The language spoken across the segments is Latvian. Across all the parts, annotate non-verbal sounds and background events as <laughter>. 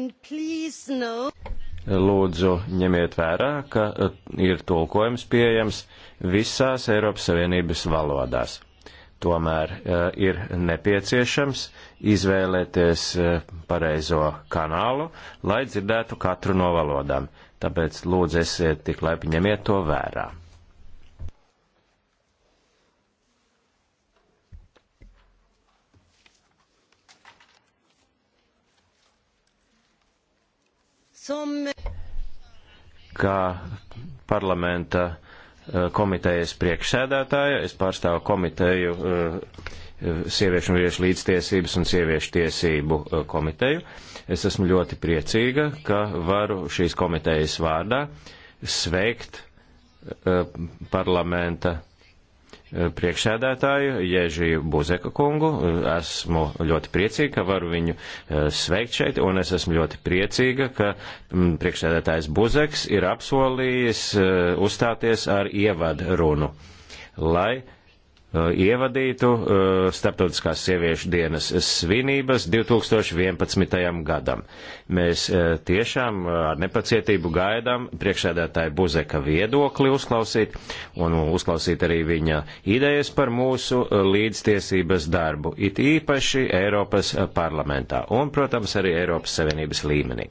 Lūdzu, ņemiet vērā, ka eh, ir tulkojums pieejams visās Eiropas Savienības valodās. Tomēr eh, ir nepieciešams izvēlēties eh, pareizo kanālu, lai dzirdētu katru no valodām. Tāpēc lūdzu esiet tik laipni ņemiet to vērā. Kā parlamenta eh, komitejas priekšsēdētāja, es pārstāvu komiteju eh, sieviešu un vīriešu līdztiesības un sieviešu tiesību eh, komiteju. Es esmu ļoti priecīga, ka varu šīs komitejas vārdā sveikt parlamenta priekšsēdētāju Ježi Buzeka kungu. Esmu ļoti priecīga, ka varu viņu eh, sveikt šeit, un es esmu ļoti priecīga, ka mm, priekšsēdētājs Buzeks ir apsolījis eh, uzstāties ar ievadu runu, lai Eh, ievadītu eh, Startautiskās sieviešu dienas svinības 2011. gadam. Mēs eh, tiešām ar nepacietību gaidām priekšsēdētāja Buzeka viedokli uzklausīt un uzklausīt arī viņa idejas par mūsu līdztiesības darbu, it īpaši Eiropas parlamentā un, protams, arī Eiropas Savienības līmenī.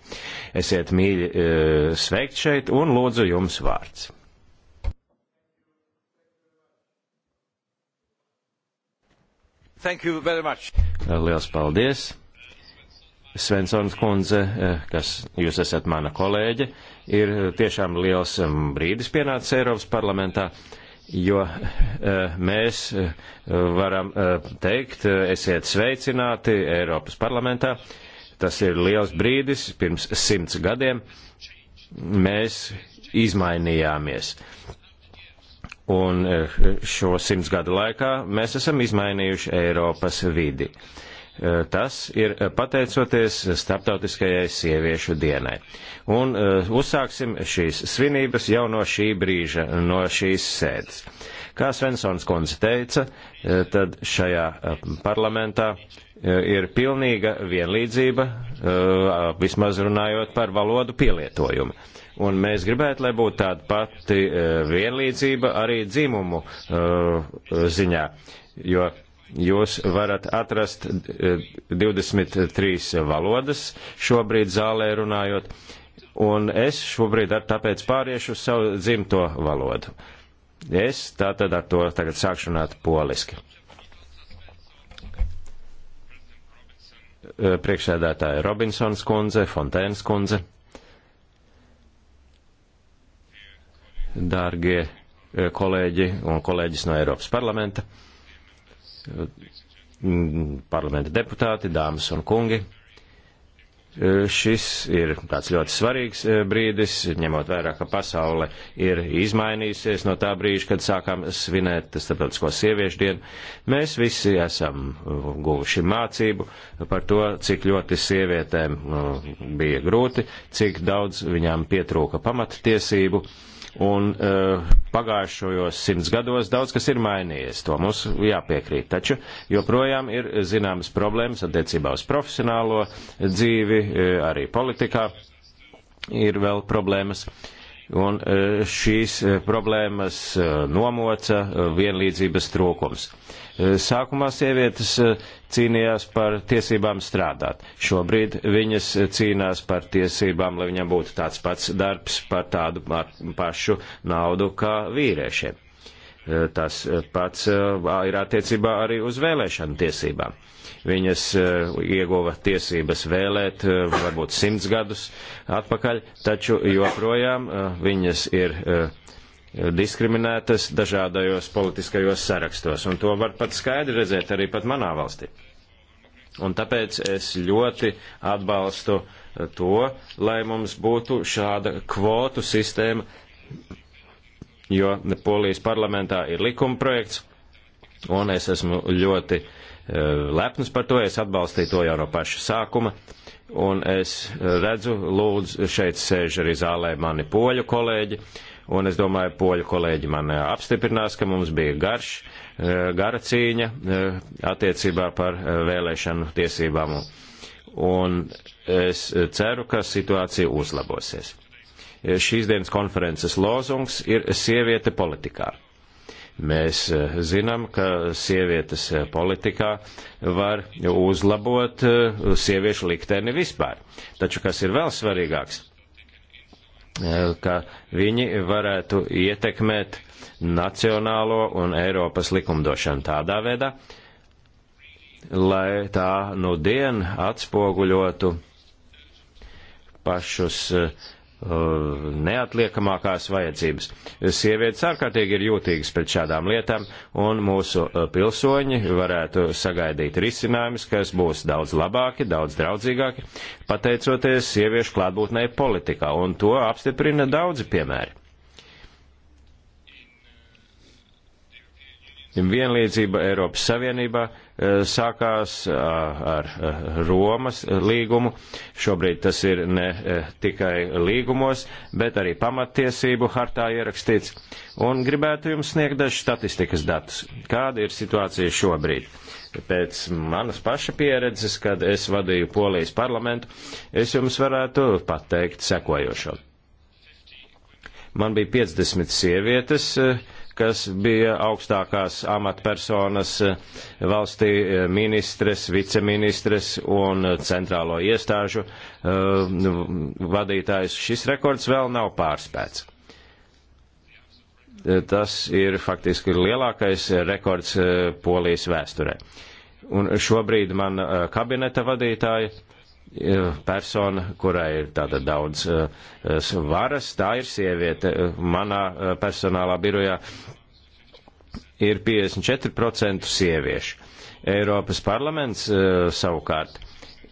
Esiet mīļi sveikt šeit un lūdzu jums vārds. Lielas paldies! Svensons kundze, eh, kas jūs esat mana kolēģe, ir tiešām liels eh, brīdis pienācis Eiropas parlamentā jo eh, mēs varam teikt, esiet sveicināti Eiropas parlamentā. Tas ir liels brīdis, pirms simts gadiem mēs izmainījāmies. Un eh, šo simts gadu laikā mēs esam izmainījuši Eiropas vidi. Eh, tas ir pateicoties Startautiskajai sieviešu dienai. Un eh, uzsāksim šīs svinības jau no šī brīža, no šīs sēdes. Kā Svensons kundze teica, tad šajā parlamentā ir pilnīga vienlīdzība, vismaz runājot par valodu pielietojumu. Un mēs gribētu, lai būtu tāda pati e, vienlīdzība arī dzimumu e, ziņā, jo jūs varat atrast 23 e, valodas šobrīd zālē runājot, un es šobrīd tāpēc pāriešu uz savu dzimto valodu. Es tā tad ar to tagad sākšu runāt poliski. Priekšsēdētāja Robinsons kundze, Fontēns kundze. dārgie e, kolēģi un kolēģis no Eiropas parlamenta, e, parlamenta deputāti, dāmas un kungi. E, šis ir tāds ļoti svarīgs brīdis, ņemot vērā, ka pasaule ir izmainījusies no tā brīža, kad sākām svinēt starptautisko sieviešu dienu. Mēs visi esam guvuši mācību par to, cik ļoti sievietēm bija grūti, cik daudz viņām pietrūka pamattiesību. tiesību Un uh, pagājušajos simts gados daudz kas ir mainījies, to mums jāpiekrīt. Taču joprojām ir zināmas problēmas attiecībā uz profesionālo dzīvi, eh, arī politikā ir vēl problēmas. Un eh, šīs problēmas nomoca vienlīdzības trūkums. Uh, Sākumā sievietes eh, cīnījās par tiesībām strādāt. Šobrīd viņas eh, cīnās par tiesībām, lai viņam būtu tāds pats darbs par tādu pašu naudu kā vīriešiem. Eh, tas pats ir attiecībā arī uz vēlēšanu tiesībām. Viņas ieguva tiesības vēlēt varbūt simts gadus atpakaļ, taču joprojām viņas ir diskriminētas dažādajos politiskajos sarakstos, un to var pat skaidri redzēt arī pat manā valstī. Un tāpēc es ļoti atbalstu to, lai mums būtu šāda kvotu sistēma, jo Polijas parlamentā ir likuma projekts, un es esmu ļoti eh, lepns par to, es atbalstīju to jau no paša sākuma, un es redzu, lūdzu, šeit sēž arī zālē mani poļu kolēģi, uh, un es domāju, poļu kolēģi man eh, apstiprinās, ka mums bija garš, eh, gara cīņa eh, attiecībā par vēlēšanu tiesībām. Un es ceru, ka situācija uzlabosies. Šīs dienas konferences lozungs ir sieviete politikā. Mēs zinām, ka sievietes politikā var uzlabot sieviešu likteni vispār. Taču kas ir vēl svarīgāks? Eh, ka viņi varētu ietekmēt nacionālo un Eiropas likumdošanu tādā veidā, lai tā nu dien atspoguļotu pašus uh, Uh, neatliekamākās vajadzības. Sievietes ārkārtīgi ir jūtīgas pret šādām lietām, un mūsu uh, pilsoņi varētu sagaidīt risinājumus, kas būs daudz labāki, daudz draudzīgāki, pateicoties sieviešu klātbūtnei politikā, un to apstiprina daudzi piemēri. vienlīdzība Eiropas Savienībā eh, sākās eh, ar eh, Romas līgumu. Šobrīd tas ir ne tikai līgumos, bet arī pamatiesību hartā ierakstīts. Un gribētu jums sniegt dažus statistikas datus. Kāda ir situācija šobrīd? Pēc manas paša pieredzes, kad es vadīju Polijas parlamentu, es jums varētu pateikt sekojošo. Man bija 50 sievietes, uh, kas bija augstākās amatpersonas eh, valstī eh, ministres, viceministres un eh, centrālo iestāžu vadītājs. Šis rekords vēl nav pārspēts. Tas ir faktiski lielākais rekords Polijas vēsturē. Un šobrīd man kabineta vadītāja persona, kurai ir tāda daudz eh, varas, tā ir sieviete eh, manā eh, personālā birojā, ir 54% sieviešu. Eiropas parlaments savukārt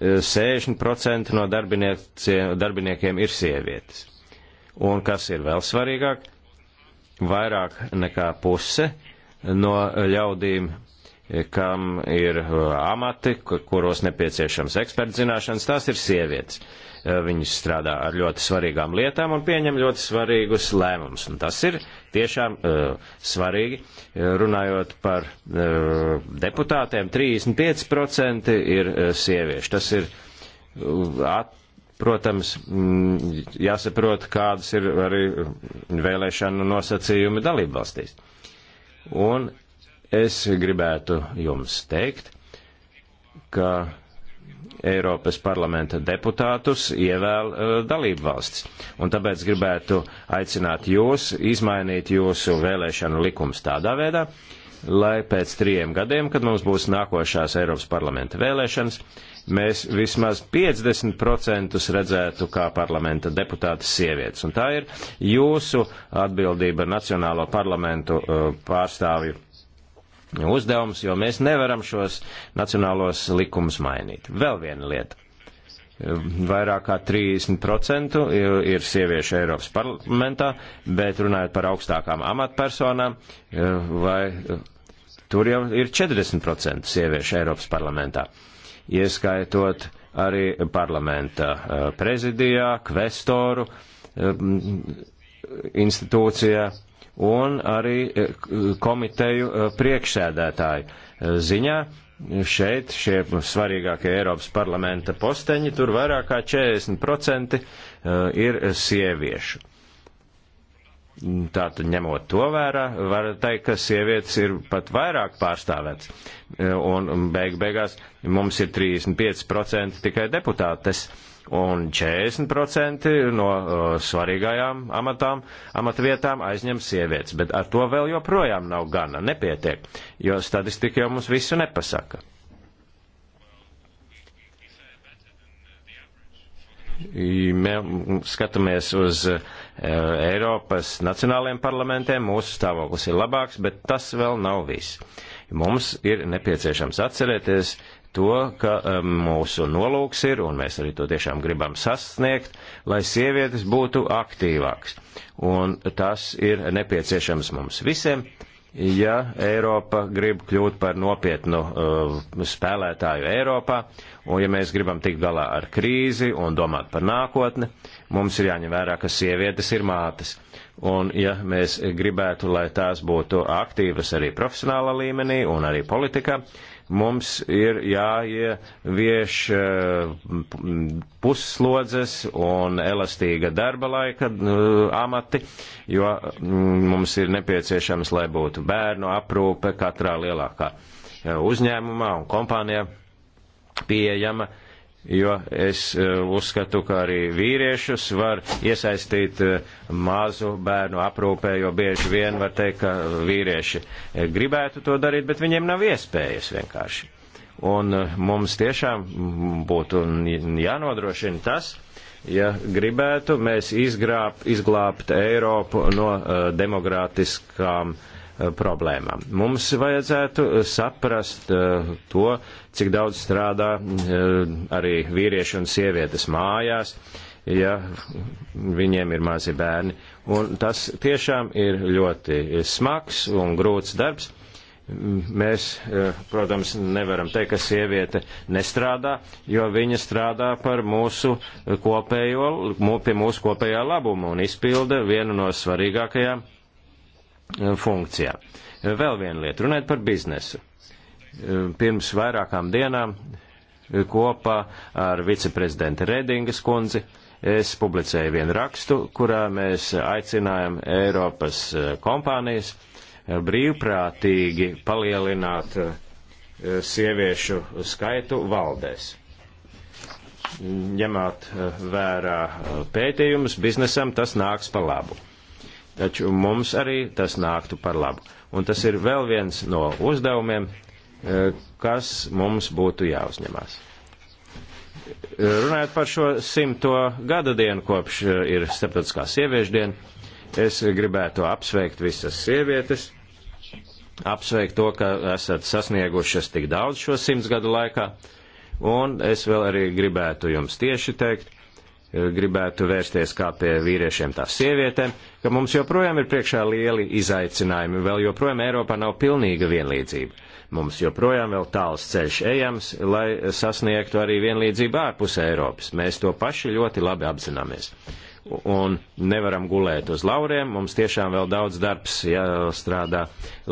60% no darbiniekiem ir sievietes. Un kas ir vēl svarīgāk, vairāk nekā puse no ļaudīm kam ir uh, amati, kuros nepieciešams eksperts zināšanas, tās ir sievietes. Uh, viņas strādā ar ļoti svarīgām lietām un pieņem ļoti svarīgus lēmumus. Un tas ir tiešām uh, svarīgi. Uh, runājot par uh, deputātiem, 35% ir uh, sievieši. Tas ir, uh, at, protams, mm, jāsaprot, kādas ir arī vēlēšanu nosacījumi dalībvalstīs. Un Es gribētu jums teikt, ka Eiropas parlamenta deputātus ievēl eh, dalību valsts. Un tāpēc gribētu aicināt jūs izmainīt jūsu vēlēšanu likums tādā veidā, lai pēc trījiem gadiem, kad mums būs nākošās Eiropas parlamenta vēlēšanas, mēs vismaz 50% redzētu kā parlamenta deputātas sievietes. Un tā ir jūsu atbildība Nacionālo parlamentu eh, pārstāvju uzdevums, jo mēs nevaram šos nacionālos likumus mainīt. Vēl viena lieta. Vairāk kā 30% ir sieviešu Eiropas parlamentā, bet runājot par augstākām amatpersonām, vai tur jau ir 40% sieviešu Eiropas parlamentā, ieskaitot arī parlamenta eh, prezidijā, kvestoru eh, institūcijā un arī e, komiteju e, priekšsēdētāju e, ziņā. Šeit šie svarīgākie Eiropas parlamenta posteņi, tur vairāk kā 40% ir sieviešu. Tātad ņemot to vērā, var teikt, ka sievietes ir pat vairāk pārstāvētas. Un beig beigās mums ir 35% tikai deputātes. Uh, un 40% no uh, svarīgajām amatām, amatvietām aizņem sievietes, bet ar to vēl joprojām nav gana, nepietiek, jo statistika jau mums visu nepasaka. Mēs skatāmies uz uh, Eiropas nacionālajiem parlamentiem, mūsu stāvoklis ir labāks, bet tas vēl nav viss. Mums ir nepieciešams atcerēties, uh, to, ka um, mūsu nolūks ir, un mēs arī to tiešām gribam sasniegt, lai sievietes būtu aktīvākas. Un tas ir nepieciešams mums visiem, ja Eiropa grib kļūt par nopietnu uh, spēlētāju Eiropā, un ja mēs gribam tikt galā ar krīzi un domāt par nākotni, mums ir jāņem vērā, ka sievietes ir mātes. Un, ja mēs gribētu, lai tās būtu aktīvas arī profesionāla līmenī un arī politikā, uh, mums ir jāievieš eh, pusslodzes un elastīga darba laika amati, jo mm, mums ir nepieciešams, lai būtu bērnu aprūpe katrā lielākā eh, uzņēmumā un kompānijā pieejama jo es eh, uzskatu, ka arī vīriešus var iesaistīt eh, mazu bērnu aprūpē, jo bieži vien var teikt, ka vīrieši eh, gribētu to darīt, bet viņiem nav iespējas vienkārši. Un mums tiešām būtu jānodrošina tas, ja gribētu mēs izgrāb, izglābt Eiropu no uh, demokrātiskām uh, problēmām. Mums vajadzētu saprast uh, to, cik daudz strādā e, arī vīrieši un sievietes mājās, ja viņiem ir mazi bērni. Un tas tiešām ir ļoti smags un grūts darbs. Mēs, e, protams, nevaram teikt, ka sieviete nestrādā, jo viņa strādā par mūsu kopējo, pie mūsu kopējā labuma un izpilda vienu no svarīgākajām e, funkcijām. Vēl viena lieta, runājot par biznesu Eh, pirms vairākām dienām eh, kopā ar viceprezidenti Redingas kundzi. Es publicēju vienu rakstu, kurā mēs aicinājam Eiropas eh, kompānijas brīvprātīgi palielināt sieviešu skaitu valdēs ņemot vērā pētījumus, biznesam tas nāks par labu. Taču mums arī tas nāktu par labu. Un tas ir vēl viens no uzdevumiem, Eh, kas mums būtu jāuzņemās. Eh, runājot par šo simto gada dienu, kopš eh, ir starptautiskā sieviešu diena, es gribētu apsveikt visas sievietes, apsveikt to, ka esat sasniegušas tik daudz šo simts gadu laikā, un es vēl arī gribētu jums tieši teikt, gribētu vērsties kā pie vīriešiem, tā sievietēm, ka mums joprojām ir priekšā lieli izaicinājumi, vēl joprojām Eiropā nav pilnīga vienlīdzība. Mums joprojām vēl tāls ceļš ejams, lai sasniegtu arī vienlīdzību ārpus Eiropas. Mēs to paši ļoti labi apzināmies. Un nevaram gulēt uz lauriem, mums tiešām vēl daudz darbs jāstrādā,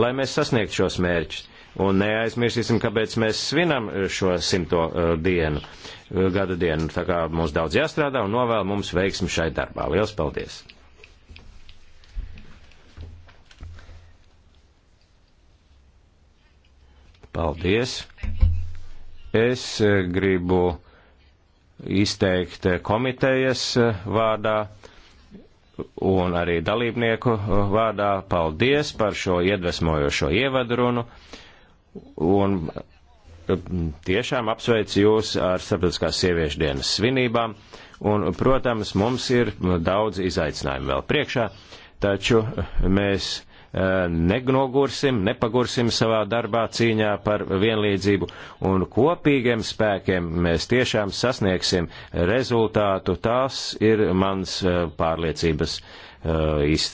lai mēs sasniegtu šos mērķus. Un neaizmirsīsim, kāpēc mēs svinam šo simto uh, dienu, uh, gada dienu. Tā kā mums daudz jāstrādā un novēl mums veiksmi šai darbā. Lielas paldies! Paldies! Es eh, gribu izteikt eh, komitejas eh, vārdā un arī dalībnieku vārdā paldies par šo iedvesmojošo ievadrunu un tiešām apsveicu jūs ar starptautiskās sieviešu dienas svinībām un, protams, mums ir daudz izaicinājumu vēl priekšā, taču mēs Eh, negnogursim, nepagursim savā darbā cīņā par vienlīdzību un kopīgiem spēkiem mēs tiešām sasniegsim rezultātu. Tās ir mans eh, pārliecības eh,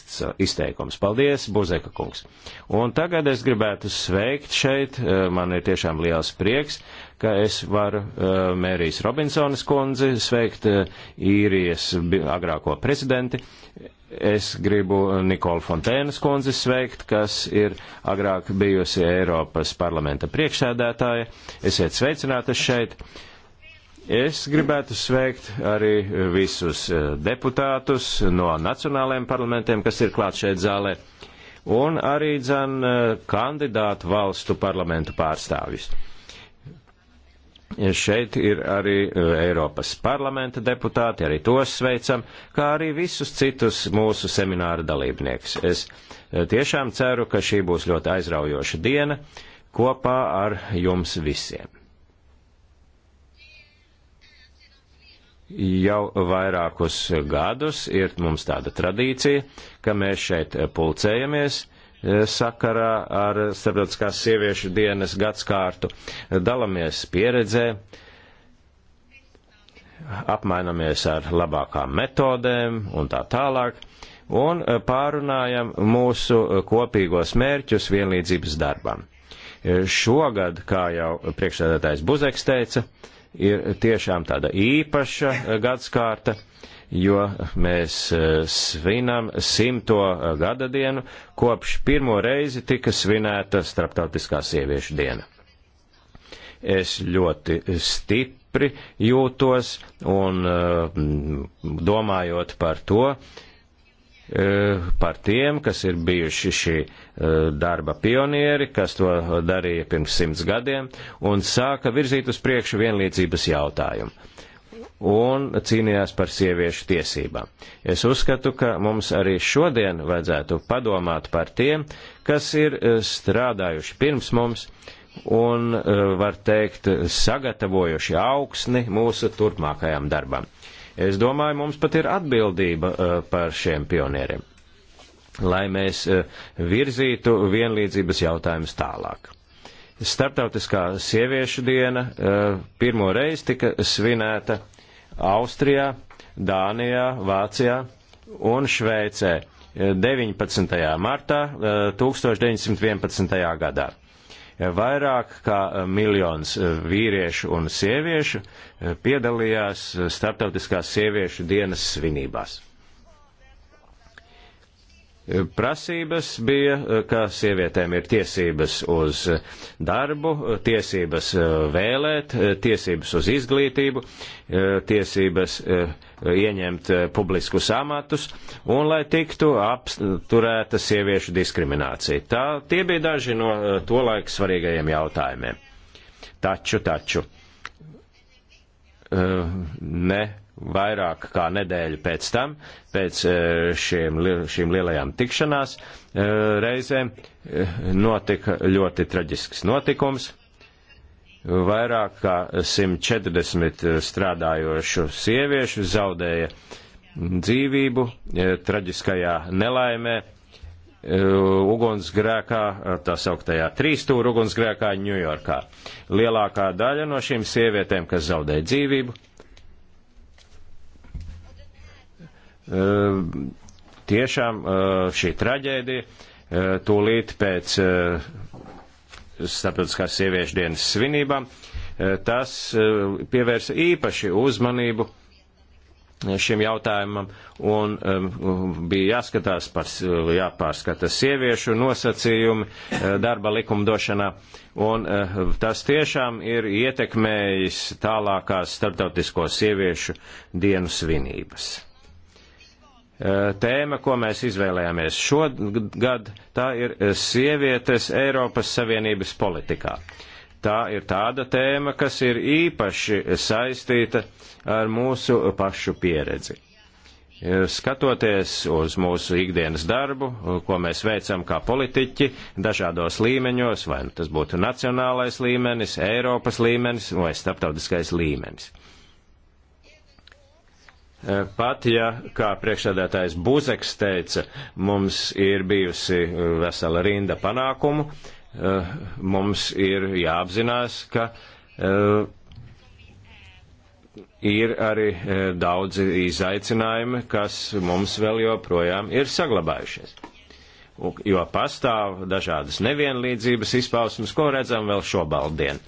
izteikums. Paldies, Buzeka kungs. Un tagad es gribētu sveikt šeit, man ir tiešām liels prieks, ka es varu Mērijas Robinsonas kundzi sveikt īrijas agrāko prezidenti. Es gribu Nikolu Fontēnas kundzi sveikt, kas ir agrāk bijusi Eiropas parlamenta priekšsēdētāja. Esiet sveicinātas šeit. Es gribētu sveikt arī visus eh, deputātus no nacionālajiem parlamentiem, kas ir klāt šeit zālē, un arī dzan eh, kandidātu valstu parlamentu pārstāvjus. Šeit ir arī e, Eiropas parlamenta deputāti, arī tos sveicam, kā arī visus citus mūsu semināra dalībniekus. Es e, tiešām ceru, ka šī būs ļoti aizraujoša diena kopā ar jums visiem. Jau vairākus gadus ir mums tāda tradīcija, ka mēs šeit pulcējamies E, sakarā ar starptautiskās sieviešu dienas gadskārtu. Dalamies pieredzē, apmainamies ar labākām metodēm un tā tālāk, un pārunājam mūsu kopīgos mērķus vienlīdzības darbam. E, šogad, kā jau priekšsēdētājs Buzeks teica, ir tiešām tāda īpaša gadskārta, jo mēs eh, svinam simto eh, gada dienu, kopš pirmo reizi tika svinēta starptautiskā sieviešu diena. Es ļoti stipri jūtos un eh, domājot par to, par tiem, kas ir bijuši šī darba pionieri, kas to darīja pirms simts gadiem un sāka virzīt uz priekšu vienlīdzības jautājumu un cīnījās par sieviešu tiesībām. Es uzskatu, ka mums arī šodien vajadzētu padomāt par tiem, kas ir eh, strādājuši pirms mums un, eh, var teikt, sagatavojuši augsni mūsu turpmākajām darbām. Es domāju, mums pat ir atbildība eh, par šiem pionieriem, lai mēs virzītu vienlīdzības jautājumus tālāk. Startautiskā sieviešu diena pirmo reizi tika svinēta Austrijā, Dānijā, Vācijā un Šveicē 19. martā 1911. Eh, gadā vairāk kā miljons eh, vīriešu un sieviešu eh, piedalījās starptautiskās sieviešu dienas svinībās prasības bija, ka sievietēm ir tiesības uz darbu, tiesības eh, vēlēt, eh, tiesības uz izglītību, eh, tiesības ieņemt publiskus amatus un lai tiktu apturēta sieviešu diskriminācija. Tā, tie bija daži no to laika svarīgajiem jautājumiem. Taču, taču. Ne vairāk kā nedēļu pēc tam, pēc e, šiem, šīm lielajām tikšanās e, reizēm, e, notika ļoti traģisks notikums. Vairāk kā 140 strādājošu sieviešu zaudēja dzīvību traģiskajā nelaimē, ugunsgrēkā, tā sauktajā trīstūra ugunsgrēkā Ņujorkā. Lielākā daļa no šīm sievietēm, kas zaudēja dzīvību, Eh, tiešām eh, šī traģēdija eh, tūlīt pēc starptautiskās sieviešu dienas svinībām, tas pievērsa īpaši uzmanību šim jautājumam un bija jāskatās par, jāpārskata sieviešu nosacījumi darba likumdošanā. Un tas tiešām ir ietekmējis tālākās starptautisko sieviešu dienu svinības. Eh, tēma, ko mēs izvēlējāmies šogad, tā ir eh, sievietes Eiropas Savienības politikā. Tā ir tāda tēma, kas ir īpaši saistīta ar mūsu pašu pieredzi. Eh, skatoties uz mūsu ikdienas darbu, ko mēs veicam kā politiķi dažādos līmeņos, vai nu tas būtu nacionālais līmenis, Eiropas līmenis vai starptautiskais līmenis. Eh, pat ja, kā priekšsēdētājs Buzeks teica, mums ir bijusi eh, vesela rinda panākumu, eh, mums ir jāapzinās, ka ir arī daudzi izaicinājumi, kas mums vēl joprojām ir saglabājušies. Jo pastāv dažādas nevienlīdzības izpausmes, ko redzam vēl šobaldien.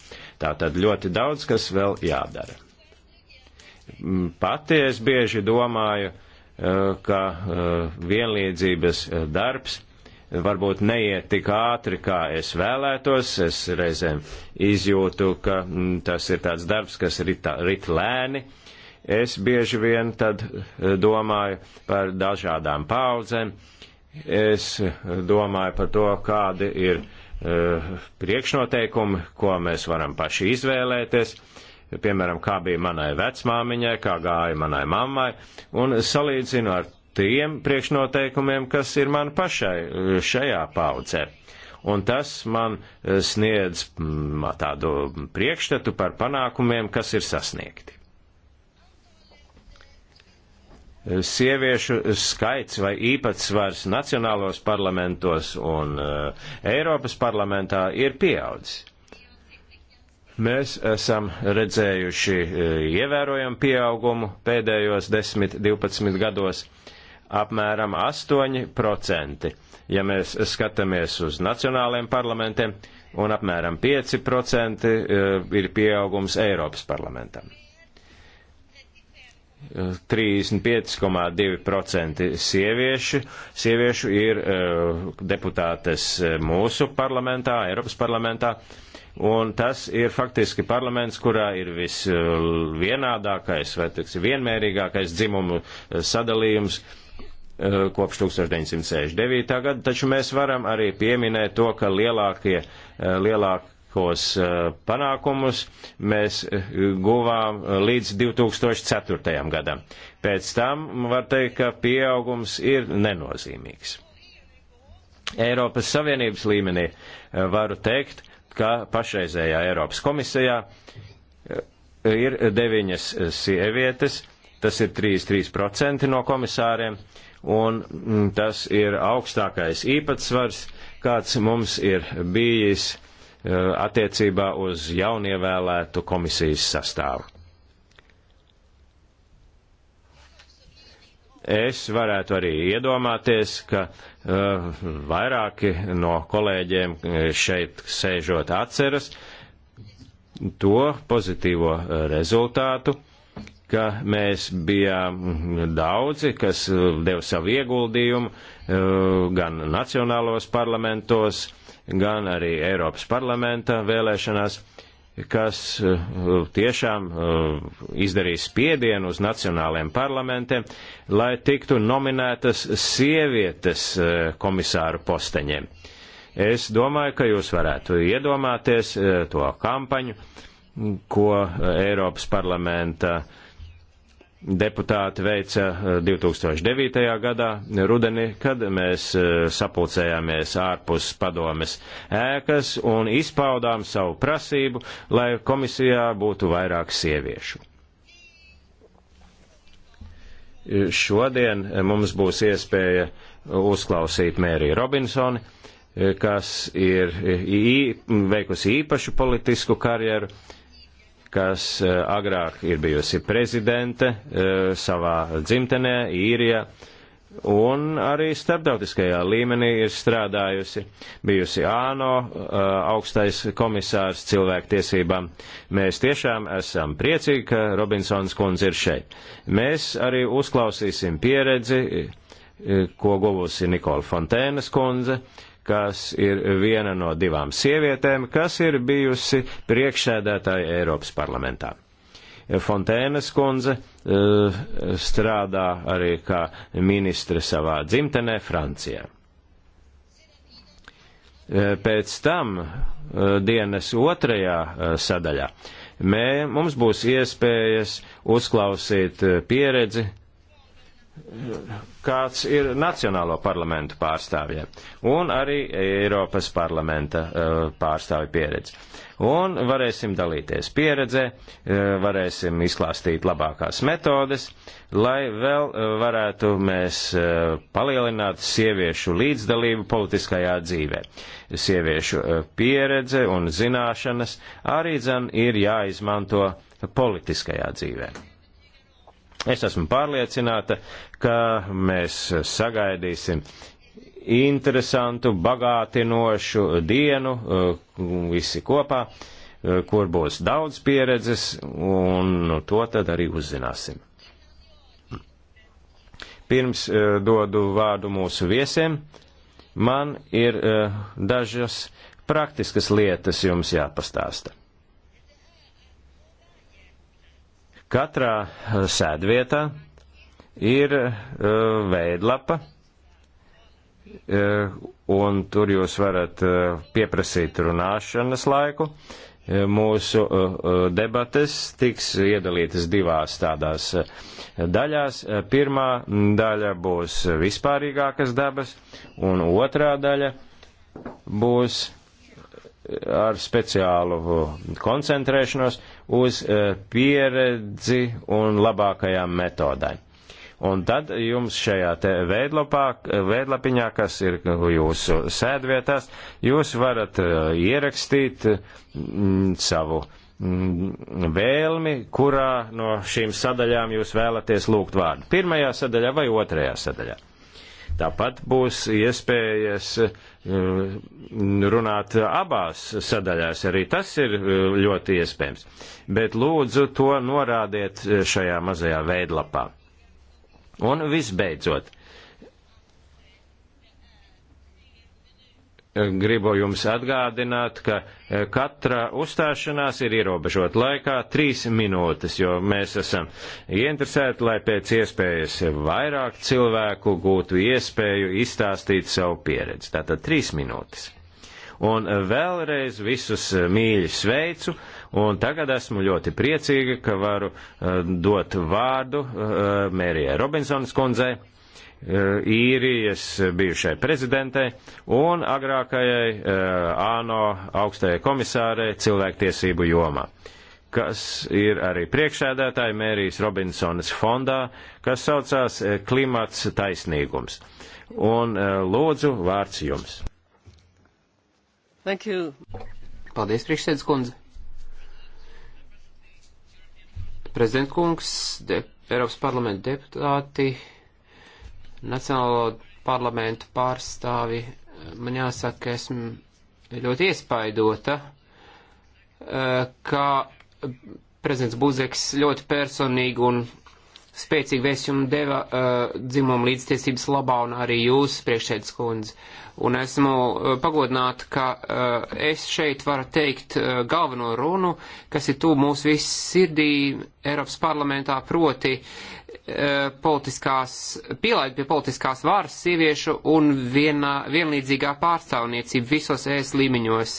Tātad ļoti daudz, kas vēl jādara. Mm, pati es bieži domāju, eh, ka eh, vienlīdzības eh, darbs varbūt neiet tik ātri, kā es vēlētos. Es reizēm izjūtu, ka mm, tas ir tāds darbs, kas rit, rit lēni. Es bieži vien tad domāju par dažādām paudzēm. Es domāju par to, kādi ir priekšnoteikumi, ko mēs varam paši izvēlēties piemēram, kā bija manai vecmāmiņai, kā gāja manai mammai, un salīdzinu ar tiem priekšnoteikumiem, kas ir man pašai eh, šajā paudzē. Un tas man eh, sniedz mm, tādu priekšstatu par panākumiem, kas ir sasniegti. Eh, sieviešu skaits vai īpatsvars nacionālos parlamentos un uh, Eiropas parlamentā ir pieaudzis Mēs esam redzējuši e, ievērojumu pieaugumu pēdējos 10-12 gados apmēram 8%. Ja mēs skatāmies uz nacionāliem parlamentiem, un apmēram 5% e, ir pieaugums Eiropas parlamentam. 35,2% e, sieviešu, sieviešu ir deputātes mūsu parlamentā, Eiropas parlamentā, Un tas ir faktiski parlaments, kurā ir visvienādākais vai tiksim, vienmērīgākais dzimumu eh, sadalījums eh, kopš 1969. gada, taču mēs varam arī pieminēt to, ka lielākie, eh, lielāk, kos panākumus mēs guvām līdz 2004. gadam. Pēc tam var teikt, ka pieaugums ir nenozīmīgs. Eiropas Savienības līmenī varu teikt, ka pašreizējā Eiropas komisijā eh, ir deviņas sievietes, tas ir 33% no komisāriem, un mm, tas ir augstākais īpatsvars, kāds mums ir bijis eh, attiecībā uz jaunievēlētu komisijas sastāvu. Es varētu arī iedomāties, ka uh, vairāki no kolēģiem eh, šeit sēžot atceras to pozitīvo eh, rezultātu, ka mēs bijām daudzi, kas deva savu ieguldījumu uh, gan nacionālos parlamentos, gan arī Eiropas parlamenta vēlēšanās. Uh, kas eh, tiešām eh, izdarīs spiedienu uz nacionāliem parlamentiem, lai tiktu nominētas sievietes eh, komisāru posteņiem. Es domāju, ka jūs varētu iedomāties to kampaņu, ko Eiropas parlamenta uh, deputāti veica 2009. Eh, gadā rudeni, kad mēs eh, sapulcējāmies ārpus padomes ēkas un izpaudām savu prasību, lai komisijā būtu vairāk sieviešu. Šodien eh, mums būs iespēja uzklausīt Mēriju Robinsoni, kas ir veikusi īpašu politisku karjeru kas eh, agrāk ir bijusi prezidente eh, savā dzimtenē, īrijā, un arī starptautiskajā līmenī ir strādājusi, bijusi ANO eh, augstais komisārs cilvēktiesībām. Mēs tiešām esam priecīgi, ka Robinsons kundze ir šeit. Mēs arī uzklausīsim pieredzi, ko guvusi Nikola Fontēnas kundze, kas ir viena no divām sievietēm, kas ir bijusi priekšsēdētāja Eiropas parlamentā. Fontēnas kundze eh, strādā arī kā ministre savā dzimtenē Francijā. Eh, pēc tam eh, dienas otrajā sadaļā mē, mums būs iespējas uzklausīt pieredzi kāds ir Nacionālo parlamentu pārstāvja un arī Eiropas parlamenta eh, pārstāvja pieredze. Un varēsim dalīties pieredzē, eh, varēsim izklāstīt labākās metodes, lai vēl eh, varētu mēs palielināt sieviešu līdzdalību politiskajā dzīvē. Sieviešu pieredze un zināšanas arī dzen ir jāizmanto politiskajā dzīvē. Es esmu pārliecināta, ka mēs sagaidīsim interesantu, bagātinošu dienu uh, visi kopā, uh, kur būs daudz pieredzes, un to tad arī uzzināsim. Pirms uh, dodu vārdu mūsu viesiem, man ir dažas praktiskas lietas jums jāpastāsta. Katrā eh, sēdvietā ir eh, veidlapa, eh, un tur jūs varat pieprasīt runāšanas laiku. Mūsu debates tiks iedalītas divās tādās daļās. Pirmā daļa būs vispārīgākas dabas, un otrā daļa būs ar speciālu uh, koncentrēšanos uz uh, pieredzi un labākajām metodēm. Un tad jums šajā te veidlapā, veidlapiņā, kas ir jūsu sēdvietās, jūs varat uh, ierakstīt mm, savu mm, vēlmi, kurā no šīm sadaļām jūs vēlaties lūgt vārdu. Pirmajā sadaļā vai otrajā sadaļā. Tāpat būs iespējas eh, runāt abās sadaļās, arī tas ir eh, ļoti iespējams. Bet lūdzu to norādiet eh, šajā mazajā veidlapā. Un visbeidzot, gribu jums atgādināt, ka e, katra uzstāšanās ir ierobežot laikā trīs minūtes, jo mēs esam ieinteresēti, lai pēc iespējas vairāk cilvēku gūtu iespēju izstāstīt savu pieredzi. Tātad trīs minūtes. Un vēlreiz visus e, mīļi sveicu, un tagad esmu ļoti priecīga, ka varu e, dot vārdu Mērijai Robinsonas kundzei Eh, īrijas bijušai prezidentei un agrākajai eh, ANO augstajai komisārei cilvēktiesību jomā, kas ir arī priekšsēdētāja Mērijas Robinsonas fondā, kas saucās eh, Klimats taisnīgums. Un lūdzu, vārds jums. Thank you. Paldies, priekšsēdus kundze. Prezidentkungs, Eiropas parlamenta deputāti, Nacionālo parlamentu pārstāvi, man jāsaka, ka esmu ļoti iespaidota, eh, kā prezidents Buzeks ļoti personīgi un spēcīgu vēstījumu deva uh, dzimumu līdztiesības labā un arī jūs, priekšsēdus kundze. Un esmu uh, pagodināta, ka uh, es šeit varu teikt uh, galveno runu, kas ir tū mūsu visu sirdī Eiropas parlamentā, proti uh, politiskās, pielaid pie politiskās vāras sieviešu un vienā, vienlīdzīgā pārstāvniecība visos ēs līmeņos.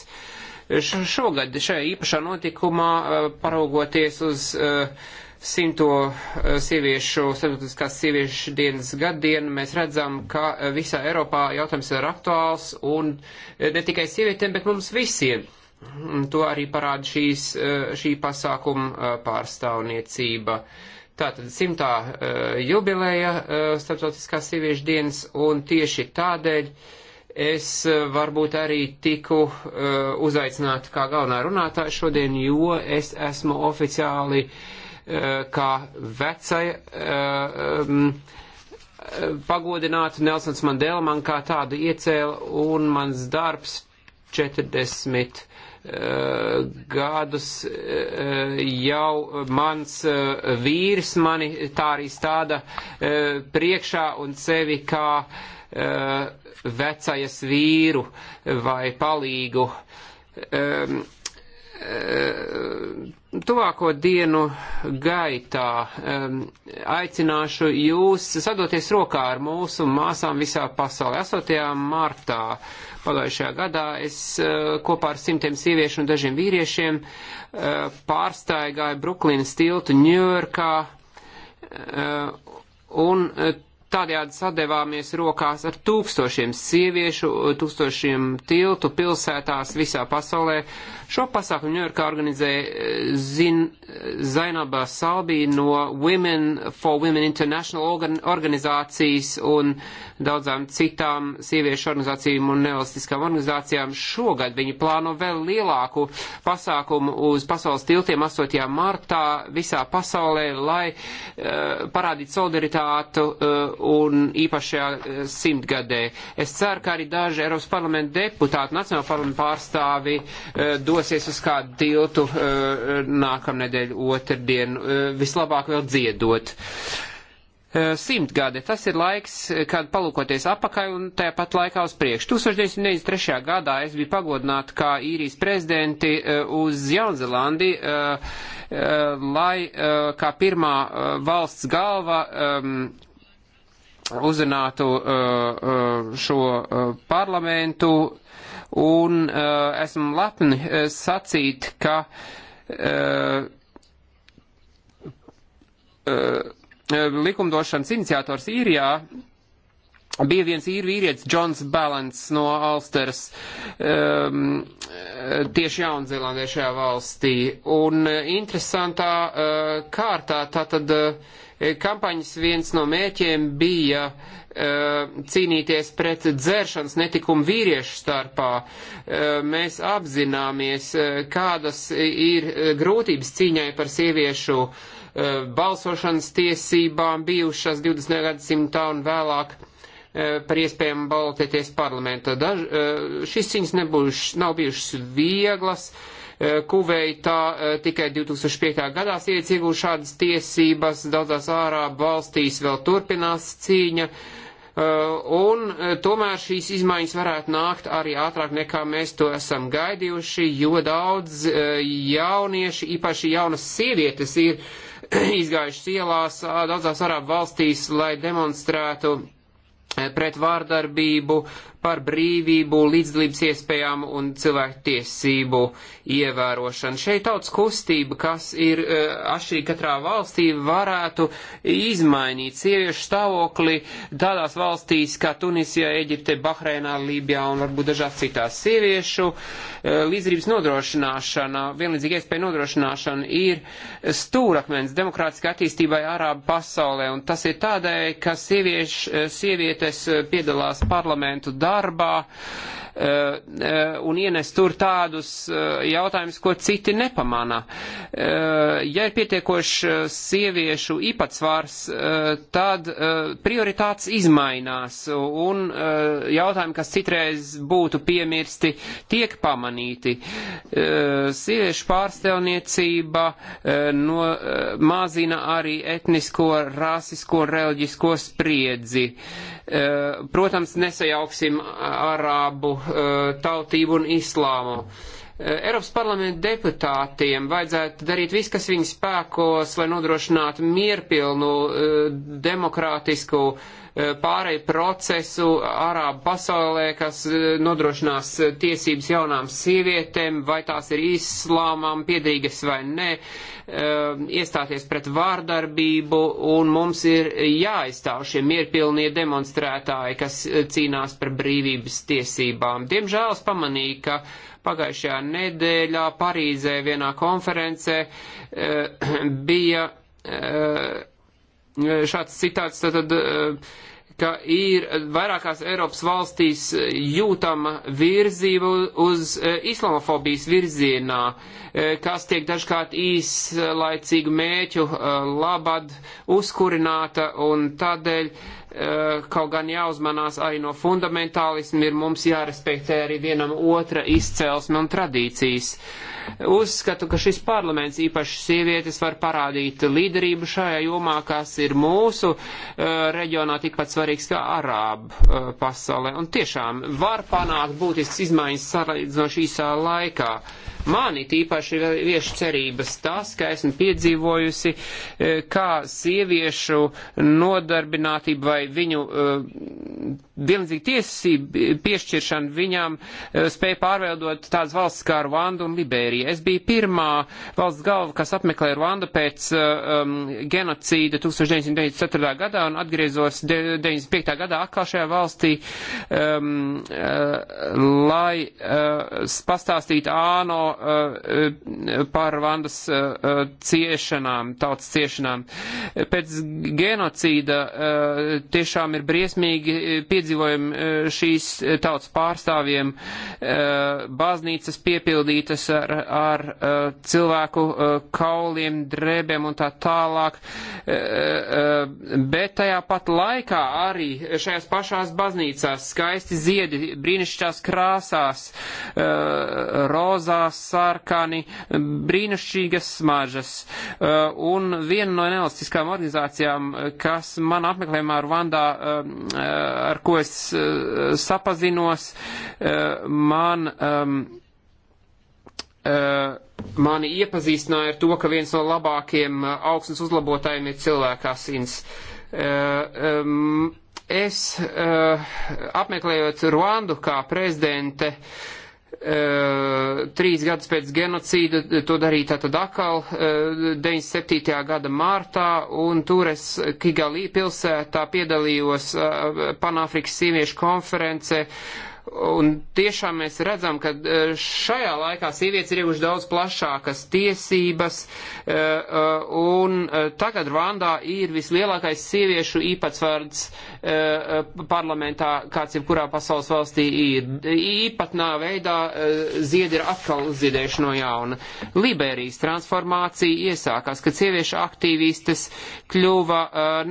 Šogad šajā īpašā notikumā, uh, paraugoties uz uh, simto eh, sieviešu, starptautiskās sieviešu dienas gadienu, mēs redzam, ka eh, visā Eiropā jautājums ir aktuāls un eh, ne tikai sievietēm, bet mums visiem. Un mm, to arī parāda šīs, šī pasākuma pārstāvniecība. Tātad simtā jubileja starptautiskās sieviešu dienas un tieši tādēļ es varbūt arī tiku uzaicināta kā galvenā runātāja šodien, jo es esmu oficiāli uh, Eh, kā vecai eh, pagodinātu Nelsons Mandela man kā tādu iecēla un mans darbs 40 eh, gadus jau mans vīrs mani tā arī stāda priekšā un sevi kā vecajas vīru vai palīgu tuvāko dienu gaitā um, aicināšu jūs sadoties rokā ar mūsu māsām visā pasaulē. 8. martā pagājušajā gadā es uh, kopā ar simtiem sieviešu un dažiem vīriešiem uh, pārstaigāju Bruklinas tiltu Ņujorkā uh, eh, un uh, Tādējādi sadevāmies rokās ar tūkstošiem sieviešu, tūkstošiem tiltu pilsētās visā pasaulē, uh, Šo pasākumu Ņujorkā organizē eh, Zin, Zainaba Salbī no Women for Women International organ, organizācijas un daudzām citām sieviešu organizācijām un nevalstiskām organizācijām. Šogad viņi plāno vēl lielāku pasākumu uz pasaules tiltiem 8. martā visā pasaulē, lai uh, parādītu solidaritātu uh, un īpašajā uh, simtgadē. Es ceru, ka arī daži Eiropas parlamenta deputāti, Nacionāla parlamenta pārstāvi uh, dos dosies uz kādu tiltu eh, nākamnedēļ otrdien, eh, vislabāk vēl dziedot. Eh, simtgade, tas ir laiks, kad palūkoties apakaļ un tāpat laikā uz priekšu. 1993. gadā es biju pagodināta kā īrijas prezidenti uz Jaunzelandi, lai kā pirmā valsts galva uzrunātu šo parlamentu un uh, esmu lepni uh, sacīt, ka uh, uh, likumdošanas iniciators īrijā bija viens īri vīrietis, Džons Balants no Alsteras, um, tieši Jaunzēlandē šajā valstī. Un interesantā uh, kārtā tātad. Uh, E, kampaņas viens no mēķiem bija e, cīnīties pret dzēršanas netikumu vīriešu starpā. E, mēs apzināmies, kādas ir grūtības cīņai par sieviešu balsošanas tiesībām bijušas 20. gadsimtā un vēlāk par iespējamu balotēties parlamentā. Daž, šis cīņas nebūs, nav bijušas vieglas. Uh, Kuveitā eh, tikai 2005. gadā sievietes ieguva šādas tiesības, daudzās ārābu valstīs vēl turpinās cīņa. Eh, un eh, tomēr šīs izmaiņas varētu nākt arī ātrāk nekā mēs to esam gaidījuši, jo daudz jaunieši, īpaši jaunas sievietes, ir <clears throat> izgājušas ielās daudzās arābu valstīs, lai demonstrētu pret vārdarbību, par brīvību, līdzdalības iespējām un cilvēku tiesību ievērošanu. Šeit tautas kustība, kas ir uh, atšķirīga katrā valstī, varētu izmainīt sieviešu stāvokli tādās valstīs kā Tunisijā, Eģipte, Bahreinā, Lībijā un varbūt dažās citās sieviešu. Uh, līdzdalības nodrošināšana, vienlīdzīga iespēja nodrošināšana ir stūrakmens demokrātiskai attīstībai Arābu pasaulē, un tas ir tādēļ, ka sieviešu, e, sievietes piedalās parlamentu darbā darbā, Eh, eh, un ienest tur tādus eh, jautājumus, ko citi nepamanā. Ja ir pietiekoši sieviešu īpatsvars, tad prioritātes izmainās un jautājumi, kas citreiz būtu piemirsti, tiek pamanīti. Sieviešu pārstelniecība no, mazina arī etnisko, rasisko, reliģisko spriedzi. Protams, nesajauksim arābu Uh, tautību un islāmu. Uh, Eiropas parlamenta deputātiem vajadzētu darīt visu, kas viņu spēkos, lai nodrošinātu mierpilnu, uh, demokrātisku uh, Eh, pārēju procesu Arābu pasaulē, kas eh, nodrošinās eh, tiesības jaunām sievietēm, vai tās ir islāmām piedrīgas vai nē, iestāties pret vārdarbību, un mums ir jāizstāv šie mierpilnie demonstrētāji, kas cīnās par brīvības tiesībām. Diemžēl es pamanīju, ka pagājušajā nedēļā Parīzē vienā konferencē <clears throat> bija šāds citāts, tad, ka ir vairākās Eiropas valstīs jūtama virzība uz islamofobijas virzienā, kas tiek dažkārt īslaicīgu mēķu labad uzkurināta un tādēļ Eh, kaut gan jāuzmanās arī no fundamentālismu, ir mums jārespektē arī vienam otra izcelsme un tradīcijas. Uzskatu, ka šis parlaments, īpaši sievietes, var parādīt līderību šajā jomā, kas ir mūsu uh, reģionā tikpat svarīgs kā Arābu uh, pasaulē. Un tiešām var panākt būtisks izmaiņas salīdzinoši īsā laikā. Uh, Mani tīpaši vieš cerības tas, ka esmu piedzīvojusi, e, kā sieviešu nodarbinātība vai viņu e, vienlīdzīgi tiesību piešķiršana viņām e, spēja pārveidot tādas valsts kā Rwanda un Liberija. Es biju pirmā valsts galva, kas apmeklēja Rwandu pēc um, genocīda 1994. gadā un atgriezos 95. gadā atkal šajā valstī, um, uh, lai uh, pastāstītu āno Uh, uh, par Vandas uh, ciešanām, tautas ciešanām. Pēc genocīda tiešām ir briesmīgi piedzīvojumi šīs tautas pārstāvjiem, baznīcas piepildītas ar, ar cilvēku kauliem, drēbēm un tā tālāk, bet tajā pat laikā arī šajās pašās baznīcās skaisti ziedi brīnišķīgās krāsās, rozās, sarkani, brīnišķīgas smaržas. Uh, un viena no nevalstiskām organizācijām, kas man apmeklējumā Rwandā, um, uh, ar ko es uh, sapazinos, man. Um, mani iepazīstināja ar to, ka viens no labākajiem augsnes uzlabotājiem ir cilvēkasins. Um, es apmeklējot Rwandu kā prezidente, uh, Eh, trīs gadus pēc genocīda to darīja tātad atkal 97. Eh, gada mārtā, un tur es Kigalī pilsētā piedalījos eh, Panāfrikas sieviešu konference Un tiešām mēs redzam, ka e, šajā laikā sievietes ir ieguvušas daudz plašākas tiesības, e, e, un tagad Rwandā ir vislielākais sieviešu īpatsvārds parlamentā, kāds jebkurā pasaules valstī ir. Īpatnā veidā ziedi ir atkal ziedējuši no jauna. Liberijas transformācija iesākās, kad sieviešu aktīvistes kļuva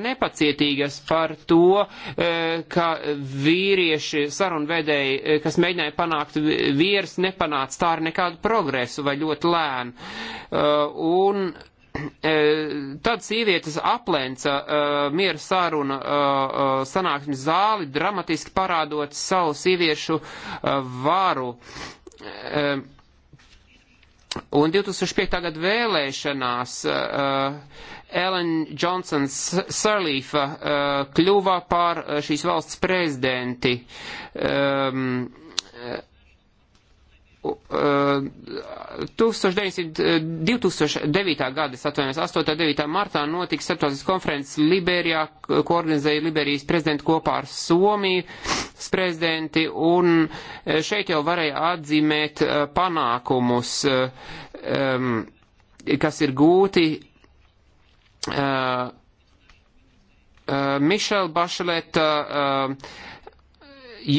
nepacietīgas par to, ka vīrieši sarunvedēji gribēja, eh, kas mēģināja panākt vīrs, nepanāca tā ar nekādu progresu vai ļoti lēnu. Eh, un eh, tad sievietes aplenca miera sāruna sanāksmes zāli, dramatiski parādot savu sieviešu varu. Un 2005. gada vēlēšanās uh, Ellen Johnsons Sarlīfa uh, kļuva par uh, šīs valsts prezidenti. Um, Uh, 1900, 2009. Uh, uh, gada, es atvainojos, 8. 9. martā notika starptautiskas konferences Liberijā, ko organizēja Liberijas prezidenti kopā ar Somijas prezidenti, un šeit jau varēja atzīmēt panākumus, um, kas ir gūti uh, uh, Michelle Bachelet uh, uh,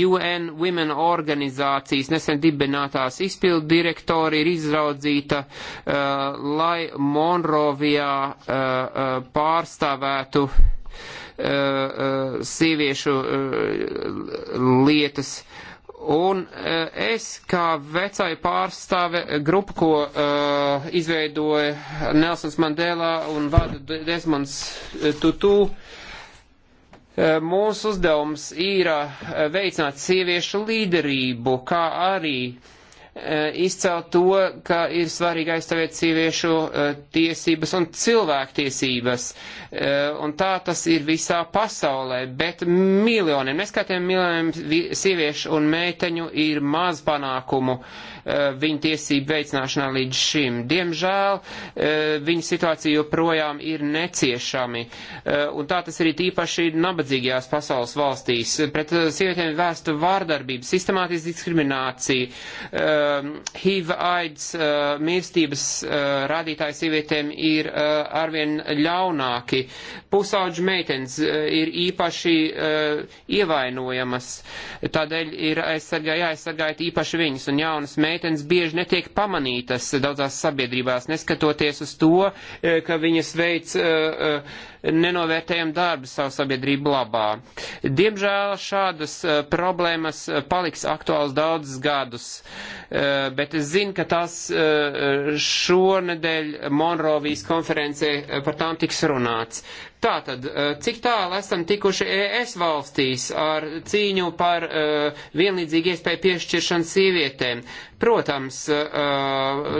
UN Women organizācijas nesen dibinātās izpildu direktori ir izraudzīta, uh, lai Monrovijā uh, uh, pārstāvētu uh, uh, sieviešu uh, lietas. Uh, Un eh, es, kā vecāja pārstāve, eh, grupa, ko uh, izveidoja Nelsons Mandela un vada Desmonds Tutu, uh, mūsu uzdevums ir uh, veicināt sieviešu līderību, kā arī uh, Eh, izcelt to, ka ir svarīgi aizstāvēt sieviešu eh, tiesības un cilvēktiesības. Eh, un tā tas ir visā pasaulē, bet miljoniem, neskatiem miljoniem sieviešu un meiteņu ir maz panākumu uh, Eh, viņu tiesību veicināšanā līdz šim. Diemžēl eh, viņa situācija joprojām ir neciešami, eh, un tā tas arī tīpaši ir nabadzīgajās pasaules valstīs. Pret sievietēm vēstu vārdarbību, sistemātiski diskrimināciju, HIV, AIDS, mirstības rādītāji sievietēm ir arvien ļaunāki. Pusauģu meitenes ir īpaši ievainojamas, tādēļ ir aizsargā, jāaizsargāja īpaši viņas un jaunas meitenes meitenes bieži netiek pamanītas daudzās sabiedrībās, neskatoties uz to, eh, ka viņas veic uh, uh, nenovērtējam darbu savu sabiedrību labā. Diemžēl šādas eh, problēmas eh, paliks aktuāls daudzus gadus, eh, bet es zinu, ka tās šonedēļ Monrovijas konferencē par tām tiks runāts. Tātad, cik tālu esam tikuši ES valstīs ar cīņu par uh, vienlīdzīgu iespēju piešķiršanu sievietēm? Protams, uh,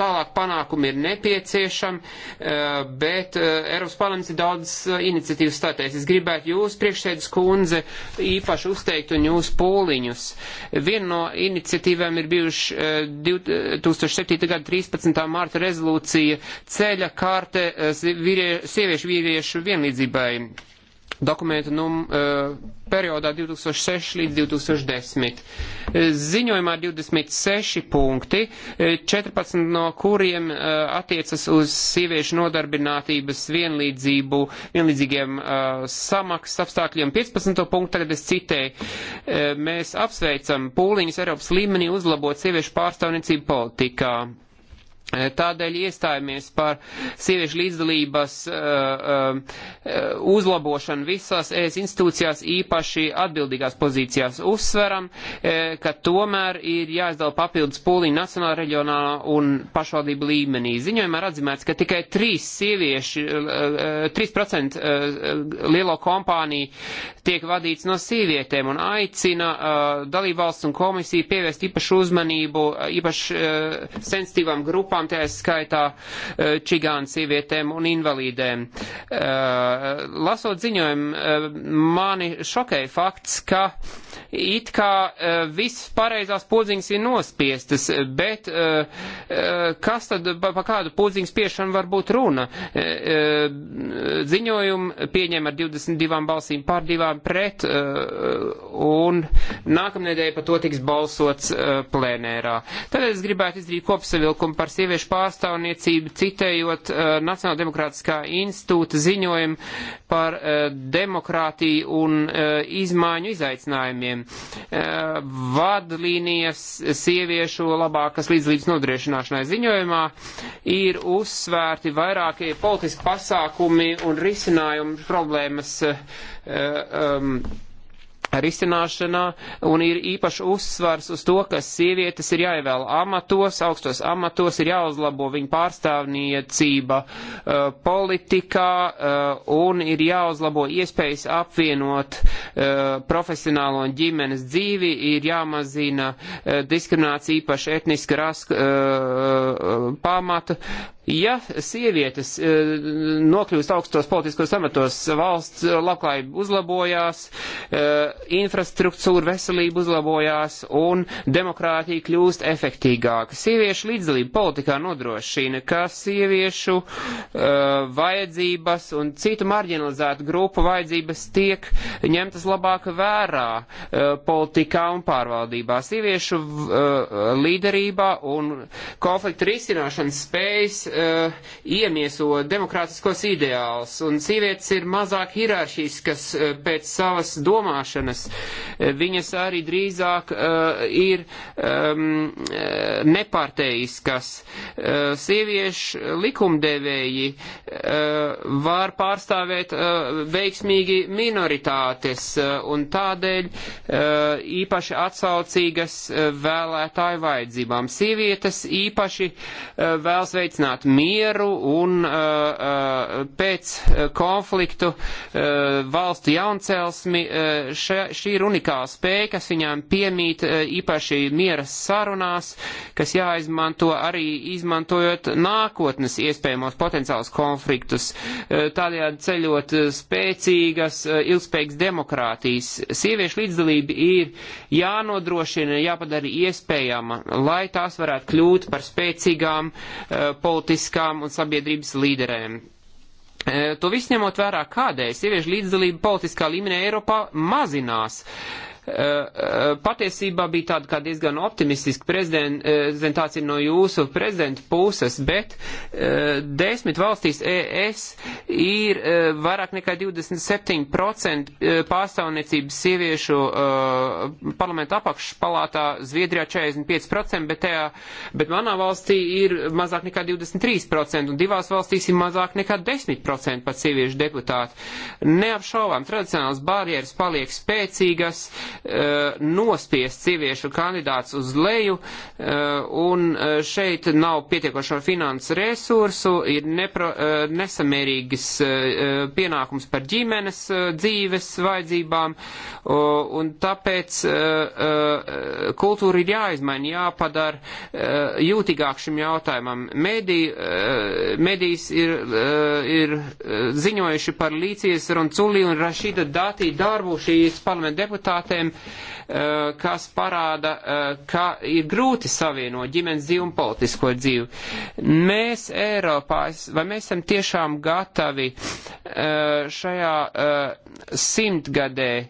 tālāk panākumi ir nepieciešami, uh, bet Eiropas parlaments ļoti daudz uh, iniciatīvas stāties. Es gribētu jūs, priekšsēdus kundze, īpaši uzteikt un jūs pūliņus. Viena no iniciatīvām ir bijuši 2007. Uh, gada 13. mārta rezolūcija ceļa kārte uh, vīrie, sieviešu vīriešu vienlīdzībai dokumenta num, e, periodā 2006 līdz 2010. E, ziņojumā 26 punkti, 14 e, no kuriem attiecas uz sieviešu nodarbinātības vienlīdzību, vienlīdzīgiem samaksas apstākļiem. 15. punktu tagad es citēju. Mēs apsveicam pūliņus Eiropas līmenī uzlabot sieviešu pārstāvniecību politikā. Eh, tādēļ iestājāmies par sieviešu līdzdalības uh, uh, uzlabošanu visās ES institūcijās, īpaši atbildīgās pozīcijās. Uzsveram, uh, ka tomēr ir jāizdala papildus pūliņi nacionālā, reģionālā un pašvaldību līmenī. Ziņojumā ir atzīmēts, ka tikai 3 sievieši, uh, 3% uh, lielo kompāniju tiek vadīts no sievietēm un aicina uh, dalībvalsts un komisiju pievērst īpašu uzmanību, īpaši uh, sensitīvām grupām grupām, tajā skaitā eh, čigānu sievietēm un invalīdēm. Eh, lasot ziņojumu, eh, mani šokēja fakts, ka it kā visas pareizās podziņas ir nospiestas, bet kas tad pa kādu podziņas piešanu var būt runa? Ziņojumu pieņem ar 22 balsīm pār divām pret, un nākamnedēļ par to tiks balsots plēnērā. Tad es gribētu izdarīt kopsavilkumu par sievietes sieviešu pārstāvniecību, citējot uh, Nacionāla demokrātiskā institūta ziņojumu par uh, demokrātiju un uh, izmaiņu izaicinājumiem. Uh, vadlīnijas sieviešu labākas līdzlības nodriešanāšanai ziņojumā ir uzsvērti vairākie politiski pasākumi un risinājumi problēmas. Uh, um, risināšanā un ir īpaši uzsvars uz to, ka sievietes ir jāievēl amatos, augstos amatos, ir jāuzlabo viņa pārstāvniecība uh, politikā uh, un ir jāuzlabo iespējas apvienot uh, profesionālo un ģimenes dzīvi, ir jāmazina uh, diskriminācija īpaši etniska raska uh, uh, pamata Ja sievietes e, nokļūst augstos politiskos amatos, valsts labklājība uzlabojās, e, infrastruktūra veselība uzlabojās un demokrātija kļūst efektīgāka. Sieviešu līdzdalība politikā nodrošina, ka sieviešu e, vajadzības un citu marginalizētu grupu vajadzības tiek ņemtas labāk vērā politikā un pārvaldībā. Sieviešu līderībā un konfliktu risināšanas spējas uh, iemieso demokrātiskos ideāls, un sievietes ir mazāk hieraršiskas uh, pēc savas domāšanas. Uh, viņas arī drīzāk uh, ir um, uh, nepārteiskas. Uh, sieviešu likumdevēji uh, var pārstāvēt uh, veiksmīgi minoritātes, uh, un tādēļ uh, īpaši atsaucīgas uh, vēlētāju vajadzībām. Sievietes īpaši uh, vēlas veicināt nodrošināt mieru un uh, uh, pēc uh, konfliktu uh, valstu jauncelsmi. Uh, še, šī ir unikāla spēja, kas viņām piemīt uh, īpaši miera sarunās, kas jāizmanto arī izmantojot nākotnes iespējamos potenciālus konfliktus, uh, tādējādi ceļot uh, spēcīgas, uh, ilgspējīgas demokrātijas. Sieviešu līdzdalība ir jānodrošina, jāpadara iespējama, lai tās varētu kļūt par spēcīgām uh, politiskām politiskām un sabiedrības līderēm. E, to visu ņemot vērā, kādēļ sieviešu līdzdalība politiskā līmenī Eiropā mazinās. Uh, Eh, eh, patiesībā bija tāda kā diezgan optimistiska prezentācija no jūsu prezidenta puses, bet eh, desmit valstīs ES ir vairāk nekā 27% pārstāvniecības sieviešu parlamentu apakšpalātā, Zviedrijā 45%, bet, tajā, bet manā valstī ir mazāk nekā 23% un divās valstīs ir mazāk nekā 10% pat sieviešu deputātu. Neapšaubām, tradicionāls barjeras paliek spēcīgas, uh, Eh, nospiest sieviešu kandidāts uz leju, eh, un eh, šeit nav pietiekošo finansu resursu, ir nepro, nesamērīgas pienākums par ģimenes dzīves vajadzībām, un tāpēc kultūra ir jāizmaina, jāpadara jūtīgāk šim jautājumam. Medī, medijas ir, ir ziņojuši par Līcijas Ronculī un Rašida Dātī darbu šīs parlamenta deputātē reizēm, eh, kas parāda, eh, ka ir grūti savienot ģimenes dzīvi un politisko dzīvi. Mēs Eiropā, vai mēs esam tiešām gatavi eh, šajā simtgadē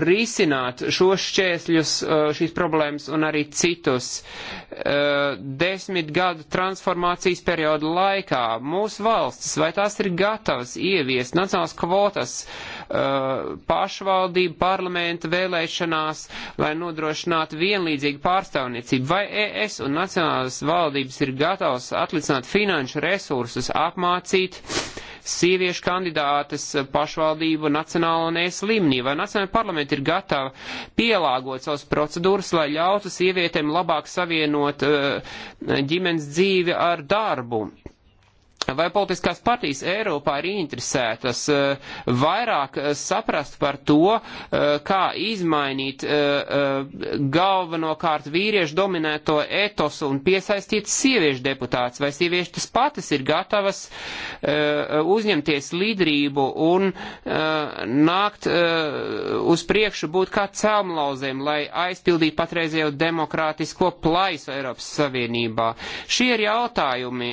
risināt šos šķēsļus, šīs problēmas un arī citus desmit gadu transformācijas periodu laikā mūsu valstis, vai tās ir gatavas ieviest nacionālas kvotas, uh, Uh, pašvaldību parlamenta vēlēšanās, lai nodrošinātu vienlīdzīgu pārstāvniecību. Vai ES un nacionālas valdības ir gatavs atlicināt finanšu resursus, apmācīt sieviešu kandidātes pašvaldību nacionālo un ES līmenī? Vai nacionāla parlamenta ir gatava pielāgot savas procedūras, lai ļautu sievietēm labāk savienot uh, ģimenes dzīvi ar darbu? Vai politiskās partijas Eiropā ir interesētas eh, vairāk eh, saprast par to, eh, kā izmainīt galvenokārt vīriešu dominēto etosu un piesaistīt sieviešu deputātus? Vai sievieši tas patas ir gatavas uzņemties līderību un nākt uz priekšu būt kā celmlauzēm, lai aizpildītu patreizējo demokrātisko plaisu Eiropas Savienībā? Šie ir jautājumi,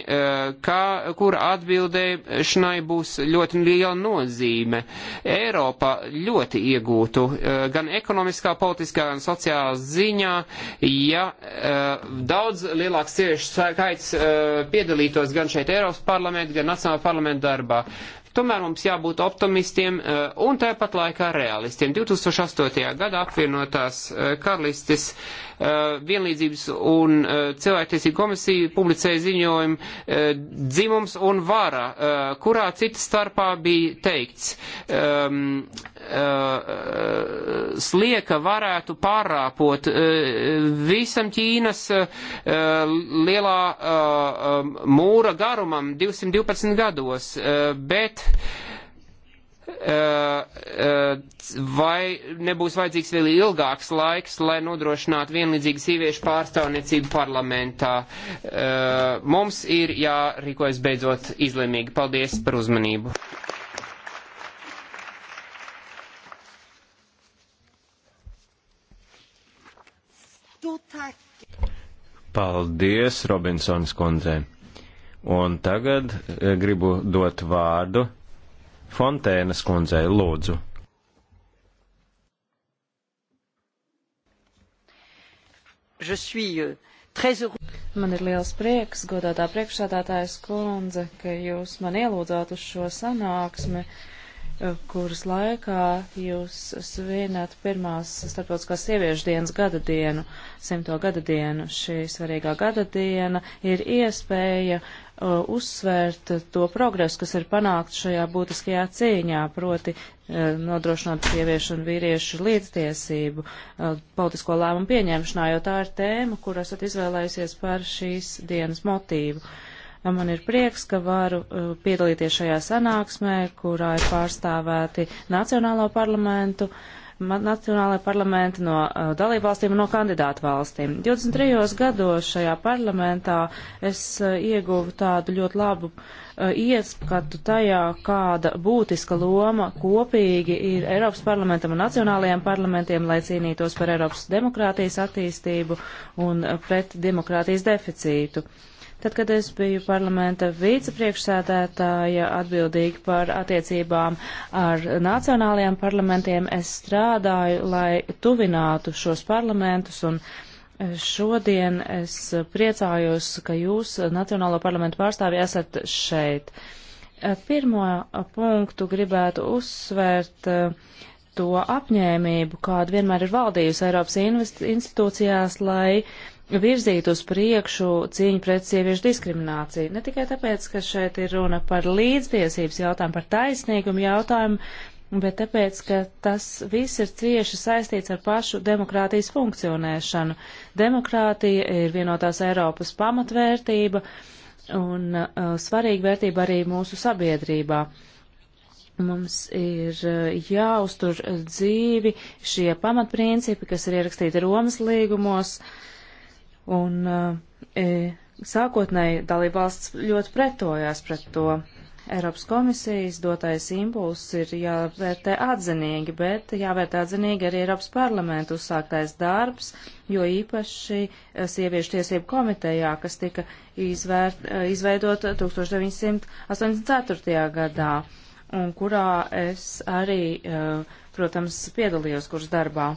kā, kura atbildēšanai būs ļoti liela nozīme. Eiropa ļoti iegūtu eh, gan ekonomiskā, politiskā, gan sociālā ziņā, ja eh, daudz lielāks cieši skaits eh, piedalītos gan šeit Eiropas parlamentā, gan Nacionālā parlamenta darbā. Tomēr mums jābūt optimistiem eh, un tāpat laikā realistiem. 2008. gadā apvienotās eh, karalistes eh, vienlīdzības un cilvēktiesību komisija publicēja ziņojumu dzimums un vara, kurā cita starpā bija teikts, ehm, slieka varētu pārāpot visam Ķīnas lielā mūra garumam 212 gados, bet Uh, uh, vai nebūs vajadzīgs vēl ilgāks laiks, lai nodrošinātu vienlīdzīgu sieviešu pārstāvniecību parlamentā. Uh, mums ir jārīkojas beidzot izlēmīgi. Paldies par uzmanību. Paldies, Robinsons kundze. Un tagad eh, gribu dot vārdu Fontēnas kundzei lūdzu. Euh, man ir liels prieks, godātā priekšsādātājas kundze, ka jūs man ielūdzāt uz šo sanāksmi, eh, kuras laikā jūs svinat pirmās starptautiskās sieviešu dienas gada dienu, simto gada dienu. Šī svarīgā gada diena ir iespēja Uh, uzsvērt to progresu, kas ir panākts šajā būtiskajā cīņā, proti uh, nodrošinot sieviešu un vīriešu līdztiesību uh, politisko lēmumu pieņemšanā, jo tā ir tēma, kur esat izvēlējusies par šīs dienas motīvu. Man ir prieks, ka varu piedalīties šajā sanāksmē, kurā ir pārstāvēti Nacionālo parlamentu uh, nacionālajie parlamenti, no uh, dalībvalstīm un no kandidātu valstīm. 23 gados šajā parlamentā es uh, ieguvu tādu ļoti labu uh, ieskatu tajā, kāda būtiska loma kopīgi ir Eiropas parlamentam un nacionālajiem parlamentiem, lai cīnītos par Eiropas demokrātijas attīstību un pret demokrātijas deficītu. Uh, Tad, kad es biju parlamenta vicepriekšsēdētāja atbildīga par attiecībām ar nacionālajiem parlamentiem, es strādāju, lai tuvinātu šos parlamentus un šodien es priecājos, ka jūs, Nacionālo parlamentu pārstāvi, esat šeit. Pirmo punktu gribētu uzsvērt eh, to apņēmību, kāda vienmēr ir valdījusi Eiropas institūcijās, lai uh, virzīt uz priekšu cīņu pret sieviešu diskrimināciju. Ne tikai tāpēc, ka šeit ir runa par līdztiesības jautājumu, par taisnīgumu jautājumu, bet tāpēc, ka tas viss ir cieši saistīts ar pašu demokrātijas funkcionēšanu. Demokrātija ir vienotās Eiropas pamatvērtība un uh, svarīga vērtība arī mūsu sabiedrībā. Mums ir uh, jāuztur dzīvi šie pamatprincipi, kas ir ierakstīti Romas līgumos. Uh, Un e, sākotnēji dalībvalsts ļoti pretojās pret to. Eiropas komisijas dotais impulss ir jāvērtē atzinīgi, bet jāvērtē atzinīgi arī Eiropas parlamentu uzsāktais darbs, jo īpaši e, sieviešu tiesību komitejā, kas tika izvērt, e, izveidota 1984. gadā, un kurā es arī, e, protams, piedalījos kurs darbā.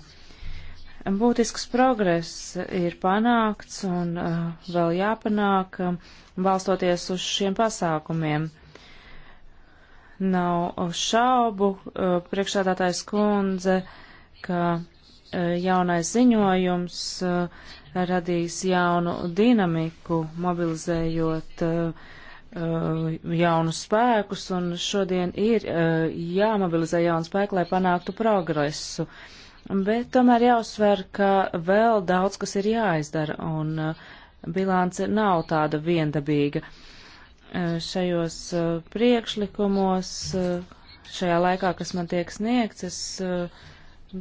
Būtisks progress ir panākts un uh, vēl jāpanāk, um, balstoties uz šiem pasākumiem. Nav šaubu, uh, priekšādātājs kundze, ka uh, jaunais ziņojums uh, radīs jaunu dinamiku, mobilizējot uh, uh jaunus spēkus, un šodien ir uh, jāmobilizē jaunu spēku, lai panāktu progresu. Uh, Bet tomēr jāuzsver, ka vēl daudz kas ir jāizdara, un uh, bilance nav tāda viendabīga. Uh, šajos uh, priekšlikumos, šajā laikā, kas man tiek sniegts, es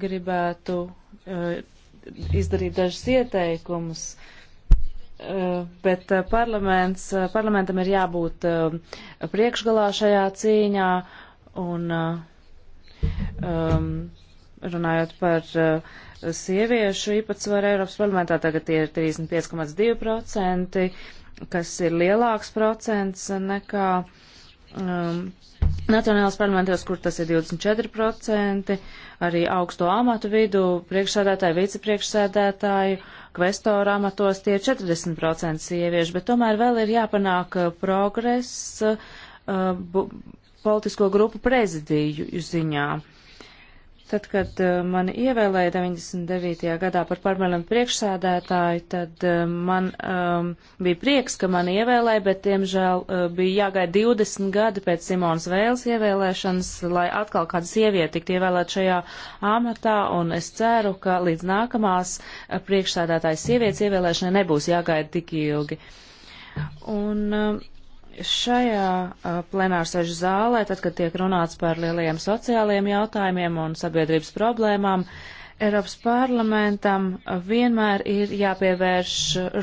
gribētu izdarīt dažus ieteikumus, bet parlaments, parlamentam ir jābūt priekšgalā šajā cīņā, un um, runājot par uh, sieviešu īpatsvaru Eiropas parlamentā, tagad tie ir 35,2%, kas ir lielāks procents nekā um, Nacionālās parlamentos, kur tas ir 24%, arī augsto amatu vidu, priekšsēdētāju, vicepriekšsēdētāju, kvestoru amatos tie ir 40% sieviešu, bet tomēr vēl ir jāpanāk uh, progress uh, bu, politisko grupu prezidiju ziņā. Uh, Tad, kad uh, mani ievēlēja 99. gadā par parlamentu priekšsēdētāju, tad uh, man um, bija prieks, ka mani ievēlēja, bet, diemžēl, uh, bija jāgaida 20 gadi pēc Simonas Vēles ievēlēšanas, lai atkal kāda sieviete tiktu ievēlēta šajā amatā, un es ceru, ka līdz nākamās priekšsēdētājas sievietes ievēlēšanai nebūs jāgaida tik ilgi. Un, um, šajā plenārsēžu zālē, tad, kad tiek runāts par lielajiem sociālajiem jautājumiem un sabiedrības problēmām, Eiropas parlamentam vienmēr ir jāpievērš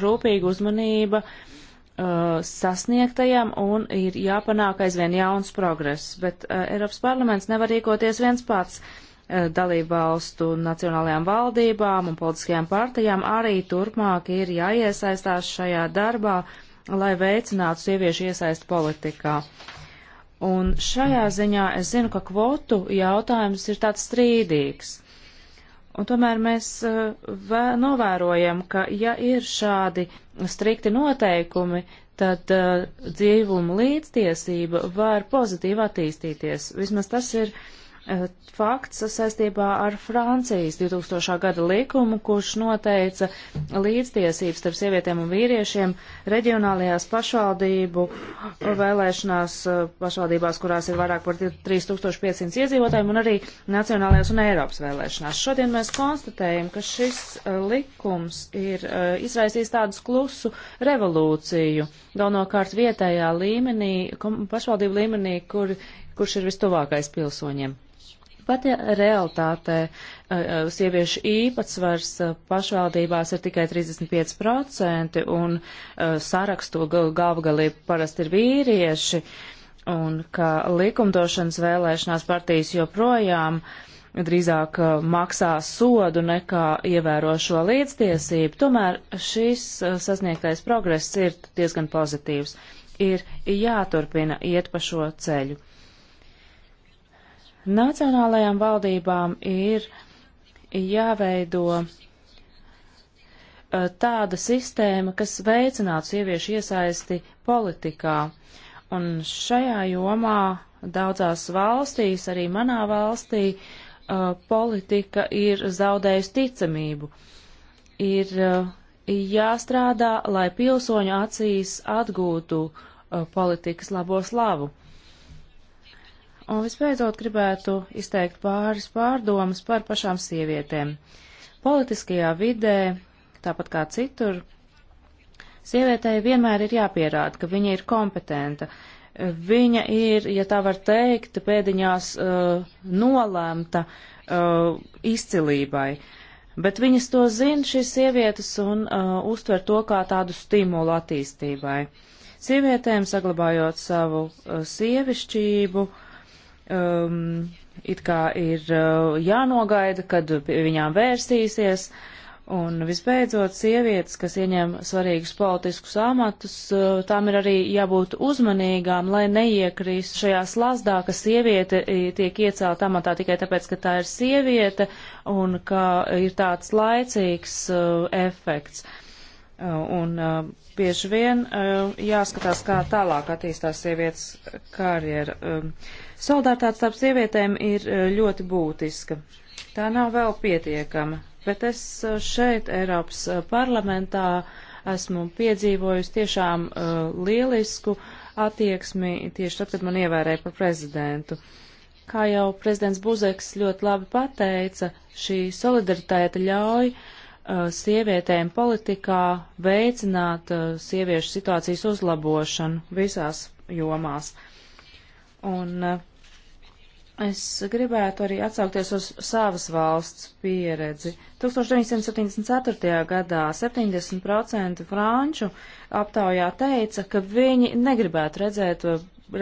rūpīga uzmanība uh, sasniegtajam un ir jāpanāk aizvien jauns progress, bet uh, Eiropas parlaments nevar rīkoties viens pats uh, dalībvalstu nacionālajām valdībām un politiskajām partijām arī turpmāk ir jāiesaistās šajā darbā, uh, lai veicinātu sieviešu iesaistu politikā. Un šajā ziņā es zinu, ka kvotu jautājums ir tāds strīdīgs. Un tomēr mēs eh, vē, novērojam, ka ja ir šādi strikti noteikumi, tad uh, dzīvuma līdztiesība var pozitīvi attīstīties. Vismaz tas ir uh, Eh, fakts saistībā ar Francijas 2000. gada likumu, kurš noteica līdztiesības starp sievietēm un vīriešiem reģionālajās pašvaldību vēlēšanās eh, pašvaldībās, kurās ir vairāk par 3500 iedzīvotājiem, un arī nacionālajās un Eiropas vēlēšanās. Šodien mēs konstatējam, ka šis eh, likums ir izraisījis tādus klusu revolūciju, galvenokārt vietējā līmenī, pašvaldību līmenī, kur, kurš ir vistuvākais pilsoņiem. Pat ja realitātē eh, eh, sieviešu īpatsvars eh, pašvaldībās ir tikai 35% un sarakstu galvgalī parasti ir vīrieši, un ka likumdošanas vēlēšanās partijas joprojām drīzāk maksā sodu nekā ievēro šo līdztiesību, tomēr šis sasniegtais progress ir diezgan pozitīvs. Ir jāturpina iet pa šo ceļu. Nacionālajām valdībām ir jāveido uh, tāda sistēma, kas veicinātu sieviešu iesaisti politikā. Un šajā jomā daudzās valstīs, arī manā valstī, uh, politika ir zaudējusi ticamību. Ir uh, jāstrādā, lai pilsoņu acīs atgūtu politikas labo slavu. Un visbeidzot gribētu izteikt pāris pārdomas par pašām sievietēm. Politiskajā vidē, tāpat kā citur, sievietei vienmēr ir jāpierāda, ka viņa ir kompetenta, viņa ir, ja tā var teikt, pēdiņās uh, nolēmta uh, izcilībai. Bet viņas to zina, šīs sievietes, un uh, uztver to kā tādu stimulu attīstībai. Sievietēm saglabājot savu uh, sievišķību, uh, um, it kā ir uh, jānogaida, kad pie viņām vērsīsies. Un visbeidzot, sievietes, kas ieņem svarīgus politiskus amatus, uh, tām ir arī jābūt uzmanīgām, lai neiekrīst šajā slazdā, ka sieviete tiek iecelt amatā tikai tāpēc, ka tā ir sieviete un ka ir tāds laicīgs uh, efekts. Uh, Eh, un eh, bieži vien eh, jāskatās, kā tālāk attīstās sievietes karjera. Soldātāts starp sievietēm ir ļoti būtiska. Tā nav vēl pietiekama, bet es šeit Eiropas parlamentā esmu piedzīvojusi tiešām uh, lielisku attieksmi tieši tad, kad man ievērēja par prezidentu. Kā jau prezidents Buzeks ļoti labi pateica, šī solidaritāte ļauj uh, Uh, sievietēm politikā veicināt uh, sieviešu situācijas uzlabošanu visās jomās. Un uh, es gribētu arī atsaukties uz savas valsts pieredzi. 1974. gadā 70% franču aptaujā teica, ka viņi negribētu redzēt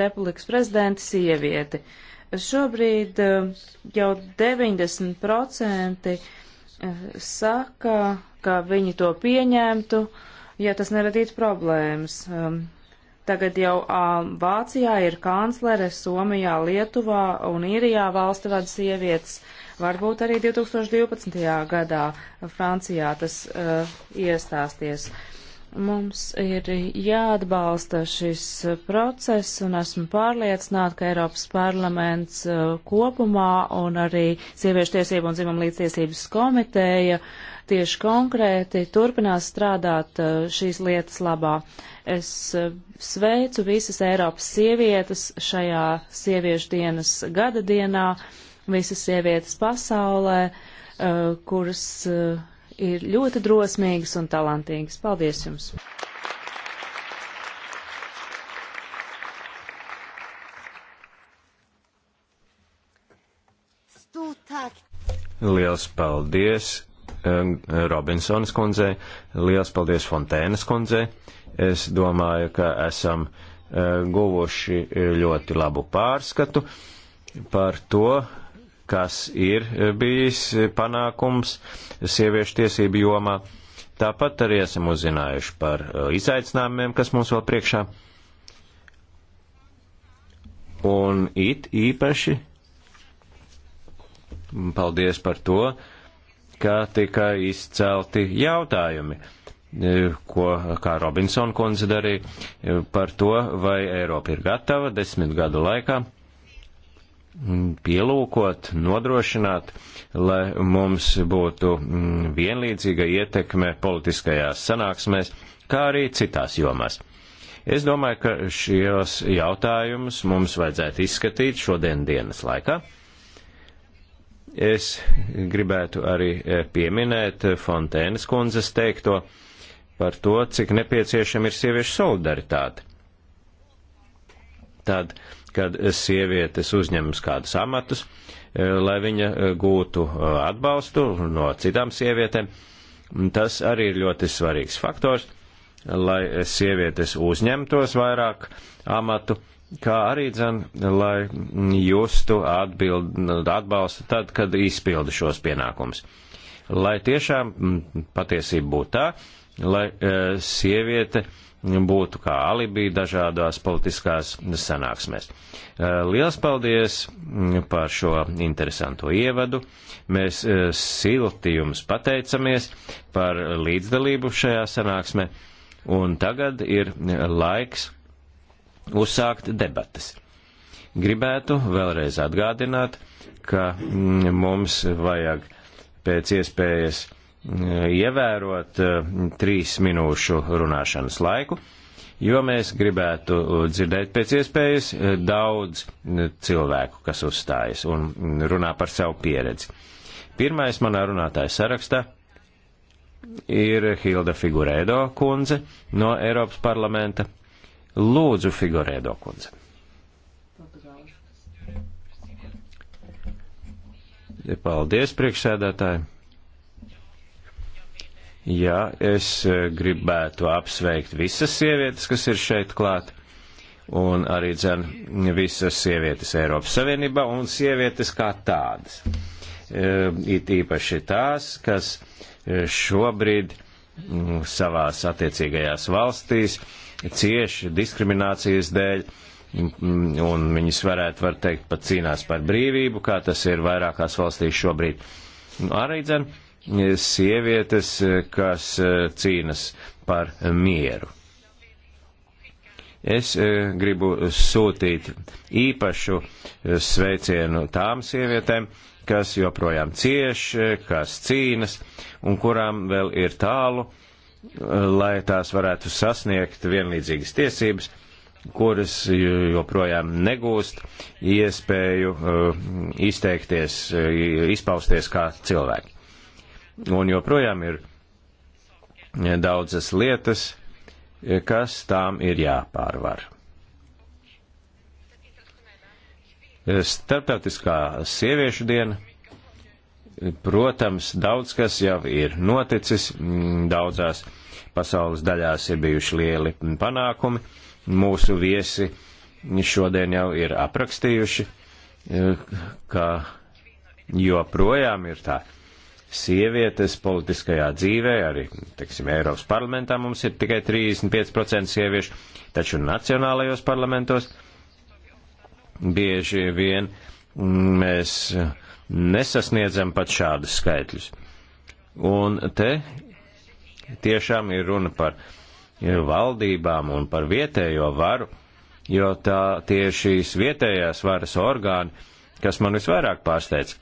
republikas prezidenta sievieti. Šobrīd jau 90% saka, ka viņi to pieņemtu, ja tas neradītu problēmas. Um, tagad jau Vācijā ir kanclere, Somijā, Lietuvā un Īrijā valsti vada sievietes. Varbūt arī 2012. gadā Francijā tas uh, iestāsties. Uh, Mums ir jāatbalsta šis process, un esmu pārliecināta, ka Eiropas parlaments uh, kopumā un arī Sieviešu tiesību un dzimumu līdztiesības komiteja tieši konkrēti turpinās strādāt uh, šīs lietas labā. Es uh, sveicu visas Eiropas sievietes šajā sieviešu dienas gada dienā, visas sievietes pasaulē, kuras ir ļoti drosmīgas un talantīgas. Paldies jums! Liels paldies um, Robinsonas kundzei, liels paldies Fontēnas kundzei. Es domāju, ka esam uh, guvuši ļoti labu pārskatu par to, kas ir bijis panākums sieviešu tiesību jomā. Tāpat arī esam uzzinājuši par uh, izaicinājumiem, kas mums vēl priekšā. Un it īpaši paldies par to, ka tika izcelti jautājumi e, ko, kā Robinsona kundze darīja, e, par to, vai Eiropa ir gatava desmit gadu laikā Mm, pielūkot, nodrošināt, lai mums būtu mm, vienlīdzīga ietekme politiskajās sanāksmēs, kā arī citās jomās. Es domāju, ka šos jautājumus mums vajadzētu izskatīt šodien dienas laikā. Es gribētu arī eh, pieminēt Fontēnas kundzes teikto par to, cik nepieciešama ir sieviešu solidaritāte. Tad kad sievietes uzņemas kādus amatus, eh, lai viņa eh, gūtu eh, atbalstu no citām sievietēm. Tas arī ir ļoti svarīgs faktors, lai sievietes uzņemtos vairāk amatu, kā arī dzen, lai justu atbild, atbalstu tad, kad izpildu šos pienākumus. Lai tiešām mm, patiesība būtu tā, lai sieviete uh, būtu kā alibi dažādās politiskās sanāksmēs. Eh, liels paldies mm, par šo interesanto ievadu. Mēs eh, silti jums pateicamies par līdzdalību šajā sanāksmē, un tagad ir laiks uzsākt debatas. Gribētu vēlreiz atgādināt, ka mm, mums vajag pēc iespējas ievērot eh, trīs minūšu runāšanas laiku, jo mēs gribētu dzirdēt pēc iespējas eh, daudz eh, cilvēku, kas uzstājas un runā par savu pieredzi. Pirmais manā runātāja sarakstā ir Hilda Figurēdo kundze no Eiropas parlamenta. Lūdzu, Figurēdo kundze. Paldies, priekšsēdētāji! Jā, es eh, gribētu apsveikt visas sievietes, kas ir šeit klāt, un arī dzen visas sievietes Eiropas Savienībā un sievietes kā tādas. Eh, it īpaši tās, kas eh, šobrīd mm, savās attiecīgajās valstīs cieši diskriminācijas dēļ, mm, un viņas varētu, var teikt, pat cīnās par brīvību, kā tas ir vairākās valstīs šobrīd. Nu, arī dzen, sievietes, kas eh, cīnas par mieru. Es eh, gribu sūtīt īpašu eh, sveicienu tām sievietēm, kas joprojām cieš, kas cīnas un kurām vēl ir tālu, lai tās varētu sasniegt vienlīdzīgas tiesības, kuras joprojām negūst iespēju izteikties, izpausties kā cilvēki un joprojām ir daudzas lietas, kas tām ir jāpārvar. Startautiskā sieviešu diena protams, daudz kas jau ir noticis, mm, daudzās pasaules daļās ir bijuši lieli panākumi. Mūsu viesi šodien jau ir aprakstījuši, ka joprojām ir tā sievietes politiskajā dzīvē, arī, teiksim, Eiropas parlamentā mums ir tikai 35% sieviešu, taču nacionālajos parlamentos bieži vien mēs nesasniedzam pat šādus skaitļus. Un te tiešām ir runa par valdībām un par vietējo varu, jo tā tieši šīs vietējās varas orgāni, kas man visvairāk pārsteidz.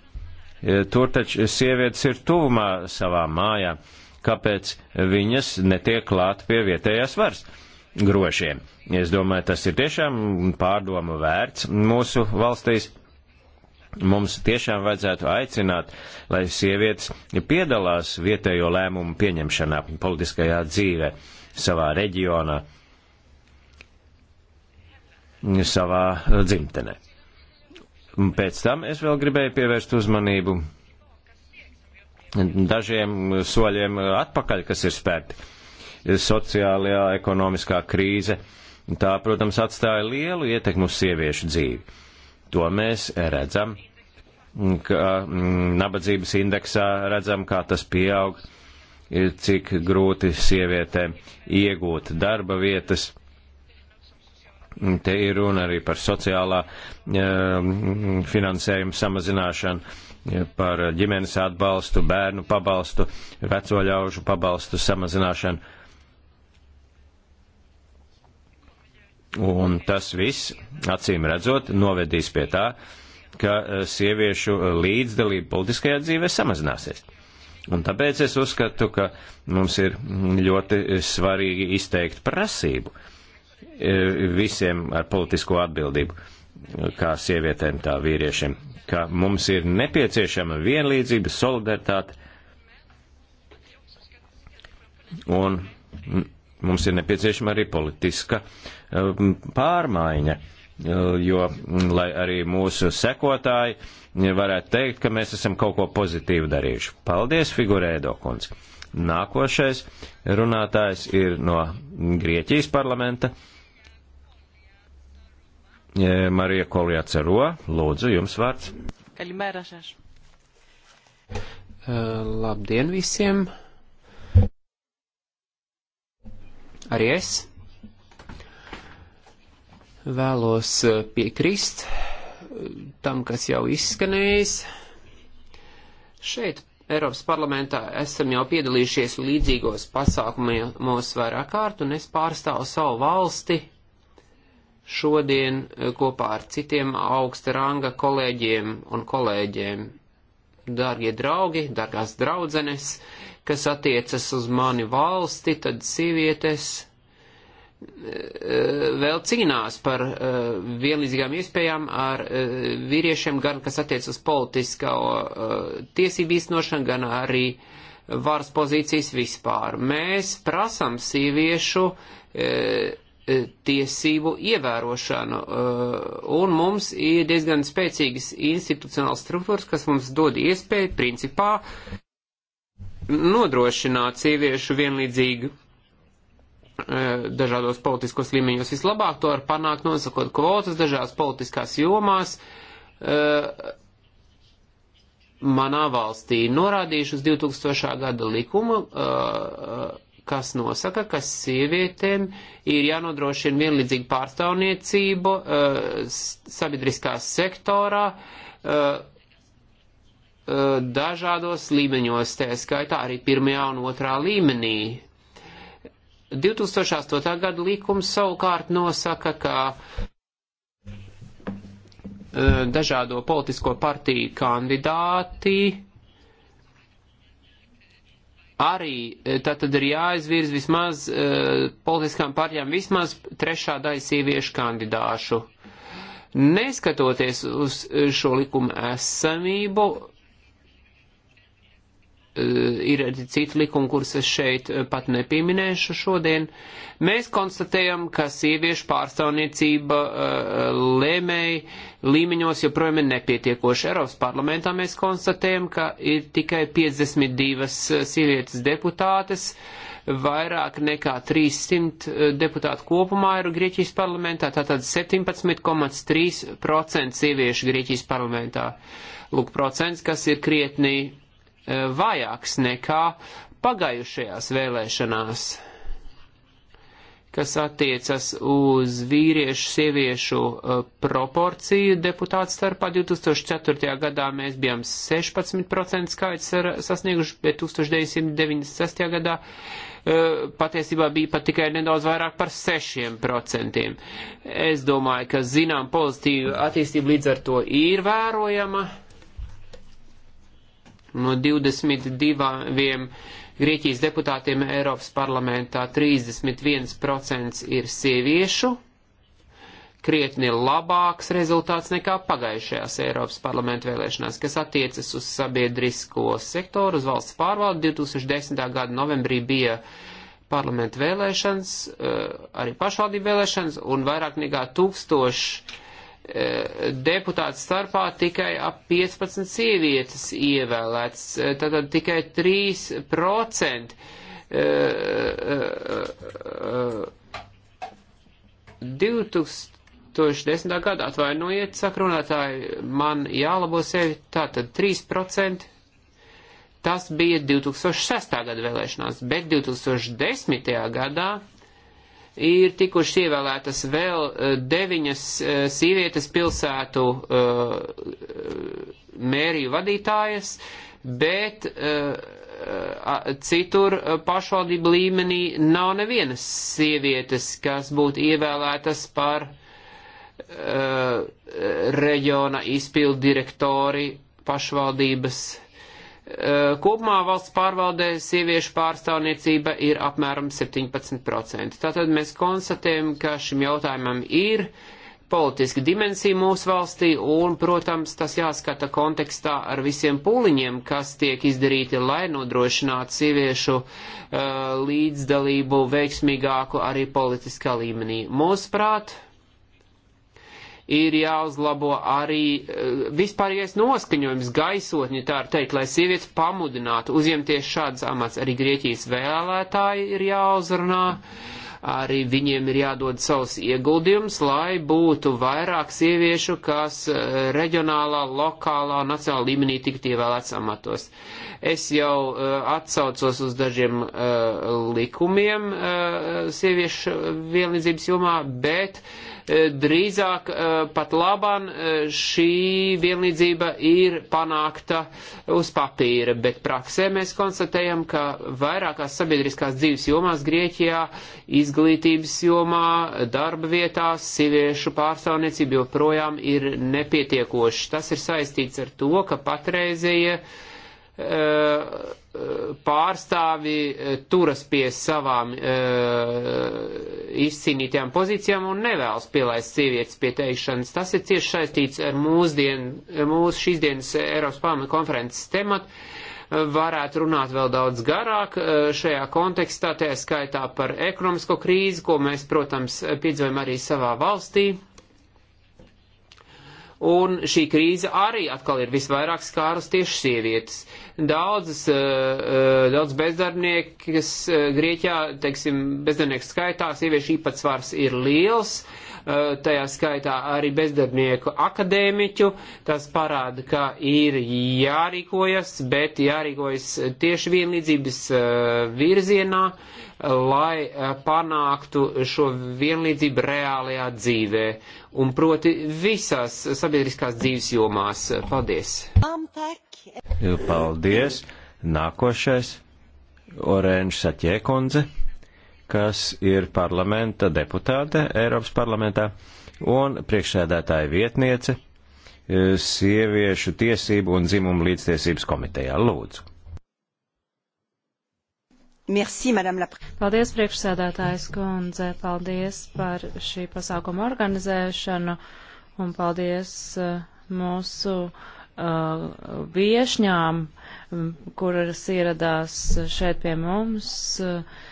E, tur taču sievietes ir tuvumā savām mājām. Kāpēc viņas netiek klāt pie vietējās varas grošiem? Es domāju, tas ir tiešām pārdomu vērts mūsu valstīs. Mums tiešām vajadzētu aicināt, lai sievietes piedalās vietējo lēmumu pieņemšanā, politiskajā dzīvē, savā reģionā, savā dzimtenē. Pēc tam es vēl gribēju pievērst uzmanību dažiem soļiem atpakaļ, kas ir spērti. Sociālajā, ekonomiskā krīze, tā, protams, atstāja lielu ietekmu uz sieviešu dzīvi. To mēs redzam, ka mm, nabadzības indeksā redzam, kā tas pieaug, cik grūti sievietēm iegūt darba vietas Te ir runa arī par sociālā ehm, finansējuma samazināšanu, par ģimenes atbalstu, bērnu pabalstu, veco ļaužu pabalstu samazināšanu. Un tas viss, acīm redzot, novedīs pie tā, ka e, sieviešu līdzdalība politiskajā dzīvē samazināsies. Un tāpēc es uzskatu, ka mums ir ļoti svarīgi izteikt prasību uh, visiem ar politisko atbildību, kā sievietēm, tā vīriešiem, ka mums ir nepieciešama vienlīdzība, solidaritāte un mums ir nepieciešama arī politiska pārmaiņa, jo, lai arī mūsu sekotāji varētu teikt, ka mēs esam kaut ko pozitīvu darījuši. Paldies, Figurēdo kundze! Nākošais runātājs ir no Grieķijas parlamenta E, Marija Koljā Cero, lūdzu, jums vārds. Kaļmēra šaš. E, labdien visiem! Arī es vēlos piekrist tam, kas jau izskanējis. Šeit Eiropas parlamentā esam jau piedalījušies līdzīgos pasākumos vairāk kārt, un es pārstāvu savu valsti šodien eh, kopā ar citiem augsta ranga kolēģiem un kolēģiem. Dārgie draugi, dārgās draudzenes, kas attiecas uz mani valsti, tad sievietes eh, vēl cīnās par eh, vienlīdzīgām iespējām ar vīriešiem, gan kas attiec uz politiskā tiesību īstenošanu, gan arī varas pozīcijas vispār. Mēs prasam sieviešu E, tiesību ievērošanu. E, un mums ir diezgan spēcīgas institucionāls struktūras, kas mums dod iespēju principā nodrošināt sieviešu vienlīdzīgu e, dažādos politiskos līmeņos. Vislabāk to var panākt nosakot kvotas dažās politiskās jomās manā valstī. Norādījuši uz 2000. gada likumu kas nosaka, ka sievietēm ir jānodrošina vienlīdzīga pārstāvniecība uh, eh, sabiedriskā sektorā uh, uh, dažādos līmeņos, tā skaitā arī pirmajā un otrā līmenī. 2008. gada likums savukārt nosaka, ka uh, dažādo politisko partiju kandidāti uh, arī tātad e, ir jāizvirz vismaz uh, politiskām partijām vismaz trešā daļa sieviešu kandidāšu. Neskatoties uz e, šo likumu esamību, Eh, ir arī citi likumi, kurus es šeit eh, pat nepieminēšu šodien. Mēs konstatējam, ka sieviešu pārstāvniecība eh, lēmēji līmeņos joprojām ir nepietiekoša. Eiropas parlamentā mēs konstatējam, ka ir tikai 52 sievietes deputātes, vairāk nekā 300 deputātu kopumā ir Grieķijas parlamentā, tātad 17,3% sieviešu Grieķijas parlamentā. Lūk, procents, kas ir krietni E, vājāks nekā pagājušajās vēlēšanās, kas attiecas uz vīriešu sieviešu e, proporciju deputātu starpā. 2004. gadā mēs bijām 16% skaits sasnieguši, bet 1996. gadā e, patiesībā bija pat tikai nedaudz vairāk par 6%. Es domāju, ka zinām pozitīva attīstība līdz ar to ir vērojama No 22 Grieķijas deputātiem Eiropas parlamentā 31% ir sieviešu, krietni labāks rezultāts nekā pagājušajās Eiropas parlamenta vēlēšanās, kas attiecas uz sabiedrisko sektoru, uz valsts pārvaldu. 2010. gada novembrī bija parlamenta vēlēšanas, eh, arī pašvaldību vēlēšanas, un vairāk nekā tūkstoši Eh, deputātu starpā tikai ap 15 sievietes ievēlētas, tātad eh, tikai 3% Uh, uh, uh, 2010. gada atvainojiet, saka runātāji, man jālabo sevi, tātad 3%. Tas bija 2006. gada vēlēšanās, bet 2010. gadā ir tikušas ievēlētas vēl e, deviņas e, sievietes pilsētu e, mēriju vadītājas, bet citur pašvaldību līmenī nav nevienas sievietes, kas būtu ievēlētas par reģiona izpildu direktori pašvaldības Eh, kopumā valsts pārvaldē sieviešu pārstāvniecība ir apmēram 17%. Tātad mēs konstatējam, ka šim jautājumam ir politiska dimensija mūsu valstī, un, protams, tas jāskata kontekstā ar visiem puliņiem, kas tiek izdarīti, lai nodrošinātu sieviešu uh, līdzdalību veiksmīgāku arī politiskā līmenī. Mūsuprāt, uh, ir jāuzlabo arī eh, vispārējais noskaņojums, gaisotņi tā ar teikt, lai sievietes pamudinātu uzņemties šādas amats. Arī Grieķijas vēlētāji ir jāuzrunā, arī viņiem ir jādod savus ieguldījums, lai būtu vairāk sieviešu, kas eh, reģionālā, lokālā, nacionālā līmenī tiktu ievēlēts amatos. Es jau uh, atsaucos uz dažiem uh, likumiem uh, sieviešu vienlīdzības jomā, bet uh, Eh, drīzāk eh, pat labam eh, šī vienlīdzība ir panākta uz papīra, bet praksē mēs konstatējam, ka vairākās sabiedriskās dzīves jomās Grieķijā, izglītības jomā, darba vietās, sieviešu pārstāvniecība joprojām ir nepietiekoša. Tas ir saistīts ar to, ka patreizēja uh, pārstāvi eh, turas pie savām eh, izcīnītajām pozīcijām un nevēlas pielaist sievietes pie teikšanas. Tas ir cieši saistīts ar mūsdien, mūsu šīs dienas Eiropas pārme konferences tematu. Eh, varētu runāt vēl daudz garāk šajā kontekstā, tā skaitā par ekonomisko krīzi, ko mēs, protams, piedzīvojam arī savā valstī. Un šī krīze arī atkal ir visvairāk skārus tieši sievietes. Daudzas, eh, eh, daudz bezdarbniekas eh, Grieķijā, teiksim, bezdarbnieku skaitā sieviešu īpatsvars ir liels, tajā skaitā arī bezdarbnieku akadēmiķu. Tas parāda, ka ir jārīkojas, bet jārīkojas tieši vienlīdzības virzienā lai eh, panāktu šo vienlīdzību reālajā dzīvē, un proti visās sabiedriskās dzīves jomās. Paldies! Paldies! Nākošais - Oranžs Saķēkundze, kas ir parlamenta deputāte Eiropas parlamentā un priekšsēdētāja vietniece eh, sieviešu tiesību un dzimumu līdztiesības komitejā. Lūdzu! Merci, Madame la Paldies, priekšsēdētājs kundze, paldies par šī pasākuma organizēšanu un paldies uh, mūsu uh, viešņām, um, kuras ieradās šeit pie mums. Uh,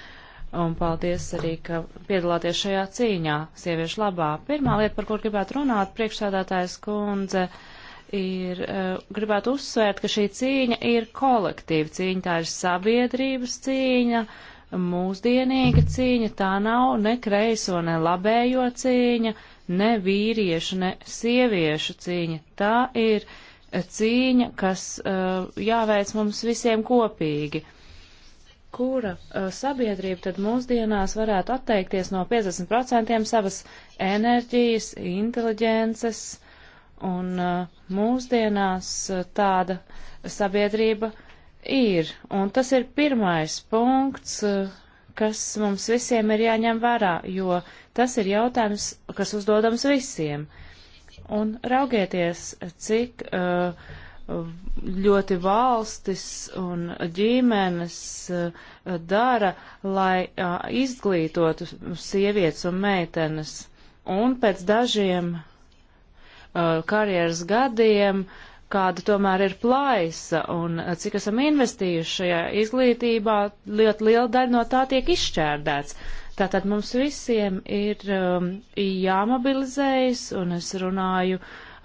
un paldies arī, ka piedalāties šajā cīņā sieviešu labā. Pirmā lieta, par kur gribētu runāt, priekšsēdētājs kundze. Uh, ir, eh, gribētu uzsvērt, ka šī cīņa ir kolektīva cīņa, tā ir sabiedrības cīņa, mūsdienīga cīņa, tā nav ne kreiso, ne labējo cīņa, ne vīriešu, ne sieviešu cīņa. Tā ir cīņa, kas eh, jāveic mums visiem kopīgi. Kura eh, sabiedrība tad mūsdienās varētu atteikties no 50% savas enerģijas, inteliģences, uh, Un uh, mūsdienās uh, tāda sabiedrība ir. Un tas ir pirmais punkts, uh, kas mums visiem ir jāņem vērā, jo tas ir jautājums, kas uzdodams visiem. Un raugieties, cik uh, ļoti valstis un ģimenes uh, dara, lai uh, izglītotu sievietes un meitenes. Un pēc dažiem Uh, karjeras gadiem, kāda tomēr ir plaisa un uh, cik esam investījuši šajā izglītībā, ļoti liela daļa no tā tiek izšķērdēts. Tātad mums visiem ir um, jāmobilizējas, un es runāju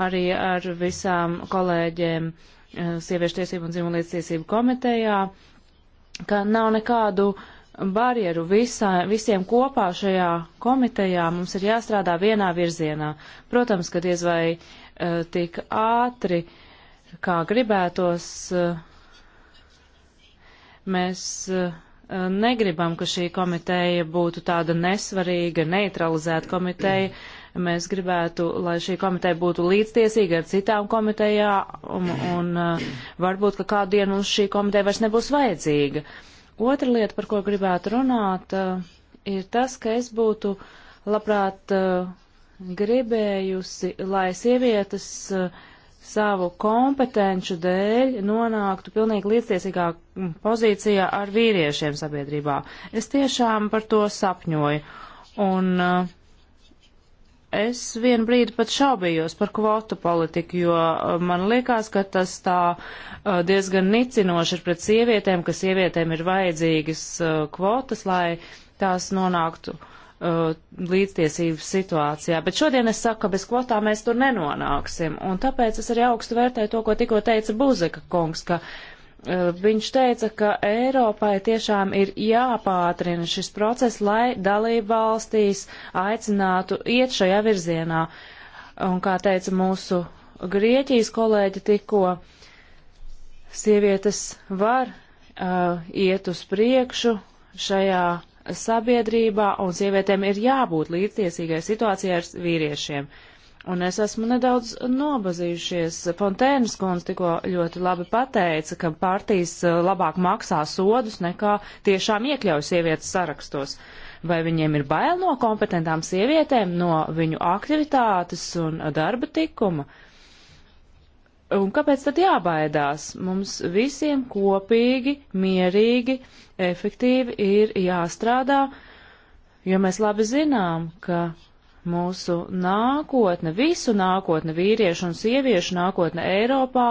arī ar visām kolēģiem uh, Sieviešu tiesību un dzimumlīdztiesību komitejā, ka nav nekādu uh, barjeru visā, visiem kopā šajā komitejā mums ir jāstrādā vienā virzienā. Protams, ka diez vai uh, tik ātri, kā gribētos, uh, mēs uh, negribam, ka šī komiteja būtu tāda nesvarīga, neutralizēta komiteja. Mēs gribētu, lai šī komiteja būtu līdztiesīga ar citām komitejām, un, un uh, varbūt, ka kādu dienu mums šī komiteja vairs nebūs vajadzīga. Uh, Otra lieta, par ko gribētu runāt, eh, ir tas, ka es būtu labprāt eh, gribējusi, lai sievietes eh, savu kompetenču dēļ nonāktu pilnīgi līdztiesīgā mm, pozīcijā ar vīriešiem sabiedrībā. Es tiešām par to sapņoju. Un uh, es vienu brīdi pat šaubījos par kvotu politiku, jo uh, man liekas, ka tas tā uh, diezgan nicinoši ir pret sievietēm, ka sievietēm ir vajadzīgas uh, kvotas, lai tās nonāktu līdztiesības situācijā. Bet šodien es saku, ka bez kvotām mēs tur nenonāksim. Un tāpēc es arī augstu vērtēju to, ko tikko teica Buzeka kungs, ka Eh, viņš teica, ka Eiropai tiešām ir jāpātrina šis process, lai dalību valstīs aicinātu iet šajā virzienā. Un kā teica mūsu Grieķijas kolēģi tikko, sievietes var uh, iet uz priekšu šajā sabiedrībā, un sievietēm ir jābūt līdztiesīgai situācijai ar vīriešiem. Uh, Un es esmu nedaudz nobazījušies. Fontēnas kundze tikko ļoti labi pateica, ka partijas eh, labāk maksā sodus nekā tiešām iekļauj sievietes sarakstos. Vai viņiem ir bail no kompetentām sievietēm, no viņu aktivitātes un darba tikuma? Un kāpēc tad jābaidās? Mums visiem kopīgi, mierīgi, efektīvi ir jāstrādā, jo mēs labi zinām, ka mūsu nākotne, visu nākotne, vīriešu un sieviešu nākotne Eiropā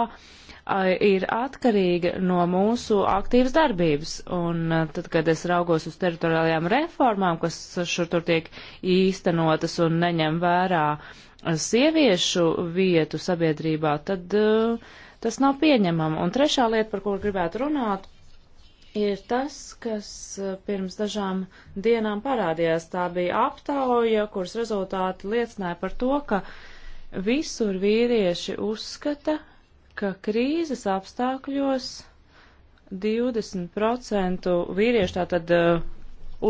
ir atkarīga no mūsu aktīvas darbības. Un tad, kad es raugos uz teritoriālajām reformām, kas šur tur tiek īstenotas un neņem vērā sieviešu vietu sabiedrībā, tad uh, tas nav pieņemama. Un trešā lieta, par kuru gribētu runāt, ir tas, kas eh, pirms dažām dienām parādījās. Tā bija aptauja, kuras rezultāti liecināja par to, ka visur vīrieši uzskata, ka krīzes apstākļos 20% vīrieši tātad eh,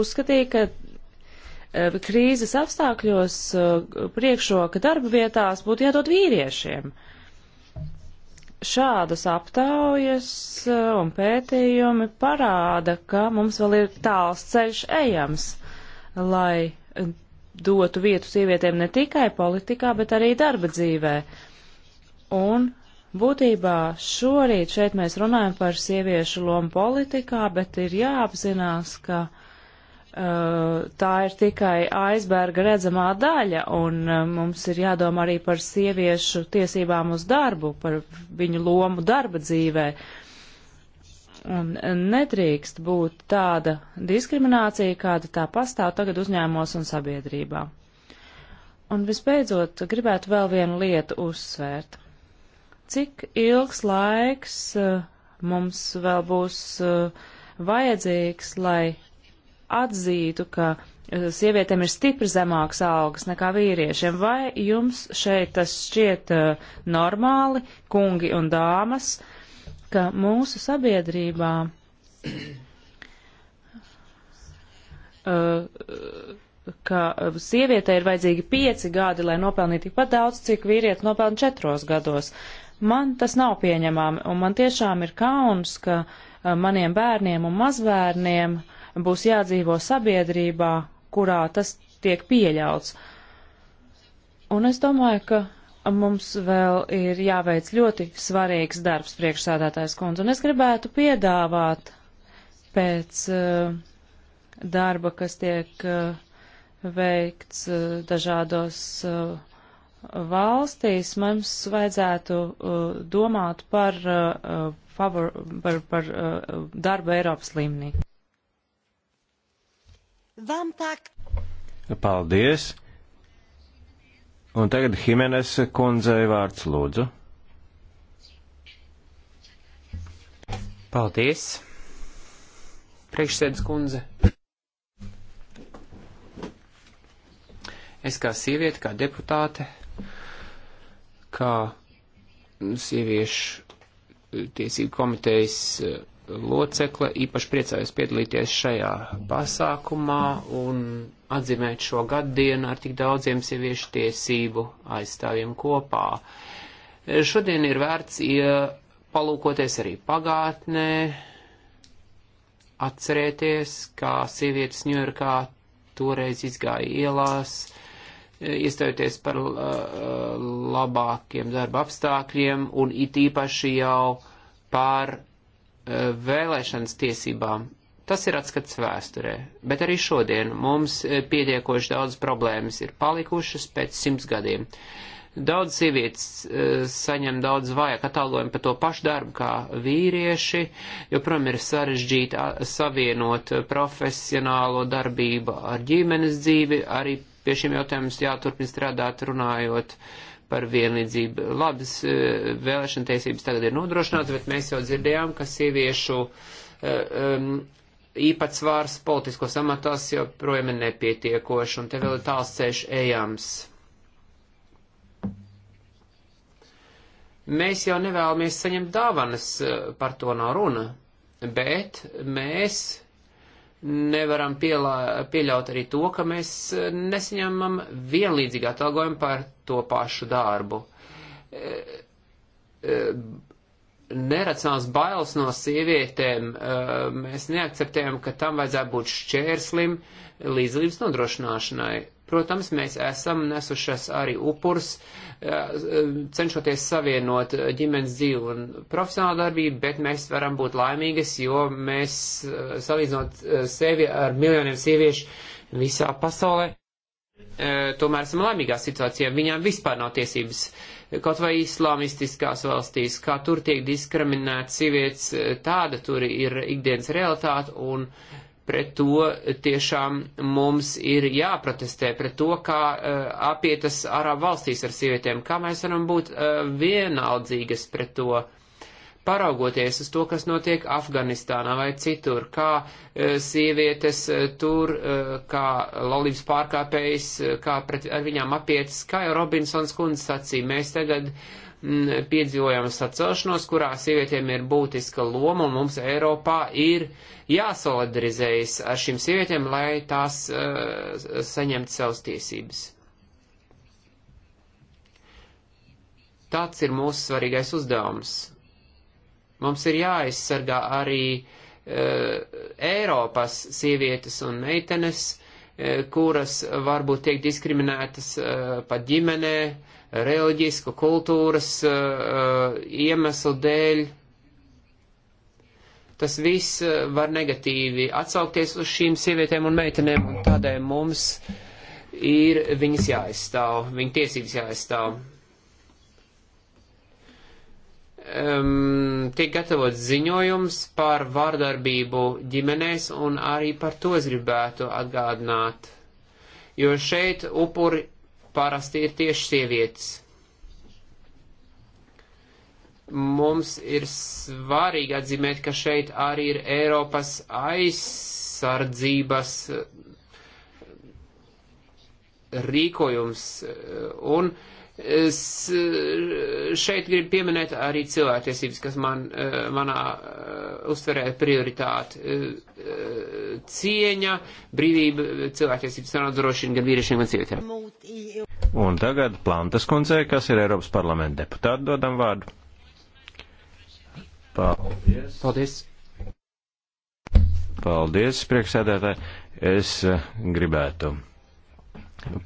uzskatīja, ka eh, krīzes apstākļos priekšroka darba vietās būtu jādod vīriešiem. Uh, šādas aptaujas uh, un pētījumi parāda, ka mums vēl ir tāls ceļš ejams, lai dotu vietu sievietēm ne tikai politikā, bet arī darba dzīvē. Un būtībā šorīt šeit mēs runājam par sieviešu lomu politikā, bet ir jāapzinās, ka uh, Eh, tā ir tikai aizberga redzamā daļa, un eh, mums ir jādomā arī par sieviešu tiesībām uz darbu, par viņu lomu darba dzīvē. Un eh, nedrīkst būt tāda diskriminācija, kāda tā pastāv tagad uzņēmos un sabiedrībā. Un visbeidzot, gribētu vēl vienu lietu uzsvērt. Cik ilgs laiks mums vēl būs vajadzīgs, lai atzītu, ka eh, sievietēm ir stipri zemāks algas nekā vīriešiem. Vai jums šeit tas šķiet uh, normāli, kungi un dāmas, ka mūsu sabiedrībā uh, <clears throat> ka sieviete ir vajadzīgi pieci gadi, lai nopelnītu tikpat daudz, cik vīrietis nopelna četros gados. Man tas nav pieņemami, un man tiešām ir kauns, ka uh, maniem bērniem un mazbērniem uh, būs jādzīvo sabiedrībā, kurā tas tiek pieļauts. Un es domāju, ka mums vēl ir jāveic ļoti svarīgs darbs priekšsādātājs kundze, un es gribētu piedāvāt pēc uh, darba, kas tiek uh, veikts uh, dažādos valstīs, mums vajadzētu domāt par, favor, par, par darbu Eiropas līmenī. Paldies! Un tagad Himenes kundzei vārds lūdzu. Paldies! Priekšsēdus kundze. Es kā sieviete, kā deputāte, kā sieviešu tiesību komitejas locekle īpaši priecājos piedalīties šajā pasākumā un atzīmēt šo gaddienu ar tik daudziem sieviešu tiesību aizstāvjiem kopā. Šodien ir vērts ja palūkoties arī pagātnē, atcerēties, kā sievietes Ņujorkā toreiz izgāja ielās, iestājoties par uh, labākiem darba apstākļiem un it īpaši jau par vēlēšanas tiesībām. Tas ir atskats vēsturē, bet arī šodien mums eh, pietiekoši daudz problēmas ir palikušas pēc simts gadiem. Daudz sievietes eh, saņem daudz vajag atalgojumu par to pašu darbu kā vīrieši, jo, protams, ir sarežģīti savienot eh, profesionālo darbību ar ģimenes dzīvi, arī pie šiem jautājumiem jāturpina strādāt runājot uh, par vienlīdzību. Labas e, vēlēšana tiesības tagad ir nodrošināts, bet mēs jau dzirdējām, ka sieviešu um, e, īpatsvārs politiskos amatos joprojām ir nepietiekoši, un te vēl ir tāls ceļš ejams. Mēs jau nevēlamies saņemt dāvanas, e, par to nav runa, bet mēs nevaram pielā, pieļaut arī to, ka mēs eh, nesaņemam vienlīdzīgā atalgojumu par to pašu darbu. E, e, Neracionāls bailes no sievietēm, e, mēs neakceptējam, ka tam vajadzētu būt šķērslim līdzdalības nodrošināšanai. Protams, mēs esam nesušas arī upurs uh, cenšoties savienot ģimenes dzīvi un profesionālu darbību, bet mēs varam būt laimīgas, jo mēs eh, salīdzinot eh, sevi ar miljoniem sieviešu visā pasaulē, eh, tomēr esam laimīgā situācijā. Viņām vispār nav tiesības. Kaut vai islāmistiskās valstīs, kā tur tiek diskriminēta sievietes, tāda tur ir ikdienas realitāte un uh, Pret to tiešām mums ir jāprotestē, pret to, kā uh, apietas arā valstīs ar sievietēm, kā mēs varam būt uh, vienaldzīgas pret to paraugoties uz to, kas notiek Afganistānā vai citur, kā eh, sievietes eh, tur, eh, kā laulības pārkāpējas, kā pret, ar viņām apietas, kā jau Robinsons kundze sacīja, mēs tagad m, mm, piedzīvojam sacelšanos, kurā sievietēm ir būtiska loma un mums Eiropā ir jāsolidarizējas ar šīm sievietēm, lai tās uh, saņemtu savas tiesības. Tāds ir mūsu svarīgais uzdevums Mums ir jāaizsargā arī uh, Eiropas sievietes un meitenes, uh, kuras varbūt tiek diskriminētas uh, e, pat ģimenē, reliģisku, kultūras uh, iemeslu dēļ. Tas viss var negatīvi atsaukties uz šīm sievietēm un meitenēm, un tādēļ mums ir viņas jāaizstāv, viņa tiesības jāaizstāv um, tiek gatavots ziņojums par vārdarbību ģimenēs, un arī par to es gribētu atgādināt. Jo šeit upuri parasti ir tieši sievietes. Mums ir svarīgi atzīmēt, ka šeit arī ir Eiropas aizsardzības eh, rīkojums eh, un uh, Es eh, šeit gribu pieminēt arī cilvēktiesības, kas man, eh, manā eh, uztverē prioritāti. Cieņa, brīvība, cilvēktiesības nodrošina gan vīriešiem, gan sievietēm. Un tagad Plantas kundzei, kas ir Eiropas parlamenta deputāta, dodam vārdu. Paldies. Paldies. Paldies, priekšsēdētāji. Es gribētu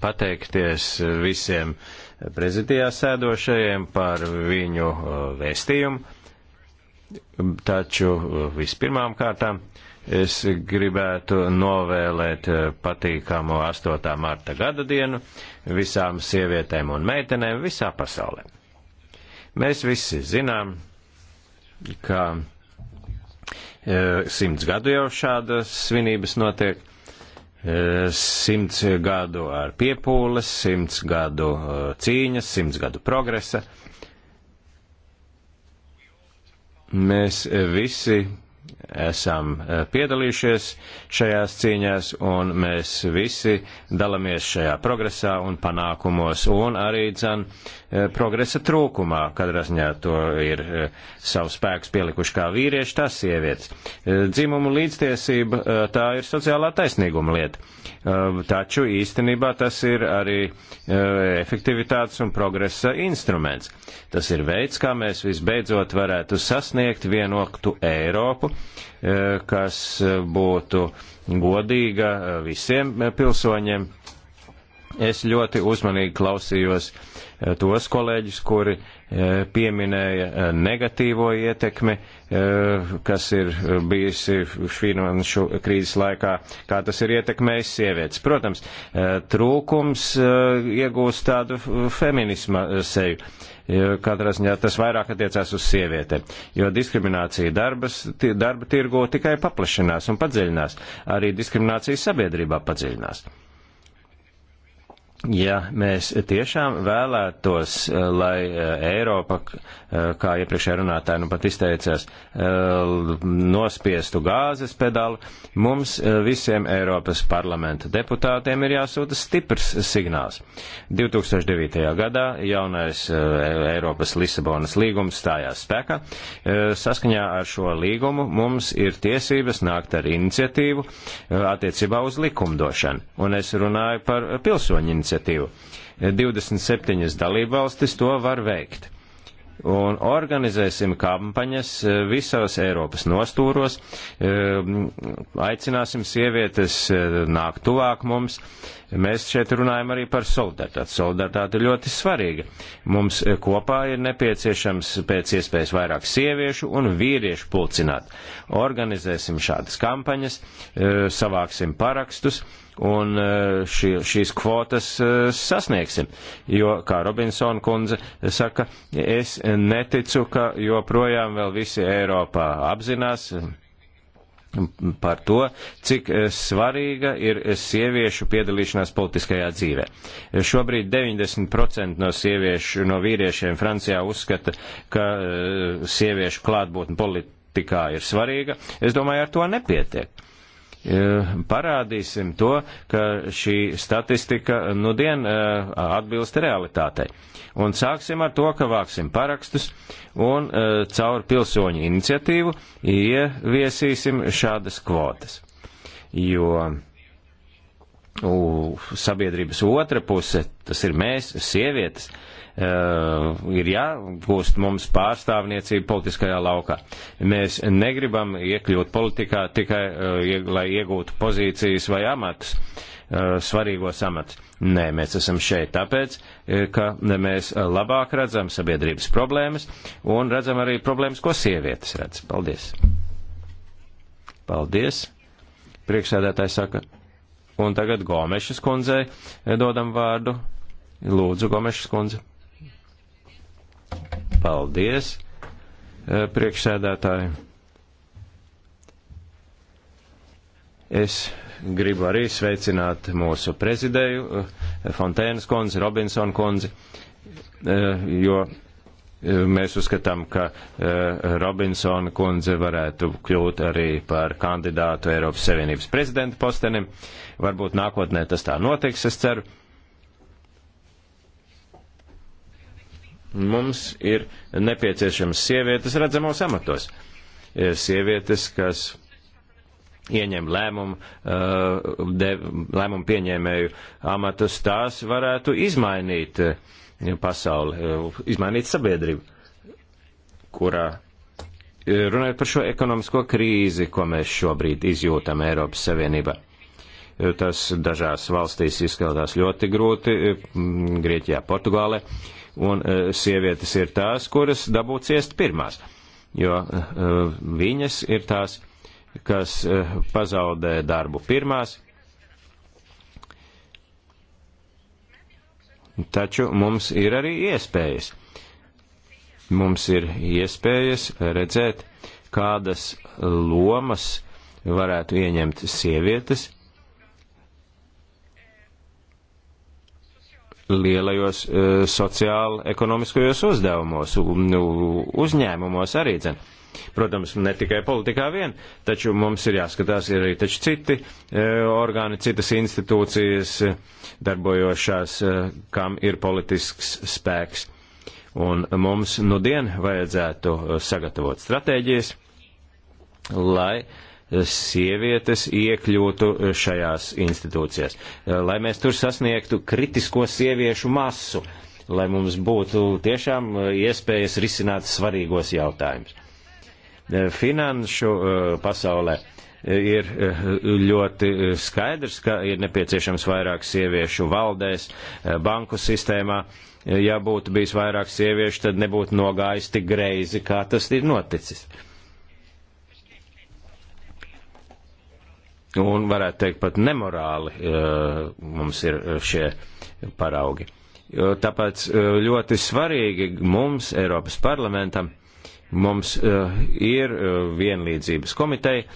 pateikties visiem uh, prezidijā sēdošajiem par viņu uh, vēstījumu. Taču uh, vispirmām kārtām es gribētu novēlēt uh, patīkamu 8. marta gada dienu visām sievietēm un meitenēm visā pasaulē. Mēs visi zinām, ka simts gadu jau šādas svinības notiek, simts gadu ar piepūles, simts gadu eh, cīņas, simts gadu progresa. Mēs eh, visi esam eh, piedalījušies šajās cīņās, un mēs visi dalamies šajā progresā un panākumos, un arī, dzan, uh, Eh, progresa trūkumā, katrā ziņā to ir eh, savu spēkus pielikuši kā vīrieši, tas sievietes. Eh, dzimumu līdztiesība tā ir sociālā taisnīguma lieta, taču īstenībā tas ir arī efektivitātes un progresa instruments. Tas ir veids, kā mēs visbeidzot varētu sasniegt vienoktu Eiropu, kas būtu godīga visiem pilsoņiem Es ļoti uzmanīgi klausījos eh, tos kolēģus, kuri eh, pieminēja eh, negatīvo ietekmi, kas ir bijusi finanšu krīzes laikā, kā tas ir ietekmējis sievietes. Protams, trūkums iegūst tādu feminisma seju. Katrā ziņā tas vairāk attiecās uz sievietēm, jo diskriminācija darbas, darba tirgo tikai paplašinās un padziļinās, arī diskriminācija sabiedrībā padziļinās. Ja mēs tiešām vēlētos, eh, lai eh, Eiropa, eh, kā iepriekšējā runātāja nu pat izteicās, nospiestu gāzes pedāli, mums visiem Eiropas parlamenta deputātiem ir jāsūta stiprs signāls. 2009. gadā jaunais Eiropas Lisabonas līgums stājās spēkā. Saskaņā ar šo līgumu mums ir tiesības nākt ar iniciatīvu attiecībā uz likumdošanu. Un es runāju par pilsoņu iniciatīvu iniciatīvu. 27 dalībvalstis to var veikt. Un organizēsim kampaņas e, visos Eiropas nostūros, e, aicināsim sievietes e, nākt tuvāk mums. Mēs šeit runājam arī par solidaritāti. Solidaritāte ir ļoti svarīga. Mums kopā ir nepieciešams pēc iespējas vairāk sieviešu un vīriešu pulcināt. Organizēsim šādas kampaņas, savāksim parakstus un eh, šī, šīs kvotas eh, sasniegsim. Jo, kā Robinsona kundze saka, es neticu, ka joprojām vēl visi Eiropā apzinās par to, cik eh, svarīga ir sieviešu piedalīšanās politiskajā dzīvē. Šobrīd 90% no sieviešu, no vīriešiem Francijā uzskata, ka sieviešu klātbūtne politikā ir svarīga. Es domāju, ar to nepietiek E, parādīsim to, ka šī statistika nu dien e, atbilst realitātei. Un sāksim ar to, ka vāksim parakstus un e, caur pilsoņu iniciatīvu ieviesīsim šādas kvotas. Jo u, sabiedrības otra puse, tas ir mēs, sievietes, uh, Uh, ir jāgūst mums pārstāvniecība politiskajā laukā. Mēs negribam iekļūt politikā tikai, uh, lai iegūtu pozīcijas vai amatus, uh, svarīgos amatus. Nē, mēs esam šeit tāpēc, ka mēs labāk redzam sabiedrības problēmas un redzam arī problēmas, ko sievietes redz. Paldies! Paldies! Priekšsēdētājs saka. Un tagad Gomešas kundzei dodam vārdu. Lūdzu, Gomešas kundze. Paldies, e, priekšsēdētāji. Es gribu arī sveicināt mūsu prezidēju, e, Fontēnas kundzi, Robinsonu kundzi, e, jo mēs uzskatām, ka Robinsona kundze varētu kļūt arī par kandidātu Eiropas Savienības prezidenta postenim. Varbūt nākotnē tas tā notiks, es ceru. Mums ir nepieciešams sievietes redzamos amatos. E, sievietes, kas ieņem lēmumu, e, lēmumu pieņēmēju amatus, tās varētu izmainīt e, pasauli, izmainīt sabiedrību, kurā runājot par šo ekonomisko krīzi, ko mēs šobrīd izjūtam Eiropas Savienībā. Tas dažās valstīs izskatās ļoti grūti, Grieķijā, Portugālē. Uh, un e, sievietes ir tās, kuras dabū ciest pirmās, jo e, viņas ir tās, kas e, pazaudē darbu pirmās. Taču mums ir arī iespējas. Mums ir iespējas redzēt, kādas lomas varētu ieņemt sievietes lielajos eh, sociāli-ekonomiskajos uzdevumos, nu, uzņēmumos arī dzen. Protams, ne tikai politikā vien, taču mums ir jāskatās ir arī taču citi eh, orgāni, citas institūcijas eh, darbojošās, kam ir politisks spēks. Un mums nudien vajadzētu sagatavot stratēģijas, lai uh, sievietes iekļūtu šajās institūcijās, lai mēs tur sasniegtu kritisko sieviešu masu, lai mums būtu tiešām iespējas risināt svarīgos jautājumus. Finanšu eh, pasaulē ir eh, ļoti skaidrs, ka ir nepieciešams vairāk sieviešu valdēs, eh, banku sistēmā. Ja būtu bijis vairāk sieviešu, tad nebūtu nogājis tik greizi, kā tas ir noticis. Uh, un varētu teikt pat nemorāli eh, mums ir eh, šie paraugi. Tāpēc eh, ļoti svarīgi mums, Eiropas parlamentam, mums ir vienlīdzības komiteja,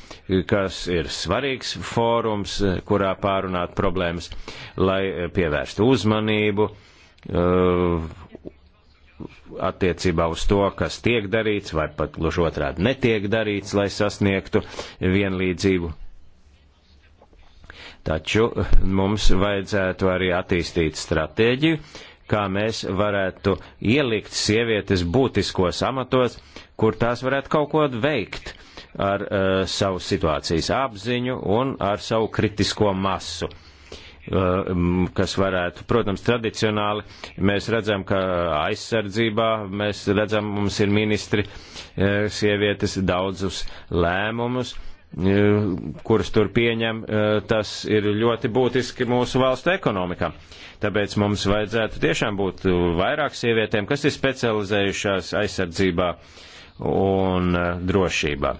kas ir svarīgs fórums, kurā pārunāt problēmas, lai pievērstu uzmanību attiecībā uz to, kas tiek darīts, vai pat gluži otrādi netiek darīts, lai sasniegtu vienlīdzību Taču mums vajadzētu arī attīstīt stratēģiju, kā mēs varētu ielikt sievietes būtiskos amatos, kur tās varētu kaut ko veikt ar uh, savu situācijas apziņu un ar savu kritisko masu eh, kas varētu, protams, tradicionāli mēs redzam, ka aizsardzībā mēs redzam, mums ir ministri, eh, sievietes daudzus lēmumus, E, kurus tur pieņem, e, tas ir ļoti būtiski mūsu valstu ekonomikā. Tāpēc mums vajadzētu tiešām būt vairāk sievietēm, kas ir specializējušās aizsardzībā un e, drošībā.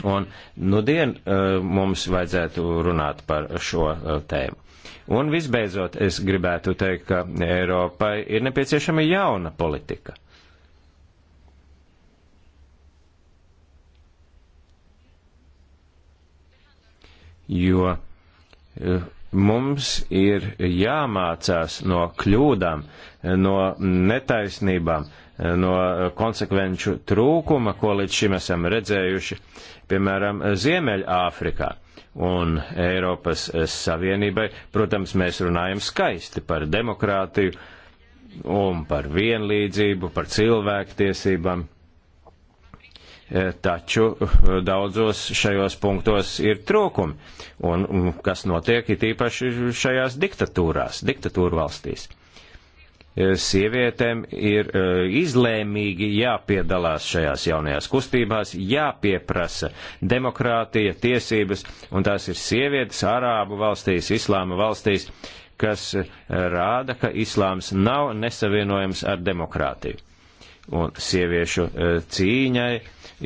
Un nu dien mums vajadzētu runāt par šo tēmu. Un visbeidzot, es gribētu teikt, ka Eiropai ir nepieciešama jauna politika jo eh, mums ir jāmācās no kļūdām, eh, no netaisnībām, eh, no konsekvenču trūkuma, ko līdz šim esam redzējuši, piemēram, Ziemeļāfrikā. Un Eiropas Savienībai, protams, mēs runājam skaisti par demokrātiju un par vienlīdzību, par cilvēktiesībām taču eh, daudzos šajos punktos ir trūkumi, un mm, kas notiek it īpaši šajās diktatūrās, diktatūru valstīs. Eh, sievietēm ir eh, izlēmīgi jāpiedalās šajās jaunajās kustībās, jāpieprasa demokrātija, tiesības, un tās ir sievietes Arābu valstīs, Islāma valstīs, kas rāda, ka islāms nav nesavienojams ar demokrātiju un sieviešu e, cīņai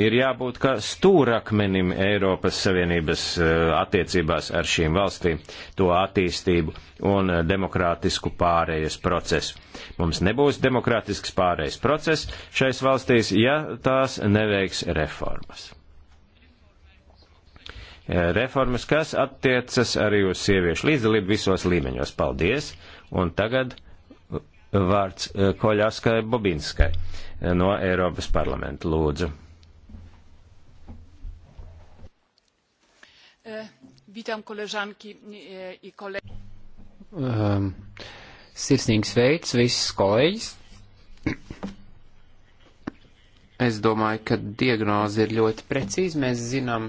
ir jābūt kā stūrakmenim Eiropas Savienības e, attiecībās ar šīm valstīm, to attīstību un demokrātisku pārējas procesu. Mums nebūs demokrātisks pārējas process šais valstīs, ja tās neveiks reformas. E, reformas, kas attiecas arī uz sieviešu līdzdalību visos līmeņos. Paldies! Un tagad vārds eh, Koļaskai Bobinskai eh, no Eiropas parlamenta lūdzu. Eh, vitam koležanki i kolēģi. Um, sirsnīgs veids visus kolēģis. Es domāju, ka diagnoze ir ļoti precīza. Mēs zinām,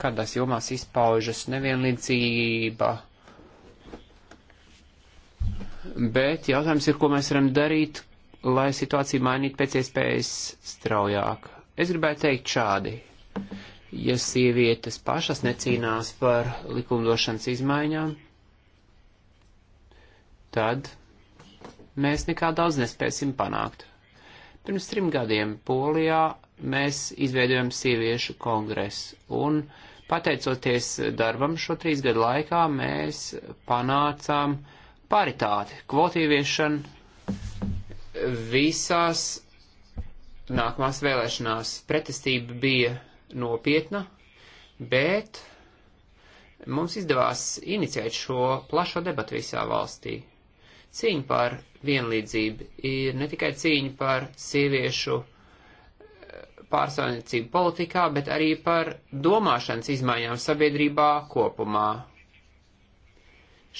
kādās jomās izpaužas nevienlīdzība bet jautājums ir, ko mēs varam darīt, lai situāciju mainītu pēc iespējas straujāk. Es gribētu teikt šādi. Ja sievietes pašas necīnās par likumdošanas izmaiņām, tad mēs nekā daudz nespēsim panākt. Pirms trim gadiem Polijā mēs izveidojam sieviešu kongresu, un pateicoties darbam šo trīs gadu laikā mēs panācām uh, Paritāte, kvotīviešana visās nākamās vēlēšanās pretestība bija nopietna, bet mums izdevās inicēt šo plašo debatu visā valstī. Cīņa par vienlīdzību ir ne tikai cīņa par sieviešu eh, pārstāvniecību politikā, bet arī par domāšanas izmaiņām sabiedrībā kopumā.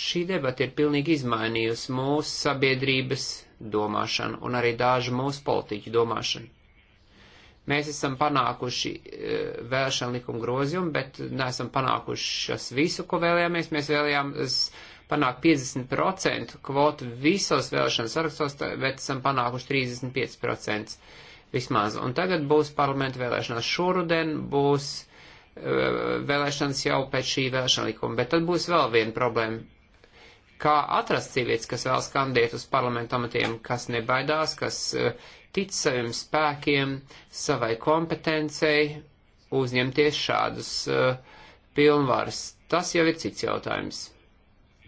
Šī debata ir pilnīgi izmainījusi mūsu sabiedrības domāšanu un arī dažu mūsu politiķu domāšanu. Mēs esam panākuši e, vēlēšanu likuma grozījumu, bet neesam panākušas visu, ko vēlējāmies. Mēs vēlējāmies panākt 50% kvotu visos vēlēšanu sarakstos, bet esam panākuši 35% vismaz. Un tagad būs parlamenta vēlēšanās šoruden, būs e, vēlēšanas jau pēc šī vēlēšana likuma, bet tad būs vēl viena problēma kā atrast sievietes, kas vēlas kandidēt uz parlamentu amatiem, kas nebaidās, kas eh, tic saviem spēkiem, savai kompetencei, uzņemties šādus eh, pilnvaras. Tas jau ir cits jautājums.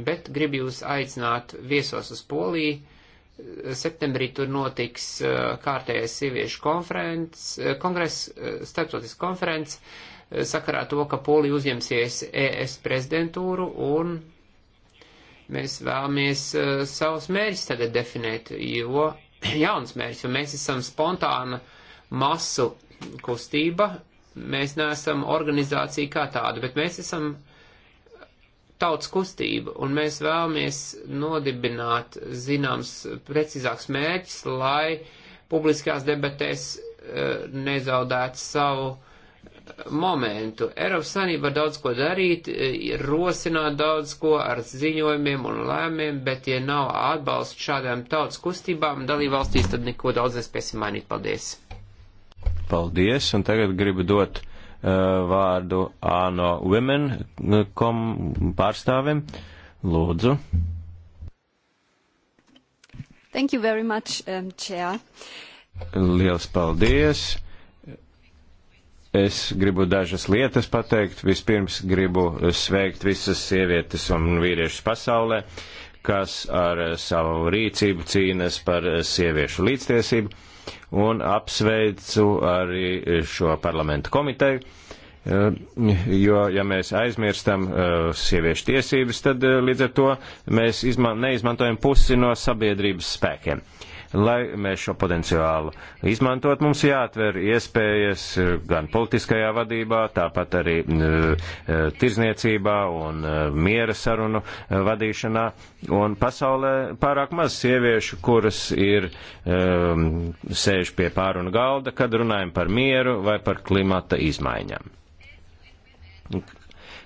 Bet gribu jūs aicināt viesos uz Poliju. Eh, septembrī tur notiks kārtējais sieviešu kongress, starptautisks konferences, sakarā to, ka Polija uzņemsies ES prezidentūru un Mēs vēlamies uh, savus mērķus tagad definēt, jo <clears throat> jauns mērķis, jo mēs esam spontāna masu kustība, mēs neesam organizācija kā tāda, bet mēs esam tautas kustība, un mēs vēlamies nodibināt zināms precīzāks mērķis, lai publiskās debatēs uh, nezaudētu savu uh, momentu. Eiropas Savienība var daudz ko darīt, eh, rosināt daudz ko ar ziņojumiem un lēmiem, bet ja nav atbalsts šādām tautas kustībām dalībvalstīs, tad neko daudz nespēsim mainīt. Paldies! Paldies, un tagad gribu dot uh, vārdu ANO Women eh, kom pārstāvim. Lūdzu. Thank you very much, um, Chair. Liels paldies. Es gribu dažas lietas pateikt. Vispirms gribu sveikt visas sievietes un vīriešus pasaulē, kas ar savu rīcību cīnas par sieviešu līdztiesību un apsveicu arī šo parlamentu komiteju. Eh, jo, ja mēs aizmirstam eh, sieviešu tiesības, tad eh, līdz ar to mēs izman, neizmantojam pusi no sabiedrības spēkiem. Lai mēs šo potenciālu izmantot, mums jāatver iespējas eh, gan politiskajā vadībā, tāpat arī eh, eh, tirzniecībā un miera sarunu vadīšanā. Un pasaulē pārāk maz sieviešu, kuras ir ehm, sēž pie pārunu galda, kad runājam par mieru vai par klimata izmaiņām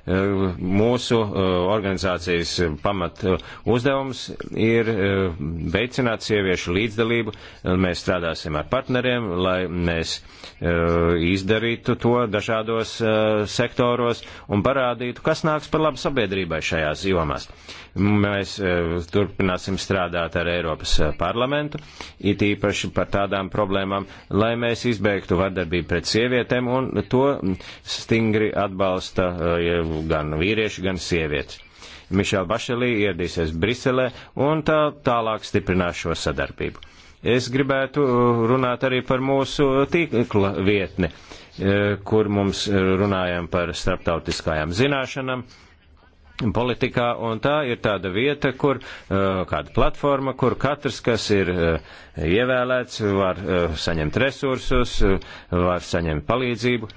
Eh, mūsu eh, organizācijas pamat eh, uzdevums ir veicināt sieviešu līdzdalību. Mēs strādāsim ar partneriem, lai mēs izdarītu to dažādos sektoros un parādītu, kas nāks par labu sabiedrībai šajās jomās. Mēs turpināsim strādāt ar Eiropas parlamentu, it īpaši par tādām problēmām, lai mēs izbeigtu vardarbību pret sievietēm un to stingri atbalsta gan vīrieši, gan sievietes. Mišela Bašelī ieradīsies Briselē un tā tālāk stiprinās šo sadarbību. Es gribētu uh, runāt arī par mūsu tīkla vietni, uh, kur mums runājam par starptautiskajām zināšanām politikā, un tā ir tāda vieta, kur uh, kāda platforma, kur katrs, kas ir ievēlēts, var saņemt resursus, var saņemt palīdzību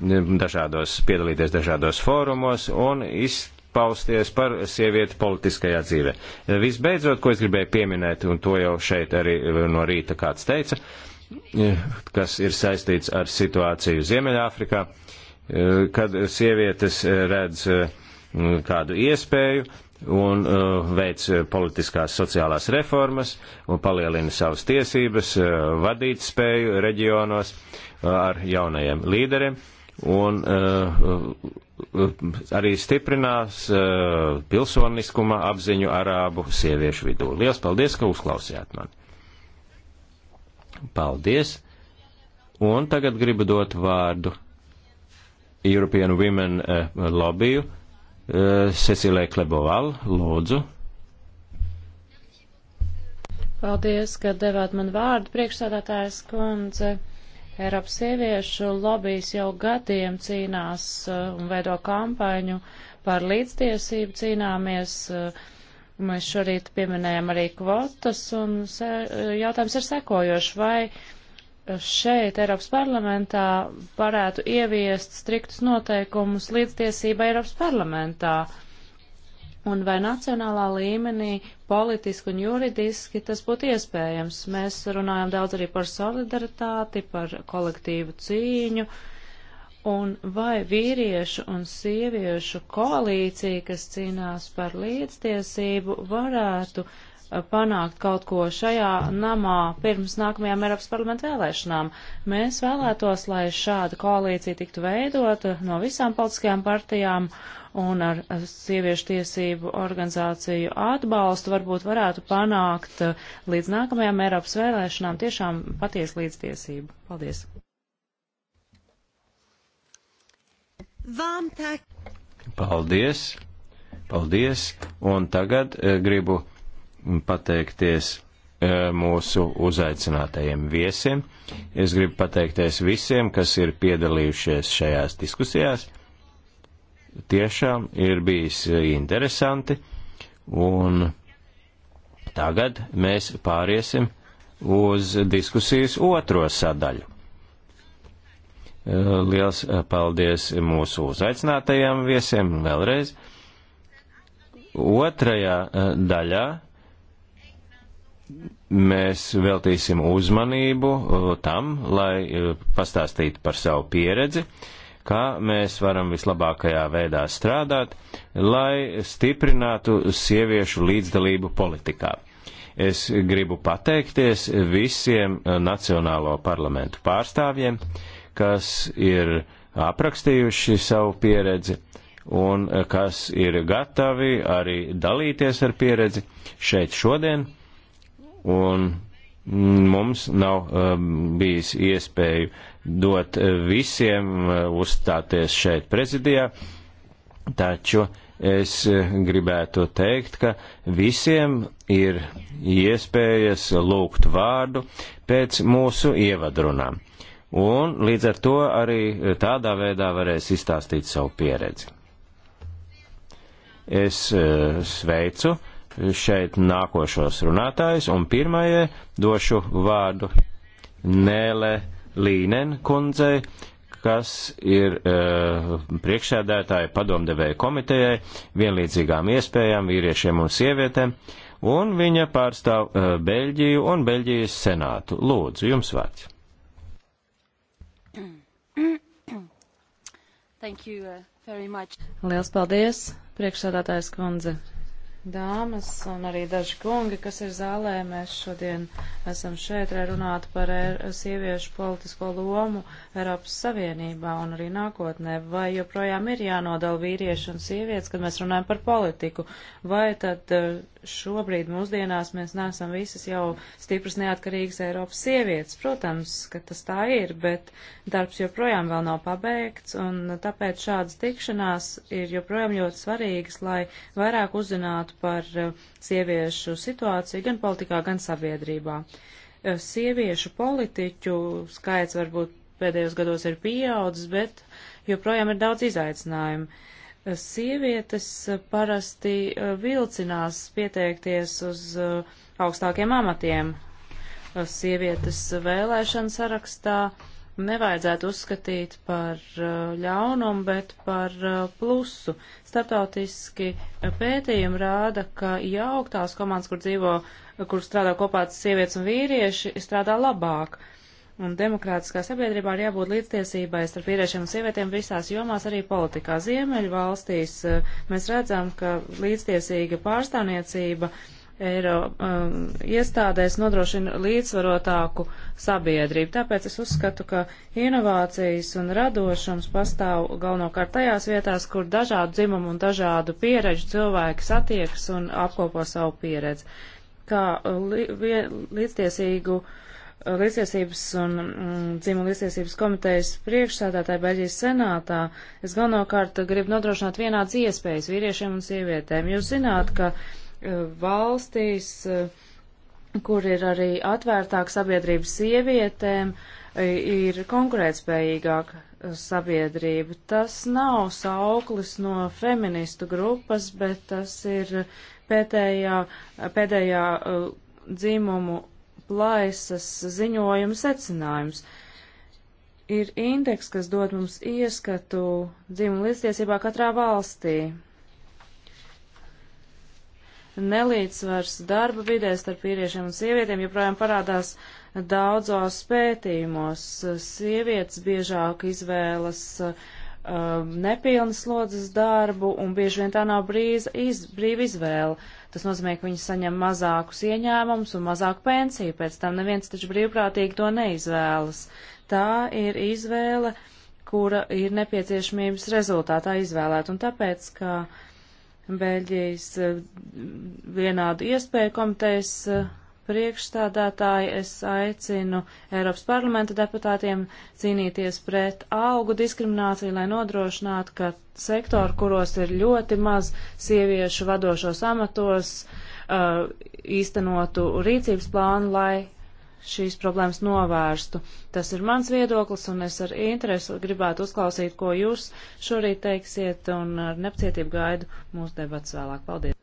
dažādos, piedalīties dažādos fórumos un izpausties par sievieti politiskajā dzīvē. Visbeidzot, ko es gribēju pieminēt, un to jau šeit arī no rīta kāds teica, kas ir saistīts ar situāciju Ziemeļāfrikā, kad sievietes redz eh, kādu iespēju un eh, veic politiskās sociālās reformas un palielina savas tiesības, eh, vadīt spēju reģionos ar jaunajiem līderiem un eh, eh, arī stiprinās eh, pilsoniskuma apziņu arābu sieviešu vidū. Lielas paldies, ka uzklausījāt mani! Paldies! Un tagad gribu dot vārdu European Women lobiju Cecilē Kleboval, lūdzu. Paldies, ka devāt man vārdu, priekšsādātājs kundze. Eiropas sieviešu lobijas jau gadiem cīnās uh, un veido kampaņu par līdztiesību, cīnāmies. Uh, mēs šorīt pieminējam arī kvotas, un se, uh, jautājums ir sekojošs, vai šeit Eiropas parlamentā varētu ieviest striktus noteikumus līdztiesībai Eiropas parlamentā. Uh, un vai nacionālā līmenī politiski un juridiski tas būtu iespējams. Mēs runājam daudz arī par solidaritāti, par kolektīvu cīņu, un vai vīriešu un sieviešu koalīcija, kas cīnās par līdztiesību, varētu uh, panākt kaut ko šajā namā pirms nākamajām Eiropas parlamenta vēlēšanām. Mēs vēlētos, lai šāda koalīcija tiktu veidota no visām politiskajām partijām un ar sieviešu tiesību organizāciju atbalstu varbūt varētu panākt uh, līdz nākamajām Eiropas vēlēšanām tiešām patiesu līdztiesību. Paldies! Paldies! Paldies! Un tagad e, gribu pateikties uh, mūsu uzaicinātajiem viesiem. Es gribu pateikties visiem, kas ir piedalījušies šajās diskusijās tiešām ir bijis interesanti, un tagad mēs pāriesim uz diskusijas otro sadaļu. Liels paldies mūsu uzaicinātajiem viesiem vēlreiz. Otrajā daļā mēs veltīsim uzmanību tam, lai pastāstītu par savu pieredzi. Uh, kā mēs varam vislabākajā veidā strādāt, lai stiprinātu sieviešu līdzdalību politikā. Es gribu pateikties visiem eh, Nacionālo parlamentu pārstāvjiem, kas ir aprakstījuši savu pieredzi un eh, kas ir gatavi arī dalīties ar pieredzi šeit šodien. Un mm, mums nav um, bijis iespēju uh, dot visiem eh, uzstāties šeit prezidijā, taču es eh, gribētu teikt, ka visiem ir iespējas lūgt vārdu pēc mūsu ievadrunām. Un līdz ar to arī tādā veidā varēs izstāstīt savu pieredzi. Es eh, sveicu šeit nākošos runātājus un pirmajai došu vārdu Nēlē. Līnen kundzei, kas ir uh, priekšsēdētāja padomdevēja komitejai, vienlīdzīgām iespējām vīriešiem un sievietēm, un viņa pārstāv uh, Beļģiju un Beļģijas senātu. Lūdzu, jums vārds. Thank you uh, very much. Liels paldies, priekšsēdētājs kundze. Dāmas un arī daži kungi, kas ir zālē, mēs šodien esam šeit, lai runātu par e, sieviešu politisko lomu Eiropas Savienībā un arī nākotnē. Vai joprojām ir jānodala vīrieši un sievietes, kad mēs runājam par politiku? Vai tad e, šobrīd mūsdienās mēs neesam visas jau stipras neatkarīgas Eiropas sievietes? Protams, ka tas tā ir, bet darbs joprojām vēl nav pabeigts, un tāpēc šādas tikšanās ir joprojām ļoti svarīgas, lai vairāk uzzinātu par e, sieviešu situāciju gan politikā, gan sabiedrībā. Eh, sieviešu politiķu skaits varbūt pēdējos gados ir pieaudzis, bet joprojām ir daudz izaicinājumu. Eh, sievietes eh, parasti vilcinās pieteikties uz augstākiem amatiem. Sievietes vēlēšana sarakstā uh, nevajadzētu uzskatīt par uh, ļaunumu, bet par uh, plusu. Startautiski pētījumi rāda, ka jauktās komandas, kur dzīvo, kur strādā kopā sievietes un vīrieši, strādā labāk. Un demokrātiskā sabiedrībā ir jābūt līdztiesībai starp vīriešiem un sievietēm visās jomās, arī politikā. Ziemeļu valstīs uh, mēs redzam, ka līdztiesīga pārstāvniecība uh, eiro um, iestādēs nodrošina līdzsvarotāku sabiedrību. Tāpēc es uzskatu, ka inovācijas un radošums pastāv galvenokārt tajās vietās, kur dažādu dzimumu un dažādu pieredžu cilvēki satiekas un apkopo savu pieredzi. Kā uh, li, vie, līdztiesīgu uh, līdztiesības un mm, dzimumu līdztiesības komitejas priekšsēdētāja Beļģijas senātā, es galvenokārt gribu nodrošināt vienādas iespējas vīriešiem un sievietēm. Jūs zināt, ka uh, Eh, valstīs, eh, kur ir arī atvērtāk sabiedrība sievietēm, eh, ir konkurētspējīgāka sabiedrība. Tas nav sauklis no feministu grupas, bet tas ir pēdējā, pēdējā dzimumu plaisas ziņojuma secinājums. Ir indeks, kas dod mums ieskatu dzimumu līdztiesībā katrā valstī nelīdzsvars darba vidē starp vīriešiem un sievietēm joprojām parādās daudzos pētījumos. Sievietes biežāk izvēlas uh, nepilnas slodzes darbu un bieži vien tā nav brīza, iz, brīva izvēle. Tas nozīmē, ka viņi saņem mazākus ieņēmumus un mazāku pensiju, pēc tam neviens taču brīvprātīgi to neizvēlas. Tā ir izvēle, kura ir nepieciešamības rezultātā izvēlēt, un tāpēc, ka uh, Beļģijas eh, vienādu iespēju komitejas eh, priekšstādātāji. Es aicinu Eiropas parlamenta deputātiem cīnīties pret augu diskrimināciju, lai nodrošinātu, ka sektori, kuros ir ļoti maz sieviešu vadošos amatos, eh, īstenotu rīcības plānu, lai šīs problēmas novērstu. Tas ir mans viedoklis, un es ar interesi gribētu uzklausīt, ko jūs šorīt teiksiet, un ar nepacietību gaidu mūsu debats vēlāk. Paldies!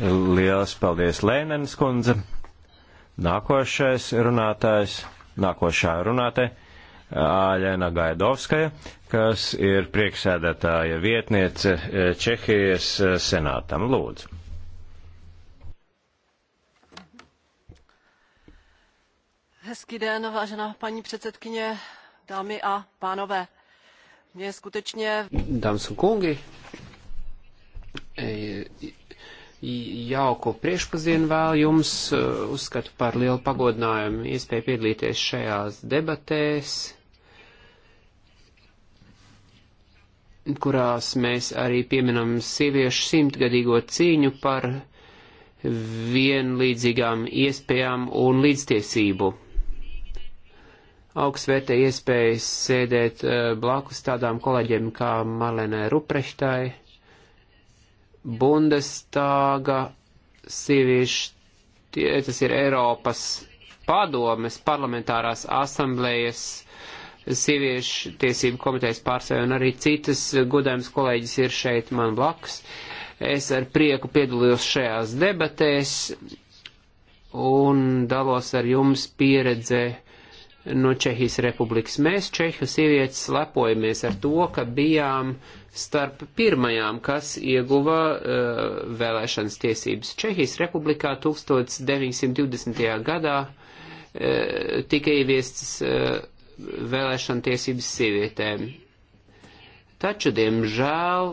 Lielas paldies, Lēnenes kundze! Nākošais runātājs, nākošā runātāja. Āļena Gaidovskaja, kas ir priekšsēdētāja vietniece e, Čehijas e, senātam. Lūdzu. Hezký den, vážená paní předsedkyně, dámy a pánové. Mě skutečně... Dám kungi. E, Jauku priekšpazienu vēl jums uzskatu par lielu pagodinājumu iespēju piedalīties šajās debatēs kurās mēs arī pieminam sieviešu simtgadīgo cīņu par vienlīdzīgām iespējām un līdztiesību. Augstvērtē iespējas sēdēt eh, blakus tādām kolēģiem kā Marlenē Rupreštai, Bundestāga sieviešu, tie, tas ir Eiropas padomes parlamentārās asamblējas sieviešu tiesību komitejas pārstāvja un arī citas godājums kolēģis ir šeit man blakus. Es ar prieku piedalījos šajās debatēs un dalos ar jums pieredze no Čehijas republikas. Mēs, Čehu sievietes, lepojamies ar to, ka bijām starp pirmajām, kas ieguva uh, vēlēšanas tiesības. Čehijas republikā 1920. gadā uh, tika ieviestas uh, vēlēšana tiesības sievietēm. Taču, diemžēl,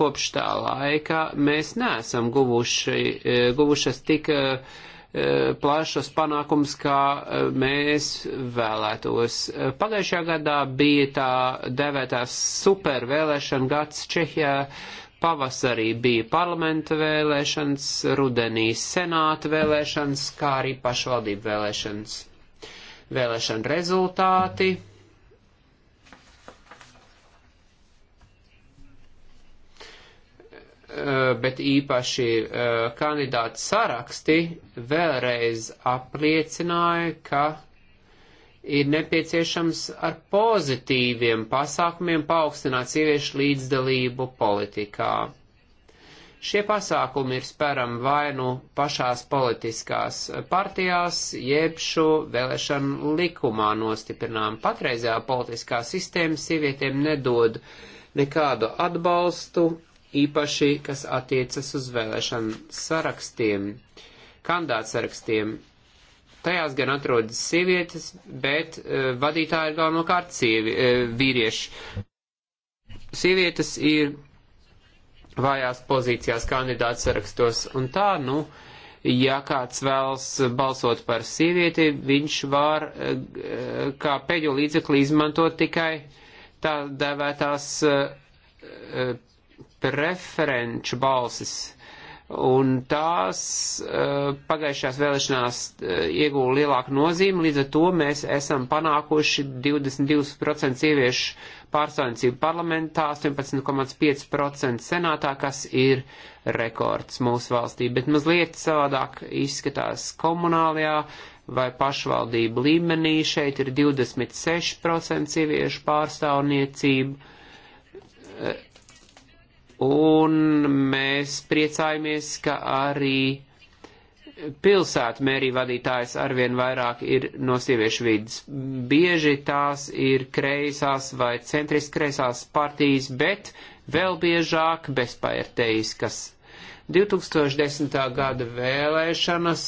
kopš tā laika mēs neesam guvuši, e, guvušas tik e, e, plašas panākums, kā mēs vēlētos. Pagājušajā gadā bija tā devētās supervēlēšana gads Čehijā, pavasarī bija parlamenta vēlēšanas, rudenī senāta vēlēšanas, kā arī pašvaldību vēlēšanas vēlēšana rezultāti. Eh, bet īpaši eh, kandidātu saraksti vēlreiz apliecināja, ka ir nepieciešams ar pozitīviem pasākumiem paaugstināt sieviešu līdzdalību politikā. Šie pasākumi ir spērami vai nu pašās politiskās partijās, jeb šo vēlēšanu likumā nostiprinām. Patreizējā politiskā sistēma sievietēm nedod nekādu atbalstu, īpaši, kas attiecas uz vēlēšanu sarakstiem, kandidātu sarakstiem. Tajās gan atrodas sievietes, bet uh, vadītāji ir galvenokārt sievi, uh, vīrieši. Sievietes ir vājās pozīcijās kandidāts sarakstos. Un tā, nu, ja kāds vēlas balsot par sievieti, viņš var eh, kā peļu līdzekli izmantot tikai tā devētās eh, preferenču balsis un tās uh, pagājušās vēlēšanās uh, eh, ieguva lielāku nozīmi, līdz ar to mēs esam panākuši 22% sieviešu pārstāvniecību parlamentā, 18,5% senātā, kas ir rekords mūsu valstī, bet mazliet savādāk izskatās komunālajā vai pašvaldību līmenī, šeit ir 26% sieviešu pārstāvniecību. Uh, Un mēs priecājamies, ka arī pilsētu mērī vadītājs arvien vairāk ir no sieviešu vidas. Bieži tās ir kreisās vai centriski kreisās partijas, bet vēl biežāk bezpairteiskas. 2010. gada vēlēšanas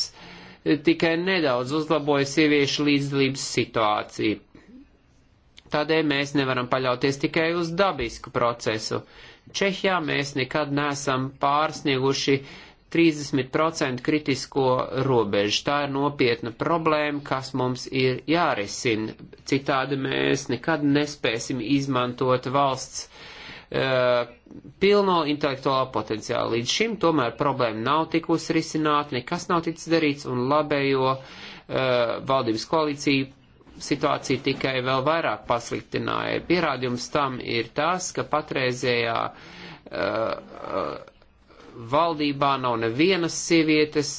tikai nedaudz uzlaboja sieviešu līdzdalības situāciju. Tādēļ mēs nevaram paļauties tikai uz dabisku procesu. Uh, Čehijā mēs nekad neesam pārsnieguši 30% kritisko robežu. Tā ir nopietna problēma, kas mums ir jārisina. Citādi mēs nekad nespēsim izmantot valsts uh, pilno intelektuālo potenciālu. Līdz šim tomēr problēma nav tikusi risināta, nekas nav ticis darīts, un labējo uh, valdības koalīcija situācija tikai vēl vairāk pasliktināja. Pierādījums tam ir tas, ka patreizējā uh, uh, valdībā nav nevienas sievietes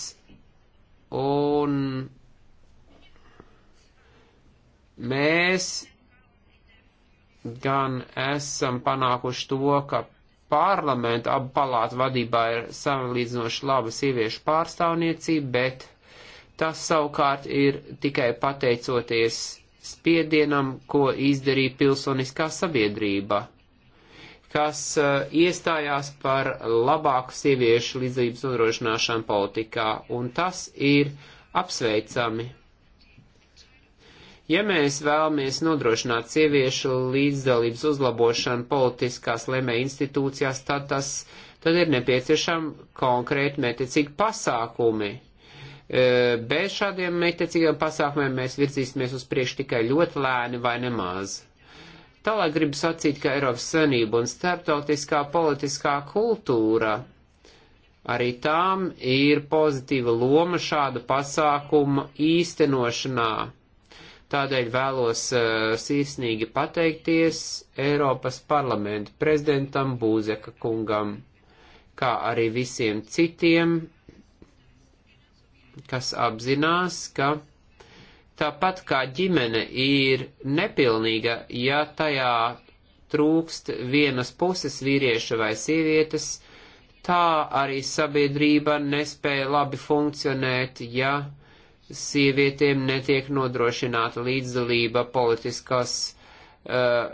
un mēs gan esam panākuši to, ka parlamenta abu palātu vadībā ir samlīdzinoši laba sieviešu pārstāvniecība, bet Tas savukārt ir tikai pateicoties spiedienam, ko izdarīja pilsoniskā sabiedrība, kas uh, iestājās par labāku sieviešu līdzības nodrošināšanu politikā, un tas ir apsveicami. Ja mēs vēlamies nodrošināt sieviešu līdzdalības uzlabošanu politiskās lemē institūcijās, tad, tas, tad ir nepieciešami konkrēti mētiecīgi pasākumi, E, bez šādiem mērķtiecīgiem pasākumiem mēs virzīsimies uz priekšu tikai ļoti lēni vai nemaz. Tālāk gribu sacīt, ka Eiropas Sanība un starptautiskā politiskā kultūra arī tām ir pozitīva loma šāda pasākuma īstenošanā. Tādēļ vēlos uh, sirsnīgi pateikties Eiropas parlamentu prezidentam Būzeka kungam, kā arī visiem citiem kas apzinās, ka tāpat kā ģimene ir nepilnīga, ja tajā trūkst vienas puses vīrieša vai sievietes, tā arī sabiedrība nespēja labi funkcionēt, ja sievietēm netiek nodrošināta līdzdalība politiskās uh,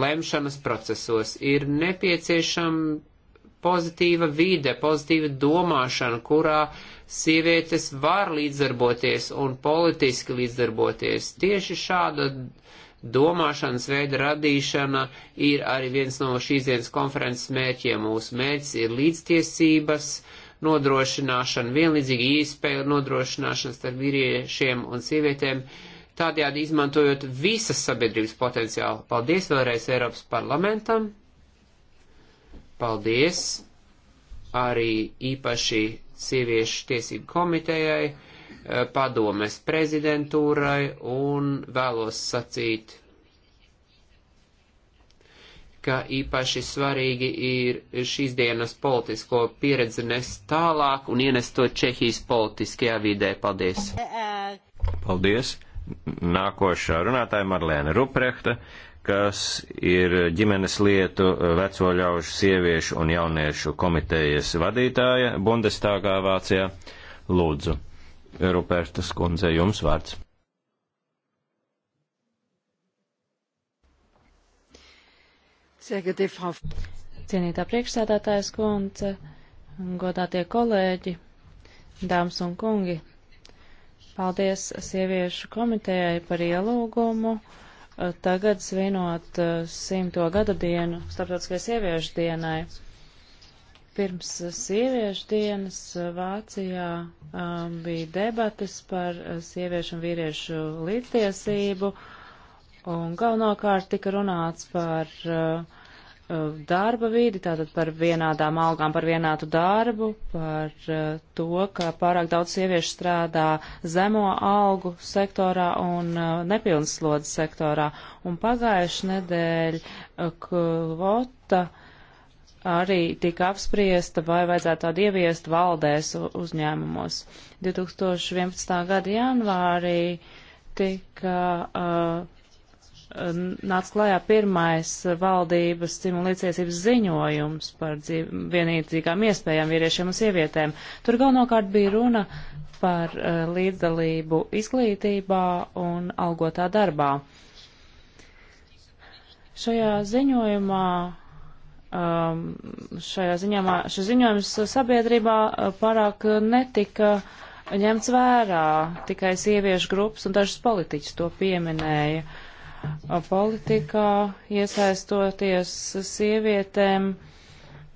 lemšanas procesos. Ir nepieciešama pozitīva vide, pozitīva domāšana, kurā sievietes var līdzdarboties un politiski līdzdarboties. Tieši šāda domāšanas veida radīšana ir arī viens no šīs dienas konferences mērķiem. Mūsu mērķis ir līdztiesības nodrošināšana, vienlīdzīga īspēja nodrošināšana starp vīriešiem un sievietēm tādējādi izmantojot visas sabiedrības potenciālu. Paldies vēlreiz Eiropas parlamentam Paldies arī īpaši sieviešu tiesību komitejai, eh, padomes prezidentūrai un vēlos sacīt, ka īpaši svarīgi ir šīs dienas politisko pieredzi nest tālāk un ienest to Čehijas politiskajā vidē. Paldies! Eh, eh. Paldies! Nākošā runātāja Marlēna Ruprehta, kas ir ģimenes lietu veco ļaužu sieviešu un jauniešu komitejas vadītāja Bundestāgā Vācijā. Lūdzu, Rupertas kundze, jums vārds. Cienītā priekšsēdētājas kundze, godātie kolēģi, dāmas un kungi, paldies sieviešu komitejai par ielūgumu Eh, tagad svinot eh, simto gada dienu starptautiskajai sieviešu dienai. Pirms eh, sieviešu dienas Vācijā um, bija debatas par sieviešu un vīriešu līdztiesību, un galvenokārt tika runāts par uh, Uh, darba vidi, tātad par vienādām algām, par vienādu darbu, par uh, to, ka pārāk daudz sieviešu strādā zemo algu sektorā un uh, nepilnas slodzes sektorā. Un pagājuši nedēļ kvota arī tika apspriesta, vai vajadzētu tādu ieviest valdēs uzņēmumos. 2011. gada janvārī tika uh, nāca klajā pirmais valdības cimulīciesības ziņojums par dzīv, vienīdzīgām iespējām vīriešiem un sievietēm. Tur galvenokārt bija runa par uh, līdzdalību izglītībā un algotā darbā. Šajā ziņojumā, um, šajā ziņojumā, šis ziņojums sabiedrībā uh, pārāk netika ņemts vērā, tikai sieviešu grupas un dažas politiķas to pieminēja. Uh, politikā, iesaistoties sievietēm.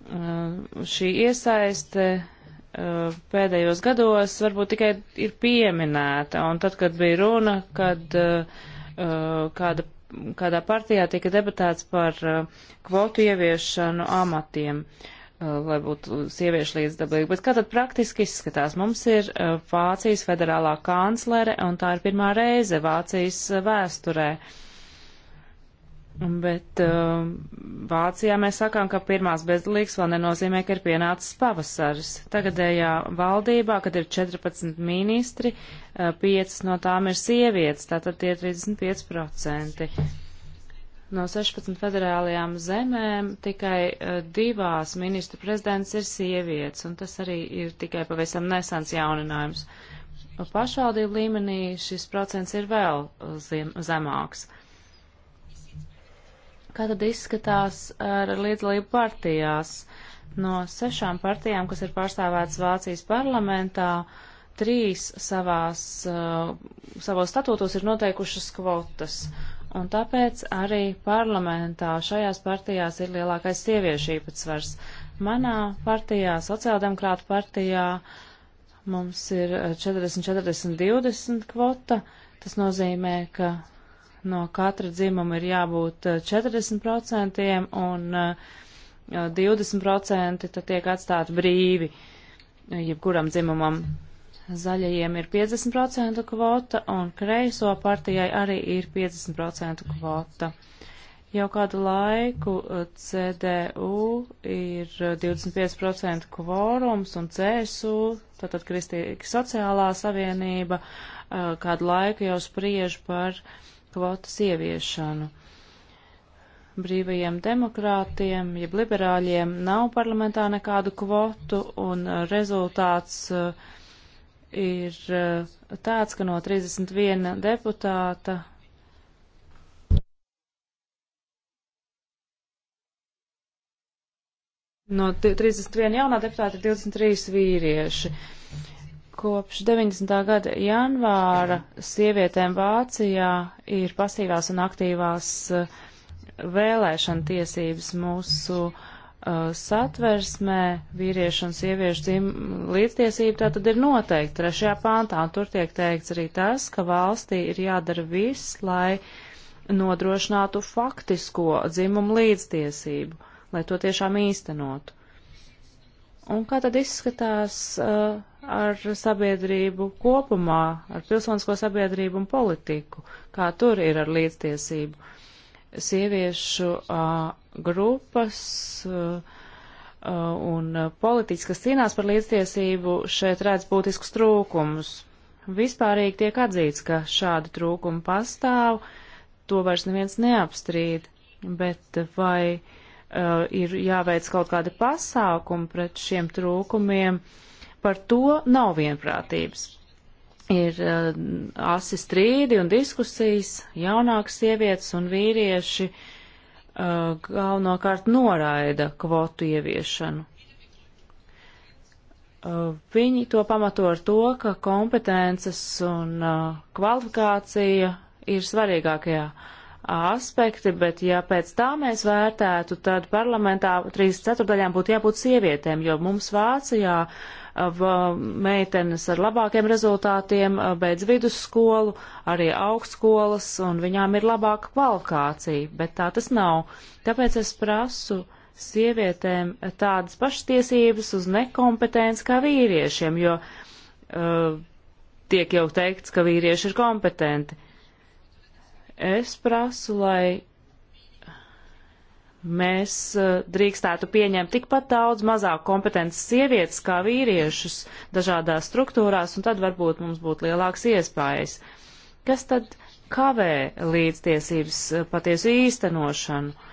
Uh, šī iesaiste uh, pēdējos gados varbūt tikai ir pieminēta, un tad, kad bija runa, kad uh, kāda, kādā partijā tika debatēts par kvotu ieviešanu amatiem, lai būtu sieviešu līdzdabīgi, bet kā tad praktiski izskatās? Mums ir Vācijas federālā kanclere, un tā ir pirmā reize Vācijas vēsturē. Uh, Bet uh, Vācijā mēs sakām, ka pirmās bezlīgas vēl nenozīmē, ka ir pienācis pavasaris. Tagadējā valdībā, kad ir 14 ministri, uh, 5 no tām ir sievietes, tātad tie ir 35%. No 16 federālajām zemēm tikai uh, divās ministru prezidents ir sievietes, un tas arī ir tikai pavisam nesans jauninājums. Pašvaldību līmenī šis procents ir vēl uh, zem, zemāks. Kā tad izskatās ar līdzdalību partijās? No sešām partijām, kas ir pārstāvētas Vācijas parlamentā, trīs savās, uh, savos statūtos ir noteikušas kvotas. Un tāpēc arī parlamentā šajās partijās ir lielākais sieviešu īpatsvars. Manā partijā, sociāldemokrātu partijā, mums ir 40-40-20 kvota. Tas nozīmē, ka no katra dzimuma ir jābūt 40% eh, un 20% eh, tad tiek atstāti brīvi eh, jebkuram dzimumam. Zaļajiem ir 50% kvota un kreiso partijai arī ir 50% kvota. Jau kādu laiku CDU ir 25% kvorums un CSU, tātad Kristīga sociālā savienība, kādu laiku jau spriež par uh, kvotas ieviešanu. Brīvajiem demokrātiem, jeb liberāļiem nav parlamentā nekādu kvotu, un rezultāts uh, ir uh, tāds, ka no 31 deputāta No 31 jaunā deputāta ir 23 vīrieši. Uh, Kopš 90. gada janvāra sievietēm Vācijā ir pasīvās un aktīvās eh, vēlēšana tiesības mūsu uh, satversmē vīriešu un sieviešu dzim, līdztiesība tātad ir noteikta trešajā pāntā, un tur tiek teikts arī tas, ka valstī ir jādara viss, lai nodrošinātu faktisko dzimumu līdztiesību, lai to tiešām īstenotu. Un kā tad izskatās uh, ar sabiedrību kopumā, ar pilsonisko sabiedrību un politiku? Kā tur ir ar līdztiesību? Sieviešu uh, grupas uh, uh, un politiķis, kas cīnās par līdztiesību, šeit redz būtiskus trūkumus. Vispārīgi tiek atzīts, ka šādi trūkumi pastāv, to vairs neviens neapstrīd, bet vai uh, Uh, ir jāveic kaut kāda pasākuma pret šiem trūkumiem, par to nav vienprātības. Ir uh, asi strīdi un diskusijas, jaunākas sievietes un vīrieši uh, galvenokārt noraida kvotu ieviešanu. Viņi to pamato ar to, ka kompetences un kvalifikācija ir svarīgākajā uh, aspekti, bet ja pēc tā mēs vērtētu, tad parlamentā 3 ceturdaļām būtu jābūt sievietēm, jo mums Vācijā meitenes ar labākiem rezultātiem beidz vidusskolu, arī augstskolas, un viņām ir labāka kvalifikācija, bet tā tas nav. Tāpēc es prasu sievietēm tādas pašas tiesības uz nekompetenci kā vīriešiem, jo uh, tiek jau teikts, ka vīrieši ir kompetenti. Uh, Es prasu, lai mēs eh, drīkstētu pieņemt tikpat daudz mazāk kompetences sievietes kā vīriešus dažādās struktūrās, un tad varbūt mums būtu lielāks iespējas. Kas tad kavē līdztiesības eh, patiesu īstenošanu?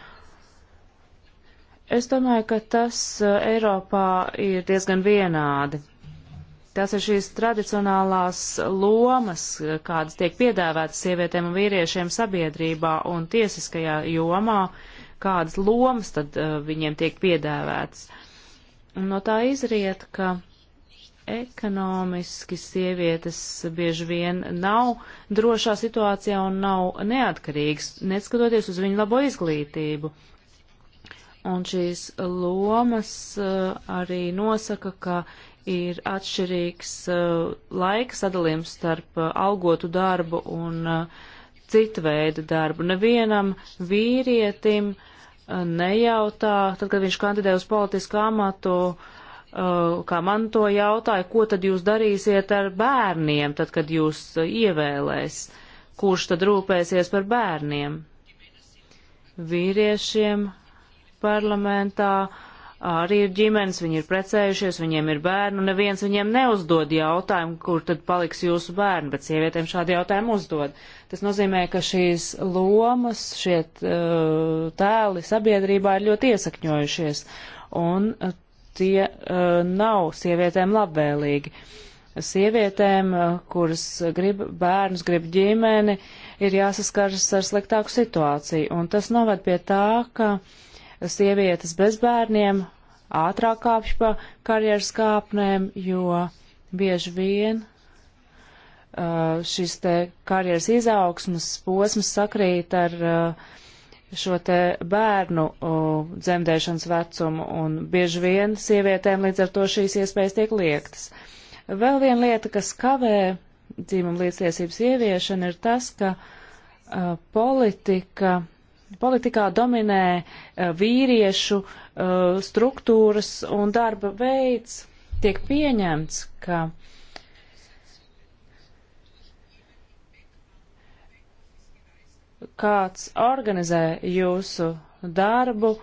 Es domāju, ka tas eh, Eiropā ir diezgan vienādi. Tās ir šīs tradicionālās lomas, kādas tiek piedāvētas sievietēm un vīriešiem sabiedrībā un tiesiskajā jomā, kādas lomas tad uh, viņiem tiek piedāvētas. Un no tā izriet, ka ekonomiski sievietes bieži vien nav drošā situācijā un nav neatkarīgas, neskatoties uz viņu labo izglītību. Un šīs lomas eh, arī nosaka, ka ir atšķirīgs uh, laika sadalījums starp uh, algotu darbu un uh, citu veidu darbu. Nevienam vīrietim uh, nejautā, tad, kad viņš kandidē uz politisku amatu, uh, kā man to jautāja, ko tad jūs darīsiet ar bērniem, tad, kad jūs uh, ievēlēs, kurš tad rūpēsies par bērniem. Vīriešiem parlamentā uh, arī ir ģimenes, viņi ir precējušies, viņiem ir bērni, un neviens viņiem neuzdod jautājumu, kur tad paliks jūsu bērni, bet sievietēm šādi jautājumi uzdod. Tas nozīmē, ka šīs lomas, šie uh, tēli sabiedrībā ir ļoti iesakņojušies, un uh, tie uh, nav sievietēm labvēlīgi. Sievietēm, kuras grib bērnus, grib ģimeni, ir jāsaskaras ar sliktāku situāciju, un tas noved pie tā, ka sievietes bez bērniem ātrāk kāpj pa karjeras kāpnēm, jo bieži vien uh, šis te karjeras izaugsmas posms sakrīt ar uh, šo te bērnu uh, dzemdēšanas vecumu, un bieži vien sievietēm līdz ar to šīs iespējas tiek liektas. Vēl viena lieta, kas kavē dzimuma līdztiesības ieviešana, ir tas, ka uh, politika politikā dominē eh, vīriešu eh, struktūras un darba veids. Tiek pieņemts, ka kāds organizē jūsu darbu.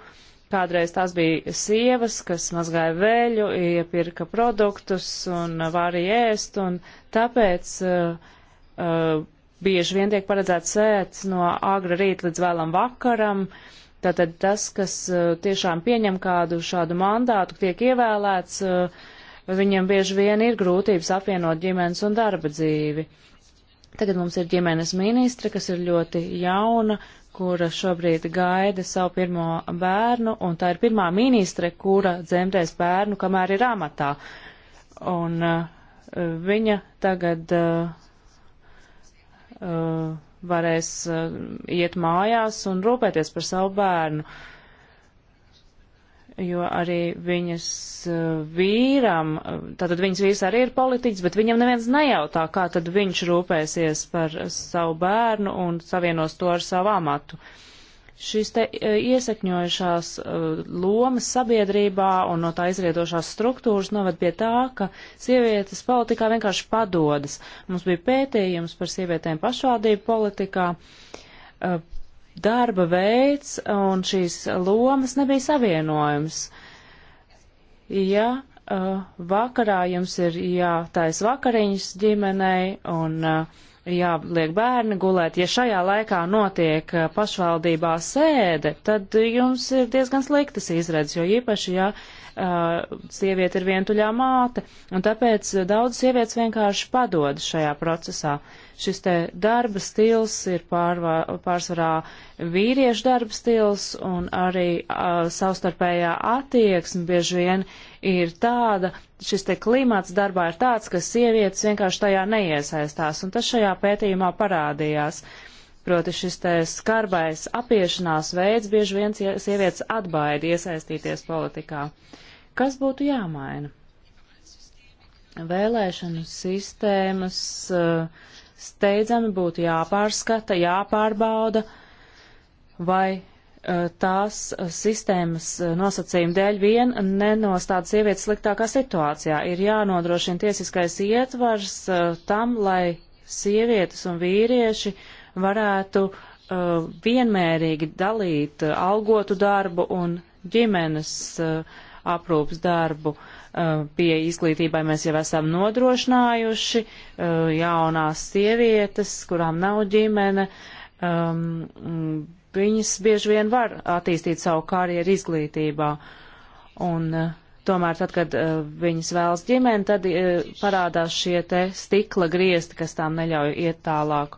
Kādreiz tās bija sievas, kas mazgāja veļu, iepirka produktus un varīja ēst, un tāpēc uh, uh, bieži vien tiek paredzēts sēts no agra rīta līdz vēlam vakaram. Tātad tas, kas eh, tiešām pieņem kādu šādu mandātu, tiek ievēlēts, eh, viņiem bieži vien ir grūtības apvienot ģimenes un darba dzīvi. Tagad mums ir ģimenes ministre, kas ir ļoti jauna, kura šobrīd gaida savu pirmo bērnu, un tā ir pirmā ministre, kura dzemdēs bērnu, kamēr ir amatā. Un uh, viņa tagad uh, uh, varēs uh, iet mājās un rūpēties par savu bērnu. Jo arī viņas uh, vīram, uh, tātad viņas vīrs arī ir politiķis, bet viņam neviens nejautā, kā tad viņš rūpēsies par savu bērnu un savienos to ar savu amatu. Uh, šīs te e, iesakņojušās e, lomas sabiedrībā un no tā izriedošās struktūras noved pie tā, ka sievietes politikā vienkārši padodas. Mums bija pētījums par sievietēm pašvaldību politikā, e, darba veids un šīs lomas nebija savienojums. Ja vakarā jums ir jātais vakariņas ģimenei un uh, jāliek bērni gulēt. Ja šajā laikā notiek eh, pašvaldībā sēde, tad jums ir diezgan sliktas izredzes, jo īpaši, ja uh, sieviete ir vientuļā māte, un tāpēc eh, daudz sievietes vienkārši padod šajā procesā. Uh, Šis te darba stils ir pārvā, pārsvarā vīriešu darba stils un arī uh, savstarpējā attieksme bieži vien ir tāda, šis te klimats darbā ir tāds, ka sievietes vienkārši tajā neiesaistās un tas šajā pētījumā parādījās. Proti šis te skarbais apiešanās veids bieži vien sievietes atbaida iesaistīties politikā. Kas būtu jāmaina? Vēlēšanu sistēmas uh, steidzami būtu jāpārskata, jāpārbauda, vai eh, tās eh, sistēmas eh, nosacījuma dēļ vien nenostāda sievietes sliktākā situācijā. Ir jānodrošina tiesiskais ietvars tam, lai sievietes un vīrieši varētu vienmērīgi dalīt algotu darbu un ģimenes aprūpas darbu. Uh, Eh, pie izglītībai mēs jau esam nodrošinājuši eh, jaunās sievietes, kurām nav ģimene. Ehm, viņas bieži vien var attīstīt savu karjeru izglītībā. Un, eh, Tomēr, tad, kad uh, viņas vēlas ģimeni, tad uh, parādās šie te stikla griezti, kas tām neļauj iet tālāk.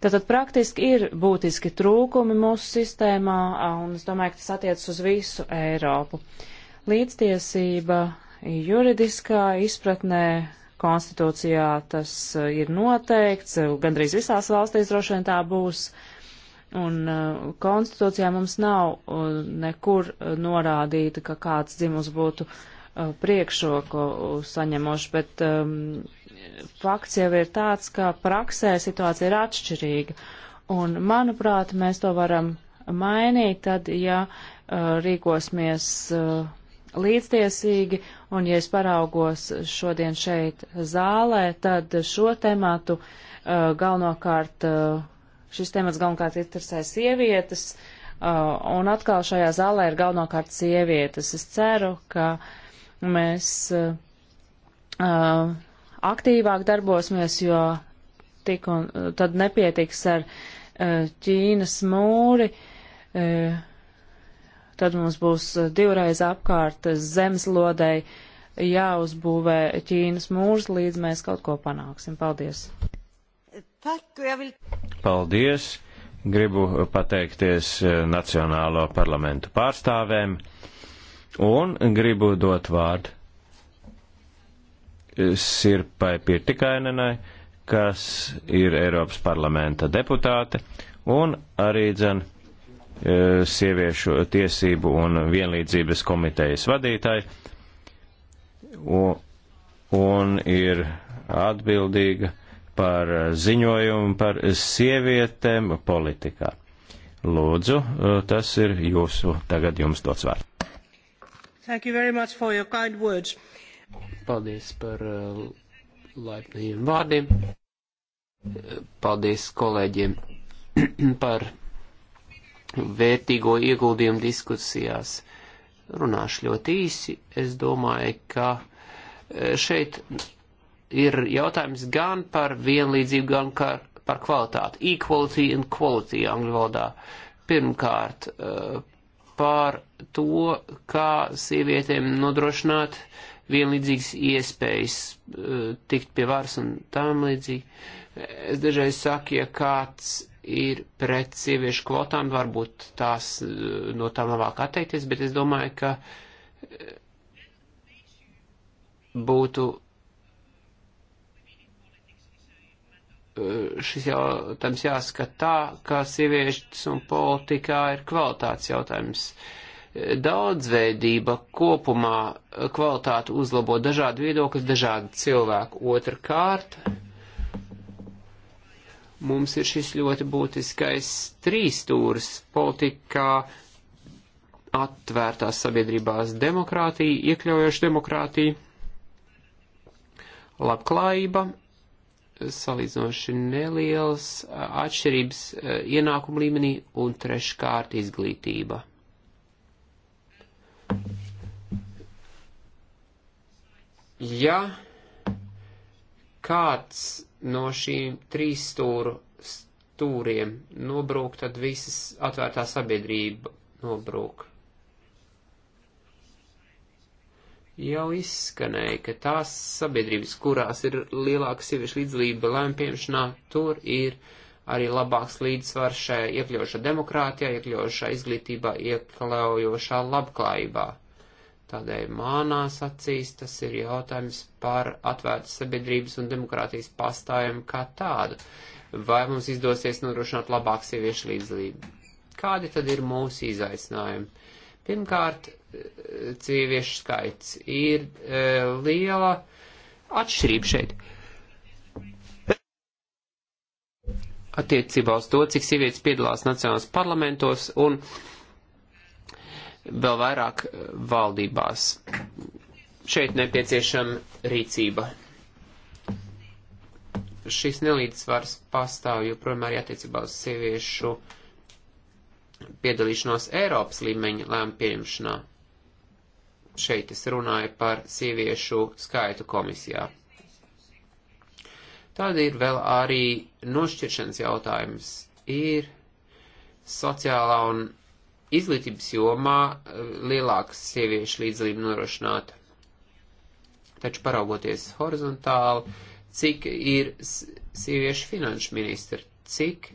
Tātad praktiski ir būtiski trūkumi mūsu sistēmā, un es domāju, ka tas attiecas uz visu Eiropu. Līdztiesība juridiskā izpratnē konstitūcijā tas uh, ir noteikts, uh, gandrīz visās valstīs droši vien tā būs. Un uh, konstitūcijā mums nav nekur norādīta, ka kāds dzimums būtu priekšroku saņemošs, bet um, fakts jau ir tāds, ka praksē situācija ir atšķirīga. Un, manuprāt, mēs to varam mainīt tad, ja uh, rīkosimies uh, līdztiesīgi, un ja es paraugos šodien šeit zālē, tad šo tematu uh, galvenokārt, uh, šis temats galvenokārt interesē sievietes, uh, un atkal šajā zālē ir galvenokārt sievietes. Es ceru, ka mēs uh, uh, aktīvāk darbosimies, jo tik un uh, tad nepietiks ar Ķīnas mūri. Uh, tad mums būs eh, divreiz apkārt zemeslodei jāuzbūvē Ķīnas mūrs, līdz mēs kaut ko panāksim. Paldies! Paldies! Gribu pateikties eh, Nacionālo parlamentu pārstāvēm un gribu dot vārdu eh, Sirpai Pirtikainenai, kas ir Eiropas parlamenta deputāte un arī dzen E, sieviešu tiesību un vienlīdzības komitejas vadītāji un, un ir atbildīga par ziņojumu par sievietēm politikā. Lūdzu, e, tas ir jūsu, tagad jums dots vārds. Thank you very much for your kind words. Paldies par uh, laipniem vārdiem. Paldies kolēģiem <clears throat> par vērtīgo ieguldījumu diskusijās. Runāšu ļoti īsi. Es domāju, ka e, šeit ir jautājums gan par vienlīdzību, gan par kvalitāti. Equality and quality angļu valodā. Pirmkārt, e, par to, kā sievietēm nodrošināt vienlīdzīgas iespējas e, tikt pie varas un tam līdzīgi. Es dažreiz saku, ja kāds ir pret sieviešu kvotām, varbūt tās eh, no tām labāk atteikties, bet es domāju, ka eh, būtu eh, šis jautājums jāskat tā, ka sievietes un politikā ir kvalitātes jautājums. Daudzveidība kopumā kvalitāti uzlabo dažādi viedokļi, dažādi cilvēki. Otrakārt, mums ir šis ļoti būtiskais trīstūrs politikā, atvērtās sabiedrībās demokrātija, iekļaujoša demokrātija, labklājība, salīdzinoši nelielas atšķirības ienākumu līmenī un treškārt izglītība. Ja kāds no šīm trīs stūru stūriem nobrūk, tad visas atvērtā sabiedrība nobrūk. Jau izskanēja, ka tās sabiedrības, kurās ir lielāka sieviešu līdzlība lēmumu pieņemšanā, tur ir arī labāks līdzsvars šajā iekļaujošā demokrātijā, iekļaujošā izglītībā, iekļaujošā labklājībā. Tādēļ mānās acīs tas ir jautājums par atvērtas sabiedrības un demokrātijas pastājumu kā tādu. Vai mums izdosies nodrošināt labāku sieviešu līdzdalību? Kādi tad ir mūsu izaicinājumi? Pirmkārt, sieviešu skaits ir e, liela atšķirība šeit. Attiecībā uz to, cik sievietes piedalās nacionālās parlamentos un uh, vēl vairāk eh, valdībās. Šeit nepieciešama rīcība. Šis nelīdzsvars pastāv joprojām arī attiecībā uz sieviešu piedalīšanos Eiropas līmeņa lēmu pieņemšanā. Šeit es runāju par sieviešu skaitu komisijā. Tad ir vēl arī nošķiršanas jautājums. Ir sociālā un izglītības jomā eh, lielāks sieviešu līdzdalība norošināta. Taču paraugoties horizontāli, cik ir sieviešu finanšu ministri, cik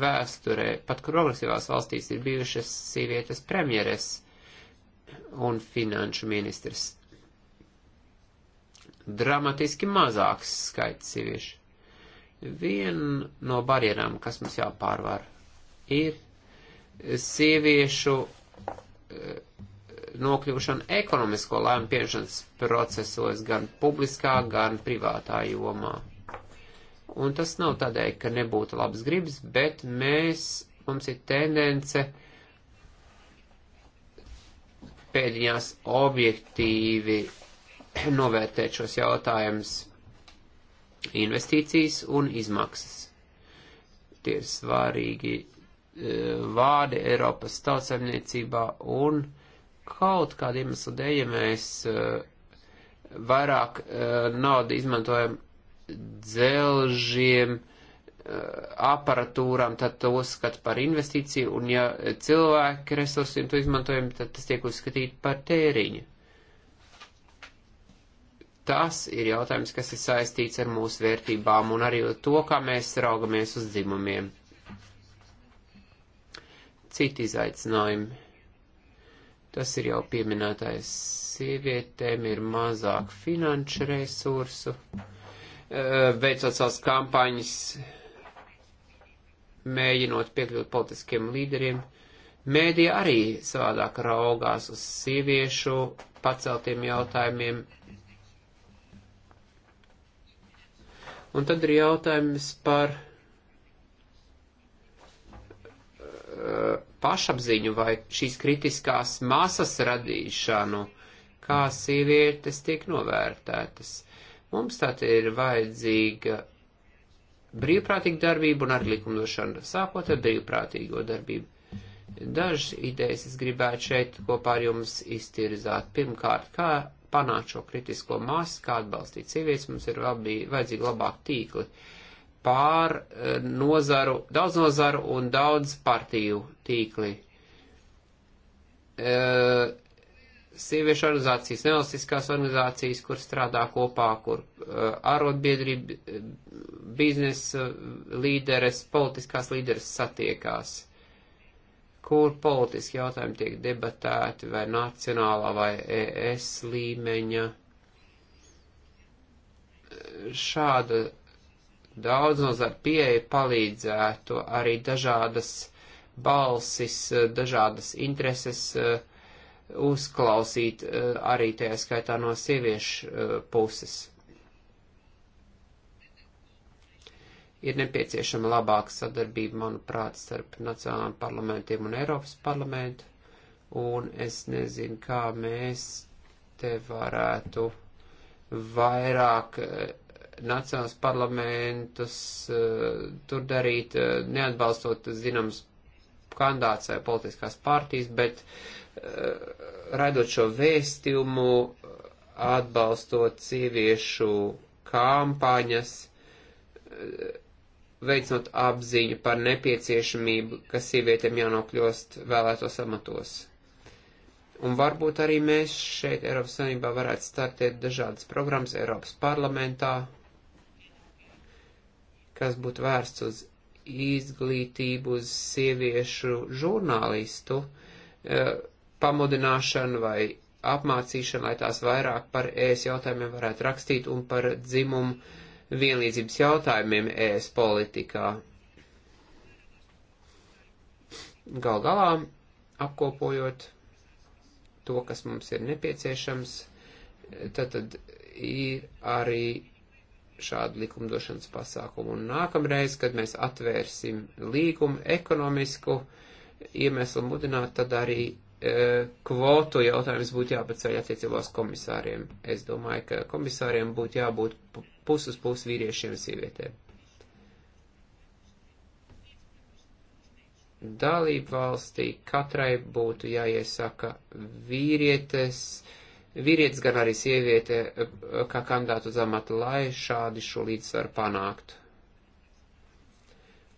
vēsturē, pat progresīvās valstīs ir bijušas sievietes premjeres un finanšu ministrs. Dramatiski mazāks skaits sieviešu. Viena no barjerām, kas mums jāpārvar, ir sieviešu eh, nokļūšanu ekonomisko lēmu pieņemšanas procesos gan publiskā, gan privātā jomā. Un tas nav tādēļ, ka nebūtu labas gribas, bet mēs, mums ir tendence pēdiņās objektīvi <clears throat> novērtēt šos jautājumus investīcijas un izmaksas. Tie ir svarīgi E, vārdi Eiropas tautsaimniecībā un kaut kādu iemeslu dēļ, ja mēs e, vairāk e, naudu izmantojam dzelžiem, aparatūrām, tad to uzskata par investīciju, un ja cilvēki resursiem to izmantojam, tad tas tiek uzskatīt par tēriņu. Tas ir jautājums, kas ir saistīts ar mūsu vērtībām un arī to, kā mēs raugamies uz dzimumiem citi izaicinājumi. Tas ir jau pieminētais sievietēm ir mazāk finanšu resursu, e, veicot savas kampaņas, mēģinot piekļūt politiskiem līderiem. Mēdija arī savādāk raugās uz sieviešu paceltiem jautājumiem. Un tad ir jautājums par pašapziņu vai šīs kritiskās masas radīšanu, kā sievietes tiek novērtētas. Mums tātad ir vajadzīga brīvprātīga darbība un arī likumdošana, sākot ar brīvprātīgo darbību. Dažas idejas es gribētu šeit kopā ar jums iztirzāt. Pirmkārt, kā panākt šo kritisko masu, kā atbalstīt sievietes, mums ir labi, vajadzīgi labāk tīkli. Uh, pār eh, nozaru, daudz nozaru un daudz partiju tīkli. Eh, sieviešu organizācijas, nevalstiskās organizācijas, kur strādā kopā, kur eh, arotbiedrība, biznesa līderes, politiskās līderes satiekās, kur politiski jautājumi tiek debatēti vai nacionālā vai ES līmeņa šāda daudz nozaru pieeja palīdzētu arī dažādas balsis, dažādas intereses eh, uzklausīt eh, arī tajā skaitā no sieviešu eh, puses. ir nepieciešama labāka sadarbība, manuprāt, starp nacionālām parlamentiem un Eiropas parlamentu, un es nezinu, kā mēs te varētu vairāk nacionāls parlamentus eh, tur darīt, eh, neatbalstot zināms kandāts vai politiskās partijas, bet eh, raidot šo vēstījumu, atbalstot sieviešu kampaņas, veicinot apziņu par nepieciešamību, ka sievietēm jānokļūst vēlētos amatos. Un varbūt arī mēs šeit Eiropas Savienībā varētu startēt dažādas programmas Eiropas parlamentā, kas būtu vērsts uz izglītību, uz sieviešu žurnālistu eh, pamudināšanu vai apmācīšanu, lai tās vairāk par ēs jautājumiem varētu rakstīt un par dzimumu vienlīdzības jautājumiem ēs politikā. Gal galā, apkopojot to, kas mums ir nepieciešams, tad, tad ir arī šādu likumdošanas pasākumu. Un nākamreiz, kad mēs atvērsim līgumu ekonomisku iemeslu mudināt, tad arī e, kvotu jautājums būtu jāpaceļ attiecībās komisāriem. Es domāju, ka komisāriem būtu jābūt pus uz pus vīriešiem sievietēm. Dalību valstī katrai būtu jāiesaka vīrietes, uh, vīrietis, gan arī sieviete eh, kā kandidātu uz amatu, lai šādi šo līdzsvaru panāktu.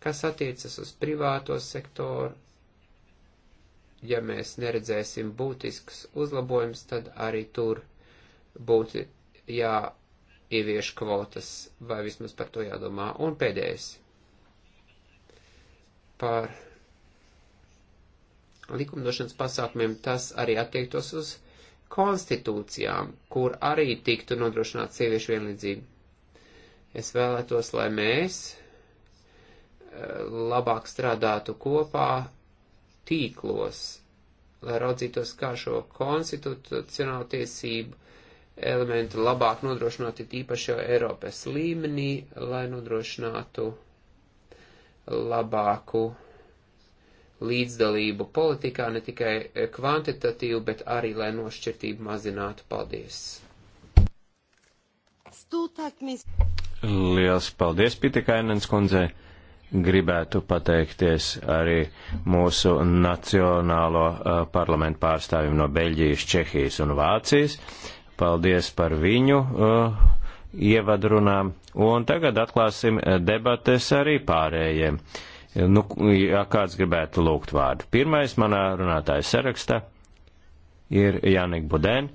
Kas attiecas uz privāto sektoru, ja mēs neredzēsim būtisks uzlabojums, tad arī tur būtu jāievieš kvotas, vai vismaz par to jādomā. Un pēdējais par likumdošanas pasākumiem, tas arī attiektos uz konstitūcijām, kur arī tiktu nodrošināta sieviešu vienlīdzība. Es vēlētos, lai mēs eh, labāk strādātu kopā tīklos, lai raudzītos, kā šo konstitucionālo tiesību elementu labāk nodrošināt, it īpaši jau Eiropas līmenī, lai nodrošinātu labāku līdzdalību politikā ne tikai kvantitatīvi, bet arī, lai nošķirtību mazinātu. Paldies! Liels paldies, Pitikainens kundzei! Gribētu pateikties arī mūsu nacionālo uh, parlamentu pārstāvjiem no Beļģijas, Čehijas un Vācijas. Paldies par viņu uh, ievadrunām. Un tagad atklāsim uh, debates arī pārējiem. Uh, Nu, ja kāds gribētu lūgt vārdu. Pirmais manā runātāja sarakstā ir Janik Budēn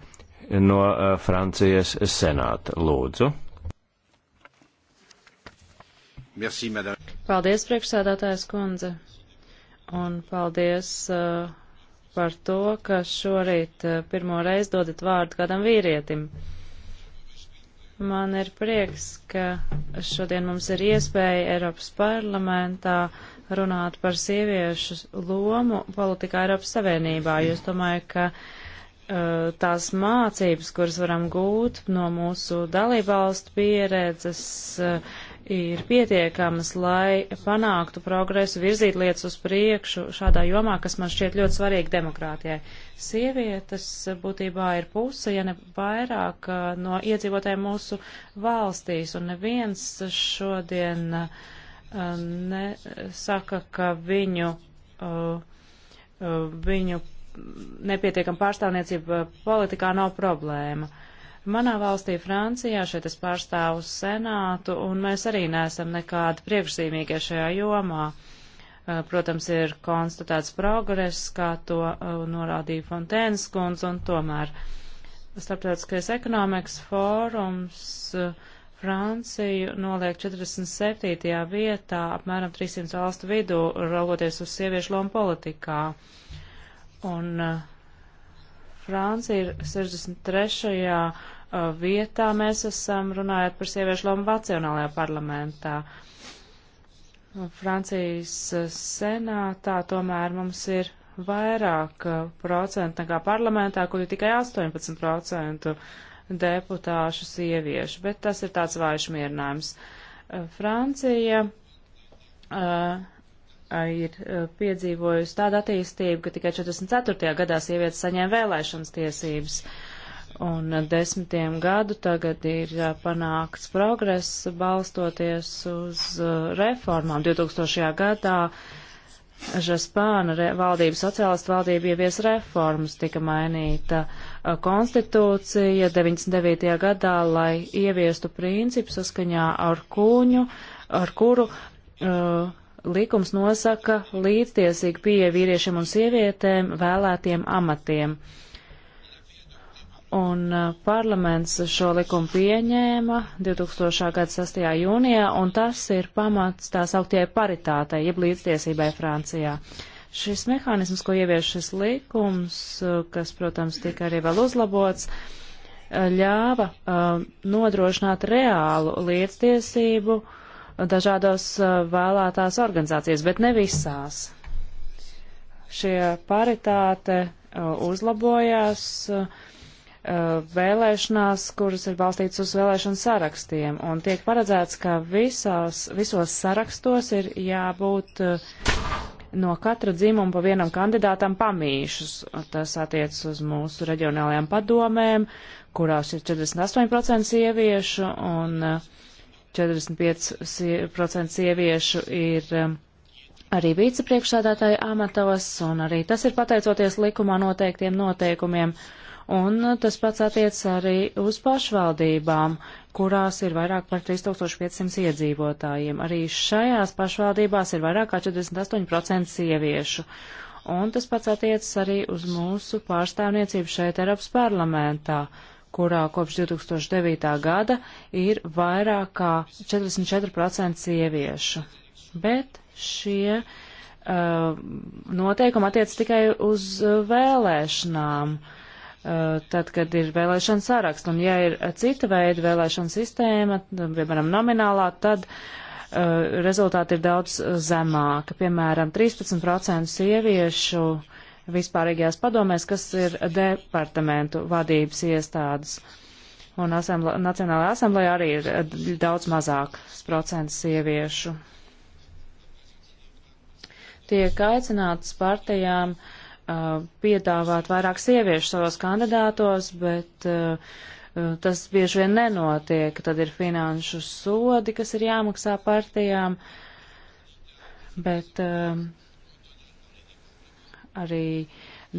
no eh, Francijas senāta. Lūdzu. Merci, madame. paldies, priekšsēdātājs kundze. Un paldies uh, par to, ka šorīt uh, pirmo reizi dodat vārdu kādam vīrietim. Uh, Man ir prieks, ka šodien mums ir iespēja Eiropas parlamentā runāt par sieviešu lomu politikā Eiropas Savienībā. Jūs domāju, ka uh, tās mācības, kuras varam gūt no mūsu dalībvalstu pieredzes, uh, ir pietiekamas, lai panāktu progresu, virzīt lietas uz priekšu šādā jomā, kas man šķiet ļoti svarīgi demokrātijai. Sievietes eh, būtībā ir puse, ja ne vairāk, eh, no iedzīvotājiem mūsu valstīs, un neviens šodien eh, nesaka, ka viņu, viņu nepietiekama pārstāvniecība politikā nav problēma. Manā valstī, Francijā, šeit es pārstāvu senātu, un mēs arī neesam nekādi priekšzīmīgie šajā jomā. Eh, protams, ir konstatēts progress, kā to eh, norādīja Fontēnas kundze, un tomēr Starptautiskais ekonomikas fórums eh, Franciju noliek 47. vietā, apmēram 300 valstu vidū, raugoties uz sieviešu lomu politikā. Un Francija ir 63 Uh, vietā mēs esam runājot par sieviešu lomu Nacionālajā parlamentā. Francijas uh, senātā tomēr mums ir vairāk uh, procentu nekā parlamentā, kur ir tikai 18 procentu deputāšu sieviešu, bet tas ir tāds vājš mierinājums. Francija uh, ir piedzīvojusi tādu attīstību, ka tikai 44. gadā sievietes saņēma vēlēšanas tiesības. Uh, un desmitiem gadu tagad ir panākts progress balstoties uz reformām. 2000. gadā Žaspāna valdība, sociālistu valdība ievies reformas, tika mainīta konstitūcija 99. gadā, lai ieviestu principu saskaņā ar kuņu, ar kuru uh, likums nosaka līdztiesīgi pieeja vīriešiem un sievietēm vēlētiem amatiem. Uh, un uh, parlaments šo likumu pieņēma 2000. gada 6. jūnijā, un tas ir pamats tā sauktie paritātei, jeb līdztiesībai Francijā. Šis mehānisms, ko ievieš šis likums, uh, kas, protams, tika arī vēl uzlabots, uh, ļāva uh, nodrošināt reālu līdztiesību dažādos uh, vēlētās organizācijas, bet ne visās. Šie paritāte uh, uzlabojās. Uh, Uh, vēlēšanās, kuras ir balstītas uz vēlēšanu sarakstiem, un tiek paredzēts, ka visās, visos sarakstos ir jābūt uh, no katra dzimuma pa vienam kandidātam pamīšus. Tas attiec uz mūsu reģionālajām padomēm, kurās ir 48% sieviešu un 45% uh, sieviešu ir um, arī vicepriekšsādātāja amatos, un arī tas ir pateicoties likumā noteiktiem noteikumiem. Uh, Un tas pats attiec arī uz pašvaldībām, kurās ir vairāk par 3500 iedzīvotājiem. Arī šajās pašvaldībās ir vairāk kā 48% sieviešu. Un tas pats attiec arī uz mūsu pārstāvniecību šeit Eiropas parlamentā kurā kopš 2009. gada ir vairāk kā 44% sieviešu. Bet šie uh, noteikumi attiec tikai uz uh, vēlēšanām. Uh, Eh, tad, kad ir vēlēšana saraksts. Un ja ir eh, cita veida vēlēšana sistēma, nu, piemēram, nominālā, tad uh, rezultāti ir daudz zemāka. Piemēram, 13% sieviešu vispārīgajās padomēs, kas ir departamentu vadības iestādes. Un asembla, Nacionālajā asamblējā arī ir daudz mazāks procents sieviešu. Tiek aicināts partijām uh, Uh, piedāvāt vairāk sieviešu savos kandidātos, bet uh, uh, tas bieži vien nenotiek. Tad ir finanšu sodi, kas ir jāmaksā partijām, bet uh, arī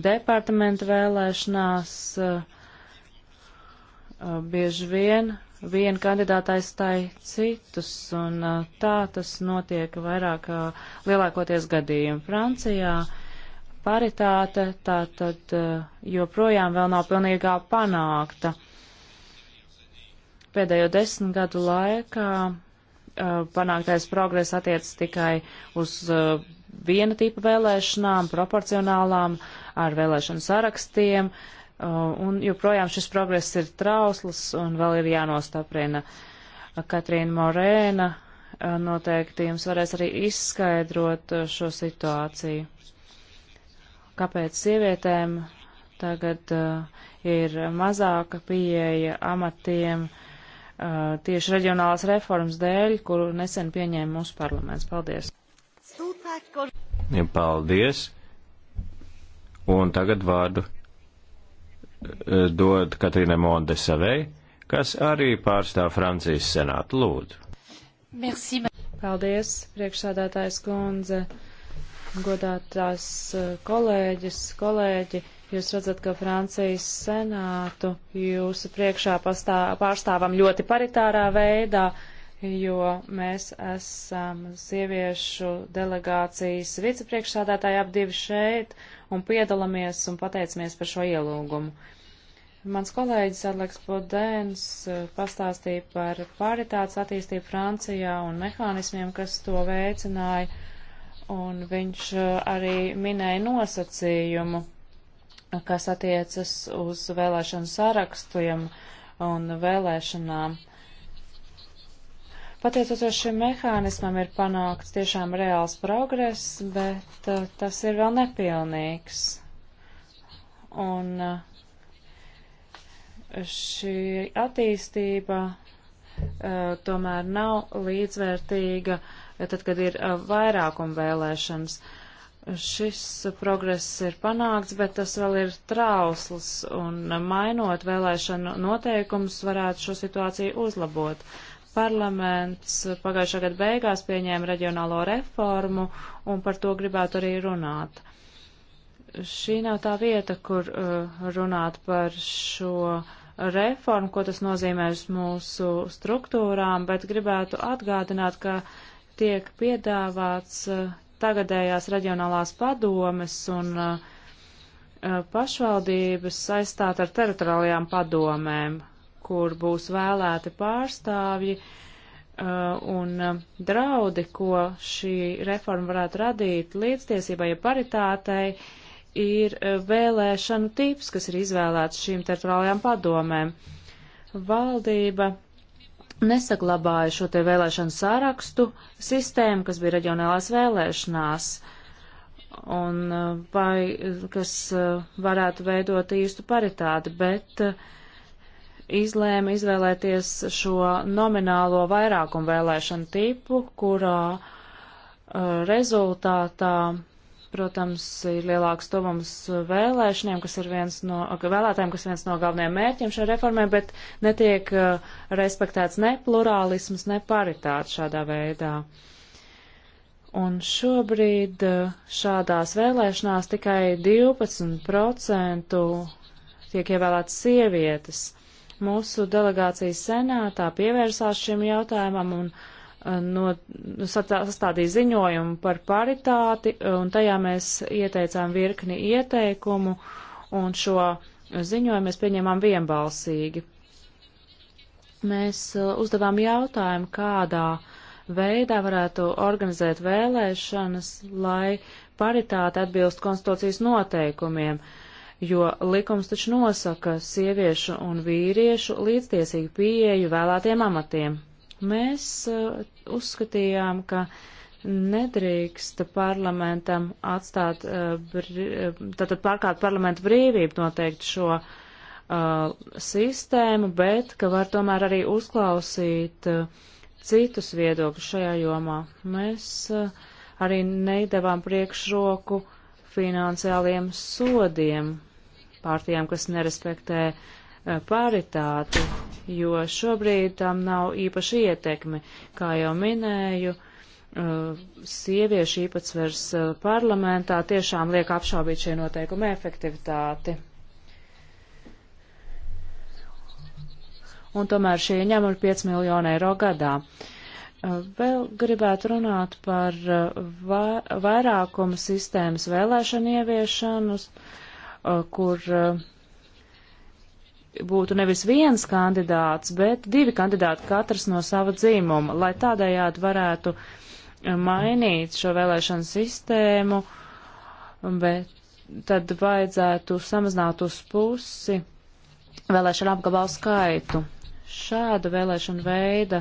departamenta vēlēšanās uh, uh, bieži vien viena kandidāta aizstāja citus, un tā tas notiek vairāk lielākoties gadījumu Francijā. Uh, paritāte, tā tad eh, joprojām vēl nav pilnīgā panākta. Pēdējo desmit gadu laikā eh, panāktais progress attiec tikai uz eh, viena tipa vēlēšanām, proporcionālām, ar vēlēšanu sarakstiem, un joprojām šis progress ir trausls un vēl ir jānostaprina. Katrīna Morēna noteikti jums varēs arī izskaidrot šo situāciju kāpēc sievietēm tagad uh, ir mazāka pieeja amatiem uh, tieši reģionālās reformas dēļ, kuru nesen pieņēma mūsu parlaments. Paldies! Ja, paldies! Un tagad vārdu uh, dod Katrīna Mondesavei, kas arī pārstāv Francijas senātu lūdzu. Merci. Paldies, priekšsādātājs kundze. Uh, godātās eh, kolēģis, kolēģi, jūs redzat, ka Francijas senātu jūsu priekšā pastā, pārstāvam ļoti paritārā veidā, jo mēs esam sieviešu delegācijas vicepriekšsādātāji ap divi šeit un piedalamies un pateicamies par šo ielūgumu. Mans kolēģis Adleks Bodens eh, pastāstīja par paritātes attīstību Francijā un mehānismiem, kas to veicināja un viņš eh, arī minēja nosacījumu, kas attiecas uz vēlēšanu sarakstiem un vēlēšanām. Pateicoties šim mehānismam ir panākts tiešām reāls progress, bet eh, tas ir vēl nepilnīgs. Un eh, šī attīstība tomēr nav līdzvērtīga uh, tad, kad ir vairākuma vēlēšanas. Šis progress ir panākts, bet tas vēl ir trausls, un mainot vēlēšanu noteikumus varētu šo situāciju uzlabot. Parlaments pagājušā gada beigās pieņēma reģionālo reformu, un par to gribētu arī runāt. Šī nav tā vieta, kur runāt par šo reformu, ko tas nozīmēs mūsu struktūrām, bet gribētu atgādināt, ka tiek piedāvāts eh, tagadējās reģionālās padomes un eh, eh, pašvaldības saistāt ar teritoriālajām padomēm, kur būs vēlēti pārstāvji un draudi, ko šī reforma varētu radīt līdztiesībai ja paritātei, ir vēlēšanu tips, kas ir izvēlēts šīm teritoriālajām padomēm. Valdība nesaglabāja šo te vēlēšanu sārakstu sistēmu, kas bija reģionālās vēlēšanās, un uh, vai, kas uh, varētu veidot īstu paritāti, bet uh, izlēma izvēlēties šo nominālo vairākumu vēlēšanu tipu, kurā rezultātā Protams, ir lielāks tuvums vēlēšaniem, kas ir viens no, vēlētājiem, kas ir viens no galvenajiem mērķiem šai reformai, bet netiek uh, respektēts ne plurālisms, ne paritāts šādā veidā. Un šobrīd uh, šādās vēlēšanās tikai 12% tiek ievēlētas sievietes. Mūsu delegācijas senātā pievērsās šim jautājumam un uh, no, sastādīja ziņojumu par paritāti, un tajā mēs ieteicām virkni ieteikumu, un šo ziņojumu mēs pieņēmām vienbalsīgi. Mēs uh, uzdevām jautājumu, kādā veidā varētu organizēt vēlēšanas, lai paritāte atbilst konstitūcijas noteikumiem, jo likums taču nosaka sieviešu un vīriešu līdztiesīgu pieeju vēlētiem amatiem. Mēs uh, uzskatījām, ka nedrīkst parlamentam atstāt, uh, brī, uh, tātad pārkāpt parlamentu brīvību noteikt šo uh, sistēmu, bet ka var tomēr arī uzklausīt uh, citus viedokļus šajā jomā. Mēs uh, arī neidevām priekšroku finansiāliem sodiem pārtījām, kas nerespektē uh, Eh, paritāti, jo šobrīd tam nav īpaši ietekme. Kā jau minēju, eh, sieviešu īpatsvers eh, parlamentā tiešām liek apšaubīt šie noteikumi efektivitāti. Un tomēr šie ieņēmumi ir 5 miljoni eiro gadā. Vēl gribētu runāt par vairākuma sistēmas vēlēšanu ieviešanus, kur uh, būtu nevis viens kandidāts, bet divi kandidāti katrs no sava dzīmuma, lai tādējādi varētu eh, mainīt šo vēlēšanu sistēmu, bet tad vajadzētu samazināt uz pusi vēlēšanu apgabalu skaitu. Šāda vēlēšana veida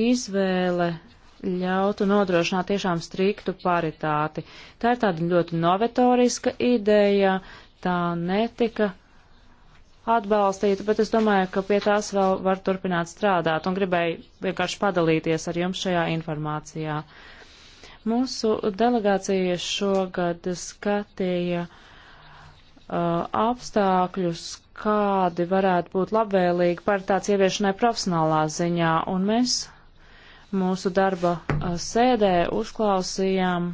izvēle ļautu nodrošināt tiešām striktu paritāti. Tā ir tāda ļoti novatoriska ideja, tā netika atbalstītu, bet es domāju, ka pie tās vēl var turpināt strādāt un gribēju vienkārši padalīties ar jums šajā informācijā. Mūsu delegācija šogad skatīja uh, apstākļus, kādi varētu būt labvēlīgi par tāds ieviešanai profesionālā ziņā, un mēs mūsu darba uh, sēdē uzklausījām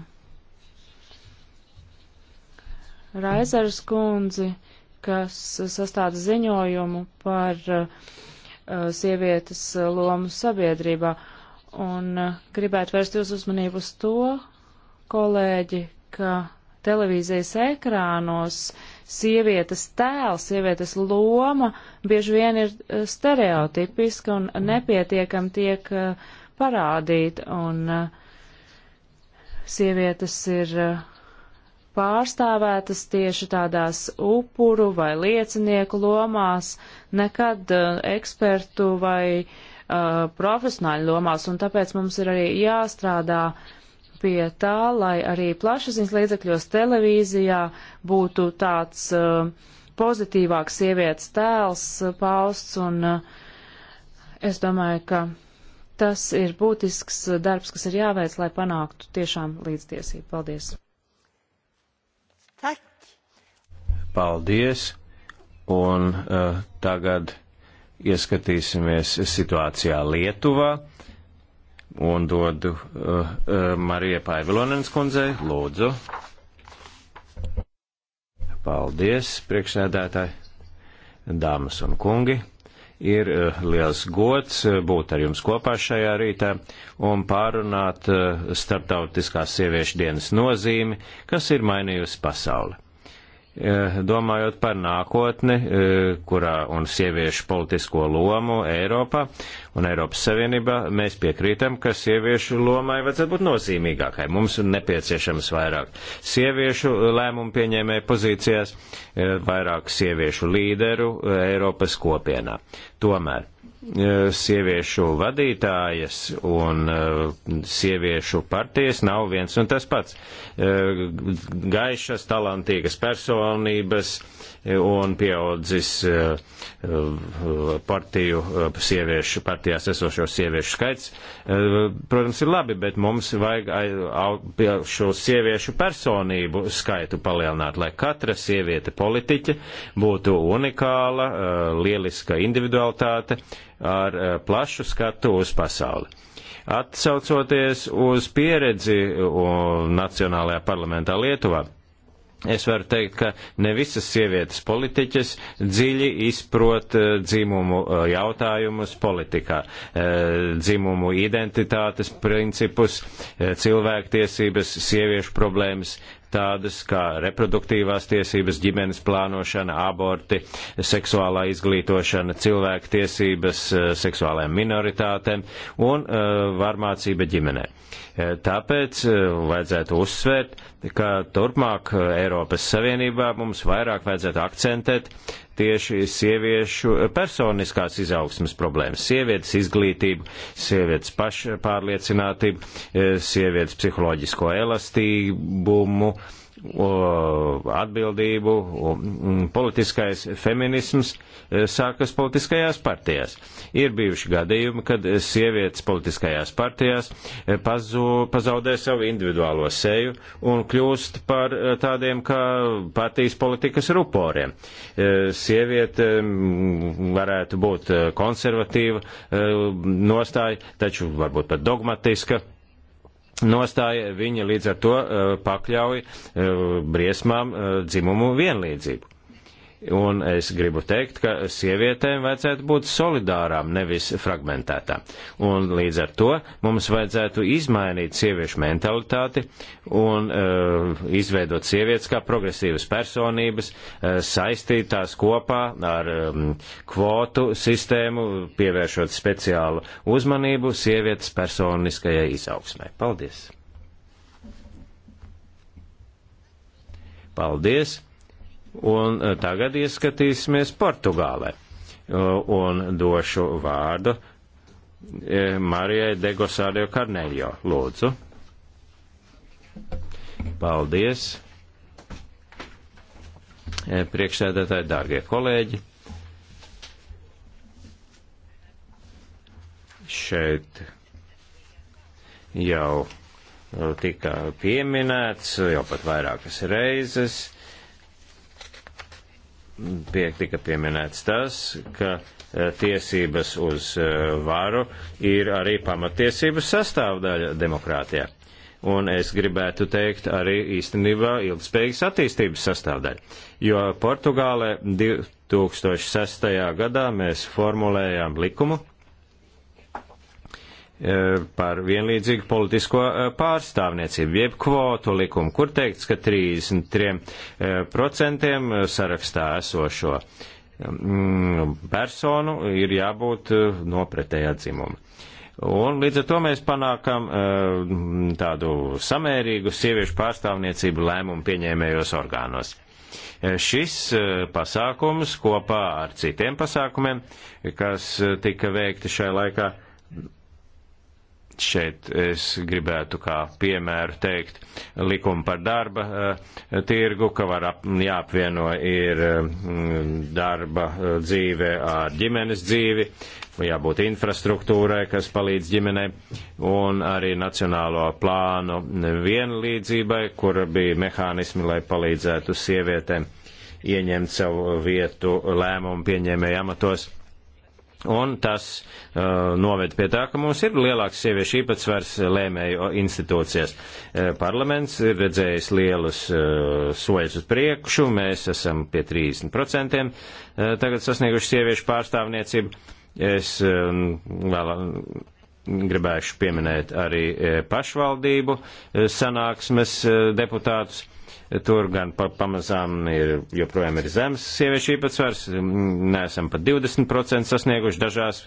Raizaras kundzi. Uh, kas sastāda ziņojumu par uh, uh sievietes uh, lomu sabiedrībā. Un uh, gribētu vērst jūsu uzmanību uz to, kolēģi, ka televīzijas ekrānos sievietes tēls, sievietes loma bieži vien ir uh, stereotipiska un nepietiekam tiek uh, parādīta. Un sievietes ir uh, pārstāvētas tieši tādās upuru vai liecinieku lomās, nekad uh, ekspertu vai uh, profesionāļu lomās, un tāpēc mums ir arī jāstrādā pie tā, lai arī plašsaziņas līdzekļos televīzijā būtu tāds uh, pozitīvāks sievietes tēls uh, pausts, un uh, es domāju, ka tas ir būtisks uh, darbs, kas ir jāveic, lai panāktu tiešām līdztiesību. Paldies! Paldies! Un uh, tagad ieskatīsimies situācijā Lietuvā un dodu uh, uh, Marija Paivilonens kundzei. Lūdzu! Paldies, priekšsēdētāji! Dāmas un kungi! ir liels gods būt ar jums kopā šajā rītā un pārunāt starptautiskās sieviešu dienas nozīmi, kas ir mainījusi pasauli. Eh, domājot par nākotni, eh, kurā un sieviešu politisko lomu Eiropā un Eiropas Savienībā, mēs piekrītam, ka sieviešu lomai vajadzētu būt nozīmīgākai. Mums ir nepieciešams vairāk sieviešu lēmumu pieņēmē pozīcijās, eh, vairāk sieviešu līderu Eiropas kopienā. Tomēr Eh, sieviešu vadītājas un eh, sieviešu partijas nav viens un tas pats. Eh, gaišas, talantīgas personības, un pieaudzis eh, eh, partiju eh, sieviešu, partijās esošo sieviešu skaits. Protams, ir labi, bet mums vajag šo sieviešu personību skaitu palielināt, lai katra sieviete politiķe būtu unikāla, lieliska individualitāte ar plašu skatu uz pasauli atsaucoties uz pieredzi Nacionālajā parlamentā Lietuvā. Es varu teikt, ka ne visas sievietes politiķes dziļi izprot eh, dzimumu eh, jautājumus politikā, eh, dzimumu identitātes principus, cilvēktiesības, sieviešu problēmas, tādas kā reproduktīvās tiesības, ģimenes plānošana, aborti, seksuālā izglītošana, cilvēku tiesības eh, seksuālajām minoritātēm un eh, varmācība ģimenē. Eh, tāpēc vajadzētu uzsvērt, ka turpmāk Eiropas Savienībā mums vairāk vajadzētu akcentēt tieši sieviešu personiskās izaugsmas problēmas. Sievietes izglītība, sievietes pašpārliecinātība, eh, sievietes psiholoģisko elastīgumu, atbildību, politiskais feminisms e, sākas politiskajās partijās. Ir bijuši gadījumi, kad sievietes politiskajās partijās e, pazu, pazaudē savu individuālo seju un kļūst par e, tādiem kā partijas politikas ruporiem. Sieviete varētu būt konservatīva nostāja, taču varbūt pat dogmatiska nostāja, viņi līdz ar to eh, pakļauj eh, briesmām eh, dzimumu vienlīdzību. Un es gribu teikt, ka sievietēm vajadzētu būt solidārām, nevis fragmentētām. Un līdz ar to mums vajadzētu izmainīt sieviešu mentalitāti un uh, izveidot sievietes kā progresīvas personības, uh, saistītās kopā ar um, kvotu sistēmu, pievēršot speciālu uzmanību sievietes personiskajai izaugsmē. Paldies! Paldies! Un eh, tagad ieskatīsimies Portugālē. Eh, un došu vārdu eh, Marijai Degosārio Karneļo. Lūdzu. Paldies. Priekšsēdētāji, dārgie kolēģi. Šeit jau tika pieminēts jau pat vairākas reizes pie, tika pieminēts tas, ka e, tiesības uz e, varu ir arī pamatiesības sastāvdaļa demokrātijā. Un es gribētu teikt arī īstenībā ilgspējīgas attīstības sastāvdaļa. Jo Portugālē 2006. gadā mēs formulējām likumu, E, par vienlīdzīgu politisko e, pārstāvniecību, jeb kvotu likumu, kur teikts, ka 33% e, sarakstā esošo mm, personu ir jābūt no pretējā dzimuma. Un līdz ar to mēs panākam tādu samērīgu sieviešu pārstāvniecību lēmumu pieņēmējos orgānos. Šis pasākums kopā ar citiem pasākumiem, kas tika veikti šai laikā, Šeit es gribētu kā piemēru teikt likumu par darba eh, tirgu, ka var ap, jāapvieno ir mm, darba eh, dzīve ar ģimenes dzīvi, jābūt infrastruktūrai, kas palīdz ģimenei, un arī nacionālo plānu vienlīdzībai, kur bija mehānismi, lai palīdzētu sievietēm ieņemt savu vietu lēmumu pieņēmēju amatos. Un tas uh, noved pie tā, ka mums ir lielāks sieviešu īpatsvars lēmēju institūcijās. Uh, parlaments ir redzējis lielus uh, soļus uz priekšu, mēs esam pie 30% uh, tagad sasnieguši sieviešu pārstāvniecību. Es uh, vēl um, gribēšu pieminēt arī uh, pašvaldību uh, sanāksmes uh, deputātus Tur gan pa, pamazām ir, joprojām ir zemes sieviešu īpatsvars, neesam pat 20% sasnieguši, dažās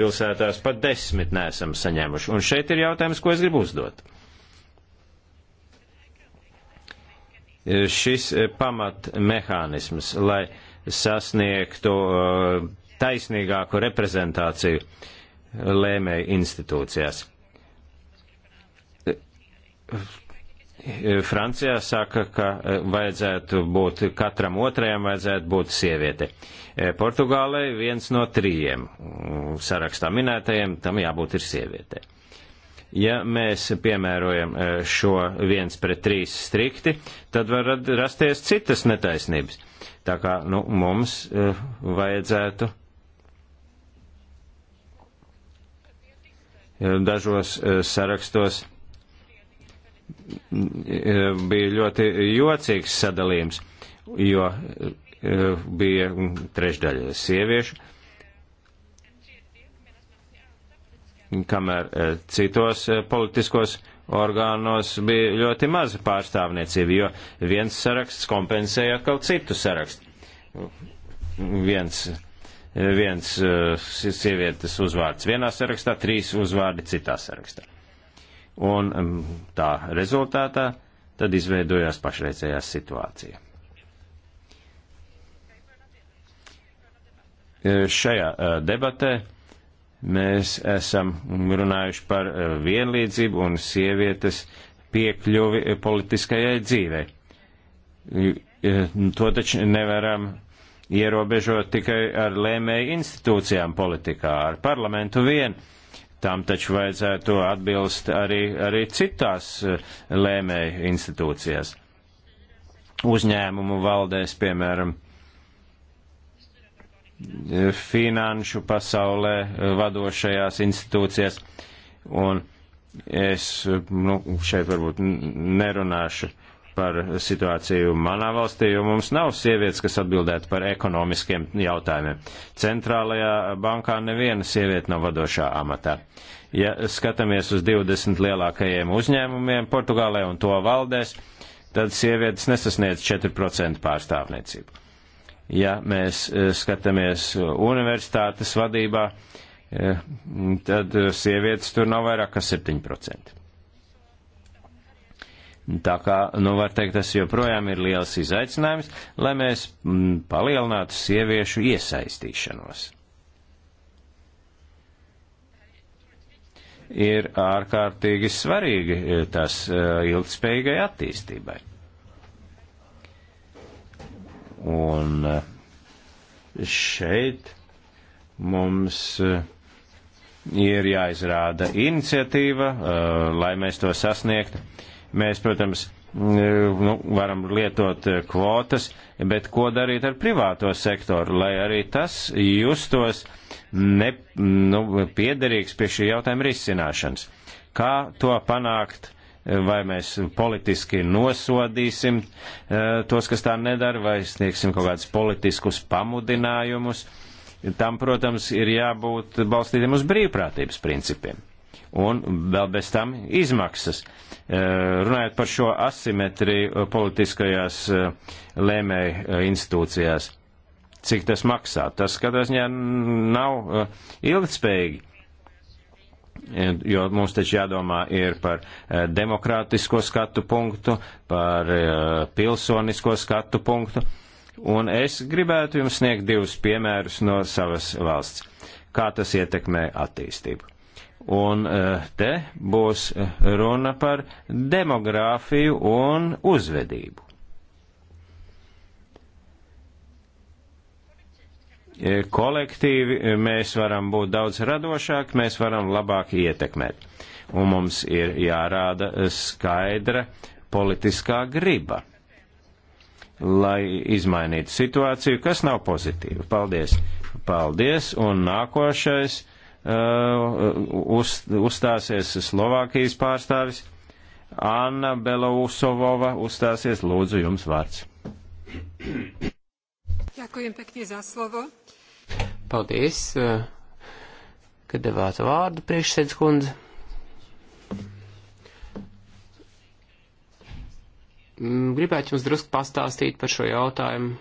pilsētās pat 10% neesam saņēmuši. Un šeit ir jautājums, ko es gribu uzdot. Šis eh, pamatmehānisms, lai sasniegtu eh, taisnīgāku reprezentāciju lēmēju institūcijās E, Francijā saka, ka e, vajadzētu būt katram otrajam, vajadzētu būt sieviete. Portugālē viens no trījiem sarakstā minētajiem, tam jābūt ir sieviete. Ja mēs piemērojam e, šo viens pret trīs strikti, tad var rasties citas netaisnības. Tā kā nu, mums vajadzētu dažos sarakstos E, bija ļoti jocīgs sadalījums, jo e, bija trešdaļa sieviešu, kamēr e, citos politiskos orgānos bija ļoti maza pārstāvniecība, jo viens saraksts kompensēja atkal citu sarakstu. Viens, viens sievietes uzvārds vienā sarakstā, trīs uzvārdi citā sarakstā un tā rezultātā tad izveidojās pašreizējā situācija. E, šajā e, debatē mēs esam runājuši par e, vienlīdzību un sievietes piekļuvi politiskajai dzīvei. To taču nevaram ierobežot tikai ar lēmēju institūcijām politikā, ar parlamentu vienu Tām taču vajadzētu atbilst arī, arī citās eh, lēmēju institūcijās. Uzņēmumu valdēs, piemēram, eh, finanšu pasaulē eh, vadošajās institūcijās. Un es nu, šeit varbūt nerunāšu par situāciju manā valstī, jo mums nav sievietes, kas atbildētu par ekonomiskiem jautājumiem. Centrālajā bankā neviena sieviete nav vadošā amatā. Ja skatāmies uz 20 lielākajiem uzņēmumiem Portugālē un to valdēs, tad sievietes nesasniedz 4% pārstāvniecību. Ja mēs eh, skatāmies universitātes vadībā, eh, tad eh, sievietes tur nav vairāk kā 7%. Tā kā, nu, var teikt, tas joprojām ir liels izaicinājums, lai mēs m, mm, palielinātu sieviešu iesaistīšanos. Ir ārkārtīgi svarīgi e, tas e, ilgspējīgai attīstībai. Un e, šeit mums ir jāizrāda iniciatīva, lai mēs to sasniegtu Mēs, protams, mm, nu, varam lietot eh, kvotas, bet ko darīt ar privāto sektoru, lai arī tas justos ne, nu, piederīgs pie šī jautājuma risināšanas. Kā to panākt? vai mēs politiski nosodīsim eh, tos, kas tā nedara, vai sniegsim kaut kādus politiskus pamudinājumus. Tam, protams, ir jābūt balstītiem uz brīvprātības principiem un vēl bez tam izmaksas. Eh, runājot par šo asimetriju eh, politiskajās eh, lēmēju institūcijās, cik tas maksā, tas katrā ziņā nav ilgtspējīgi. Jo mums taču jādomā ir par demokrātisko skatu punktu, par pilsonisko skatu punktu, un es gribētu jums sniegt divus piemērus no savas valsts, kā tas ietekmē attīstību. Un eh, te būs eh, runa par demogrāfiju un uzvedību. Eh, kolektīvi mēs varam būt daudz radošāki, mēs varam labāk ietekmēt. Un mums ir jārāda skaidra politiskā griba, lai izmainītu situāciju, kas nav pozitīva. Paldies! Paldies! Un nākošais Uh, uz, uzstāsies Slovākijas pārstāvis. Anna Belousovova uzstāsies. Lūdzu, jums vārds. Ďakujem pekne za slovo. Paldies, uh, ka devāt vārdu priekšsēdz kundze. Mm, gribētu jums drusku pastāstīt par šo jautājumu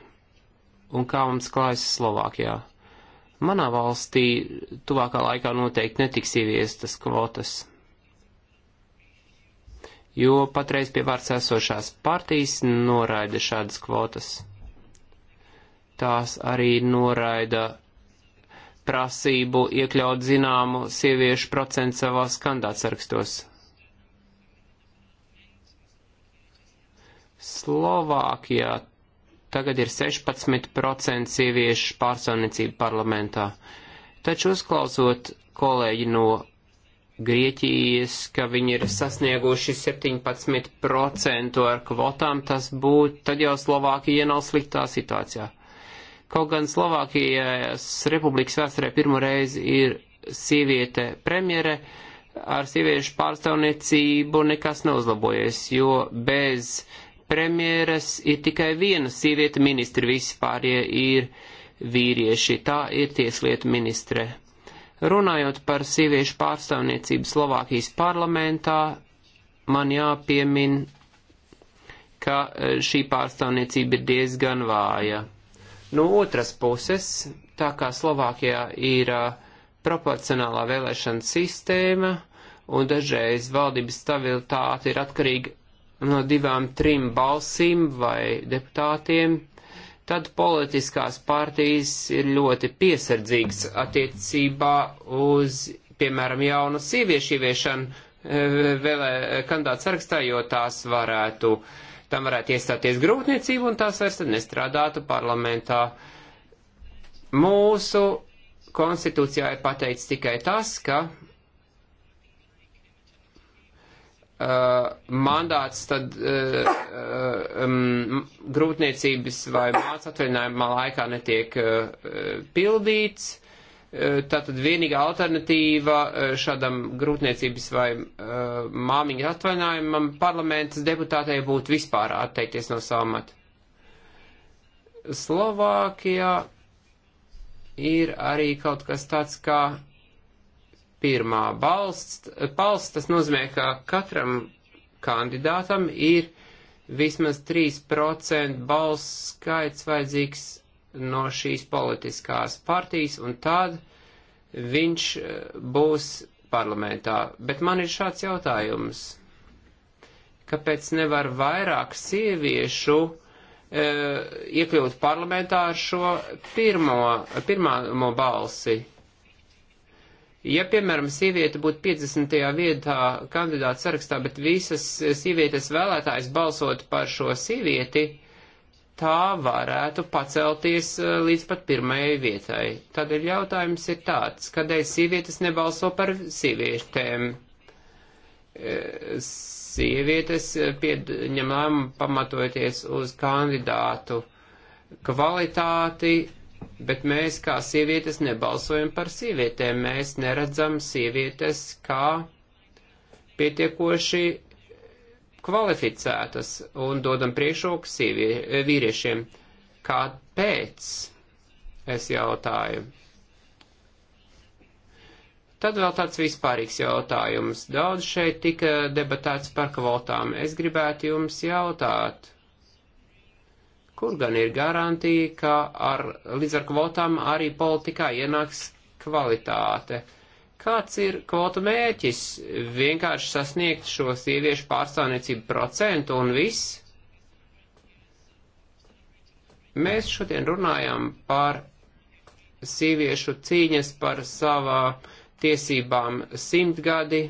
un kā mums klājas Slovākijā. Manā valstī tuvākā laikā noteikti netiks ieviestas kvotas, jo patreiz pie vārds esošās partijas noraida šādas kvotas. Tās arī noraida prasību iekļaut zināmu sieviešu procentu savās kandātsarkstos. Slovākijā tagad ir 16% sieviešu pārstāvniecība parlamentā. Taču uzklausot kolēģi no Grieķijas, ka viņi ir sasnieguši 17% ar kvotām, tas būtu, tad jau Slovākija nav sliktā situācijā. Kaut gan Slovākijas republikas vēsturē pirmo reizi ir sieviete premjere, ar sieviešu pārstāvniecību nekas neuzlabojies, jo bez uh, premjeras ir tikai viena sieviete ministri, visi pārējie ir vīrieši. Tā ir tieslietu ministre. Runājot par sieviešu pārstāvniecību Slovākijas parlamentā, man jāpiemin, ka eh, šī pārstāvniecība ir diezgan vāja. No otras puses, tā kā Slovākijā ir eh, proporcionālā vēlēšana sistēma un dažreiz valdības stabilitāte ir atkarīga no divām, trim balsīm vai deputātiem, tad politiskās partijas ir ļoti piesardzīgas attiecībā uz, piemēram, jaunu sieviešu ieviešanu eh, vēlē eh, kandidātu sarakstā, jo tās varētu, tam varētu iestāties grūtniecību un tās vairs tad nestrādātu parlamentā. Mūsu konstitūcijā ir pateicis tikai tas, ka Uh, mandāts tad uh, uh um, grūtniecības vai mācu atvaļinājumā laikā netiek uh, pildīts. Uh, Tātad vienīgā alternatīva uh, šādam grūtniecības vai uh, māmiņa atvaļinājumam parlamentas deputātei būtu vispār atteikties no samata. Slovākijā ir arī kaut kas tāds kā pirmā balsts, balsts, tas nozīmē, ka katram kandidātam ir vismaz 3% balsts skaits vajadzīgs no šīs politiskās partijas, un tad viņš eh, būs parlamentā. Bet man ir šāds jautājums. Kāpēc nevar vairāk sieviešu e, iekļūt parlamentā ar šo pirmo, pirmā balsi? Ja, piemēram, sieviete būtu 50. vietā kandidāta sarakstā, bet visas sievietes vēlētājs balsot par šo sievieti, tā varētu pacelties eh, līdz pat pirmajai vietai. Tad ir jautājums ir tāds, kādēļ sievietes nebalso par sievietēm? Eh, sievietes eh, pieņem lēmumu pamatojoties uz kandidātu kvalitāti, Bet mēs kā sievietes nebalsojam par sievietēm. Mēs neredzam sievietes kā pietiekoši kvalificētas un dodam priekšroku sievie, vīriešiem. Kāpēc? Es jautāju. Tad vēl tāds vispārīgs jautājums. Daudz šeit tika debatēts par kvotām. Es gribētu jums jautāt, Kur gan ir garantija, ka ar, līdz ar kvotām arī politikā ienāks kvalitāte? Kāds ir kvotu mērķis? Vienkārši sasniegt šo sieviešu pārstāvniecību procentu un viss? Mēs šodien runājam par sieviešu cīņas par savā tiesībām simtgadi,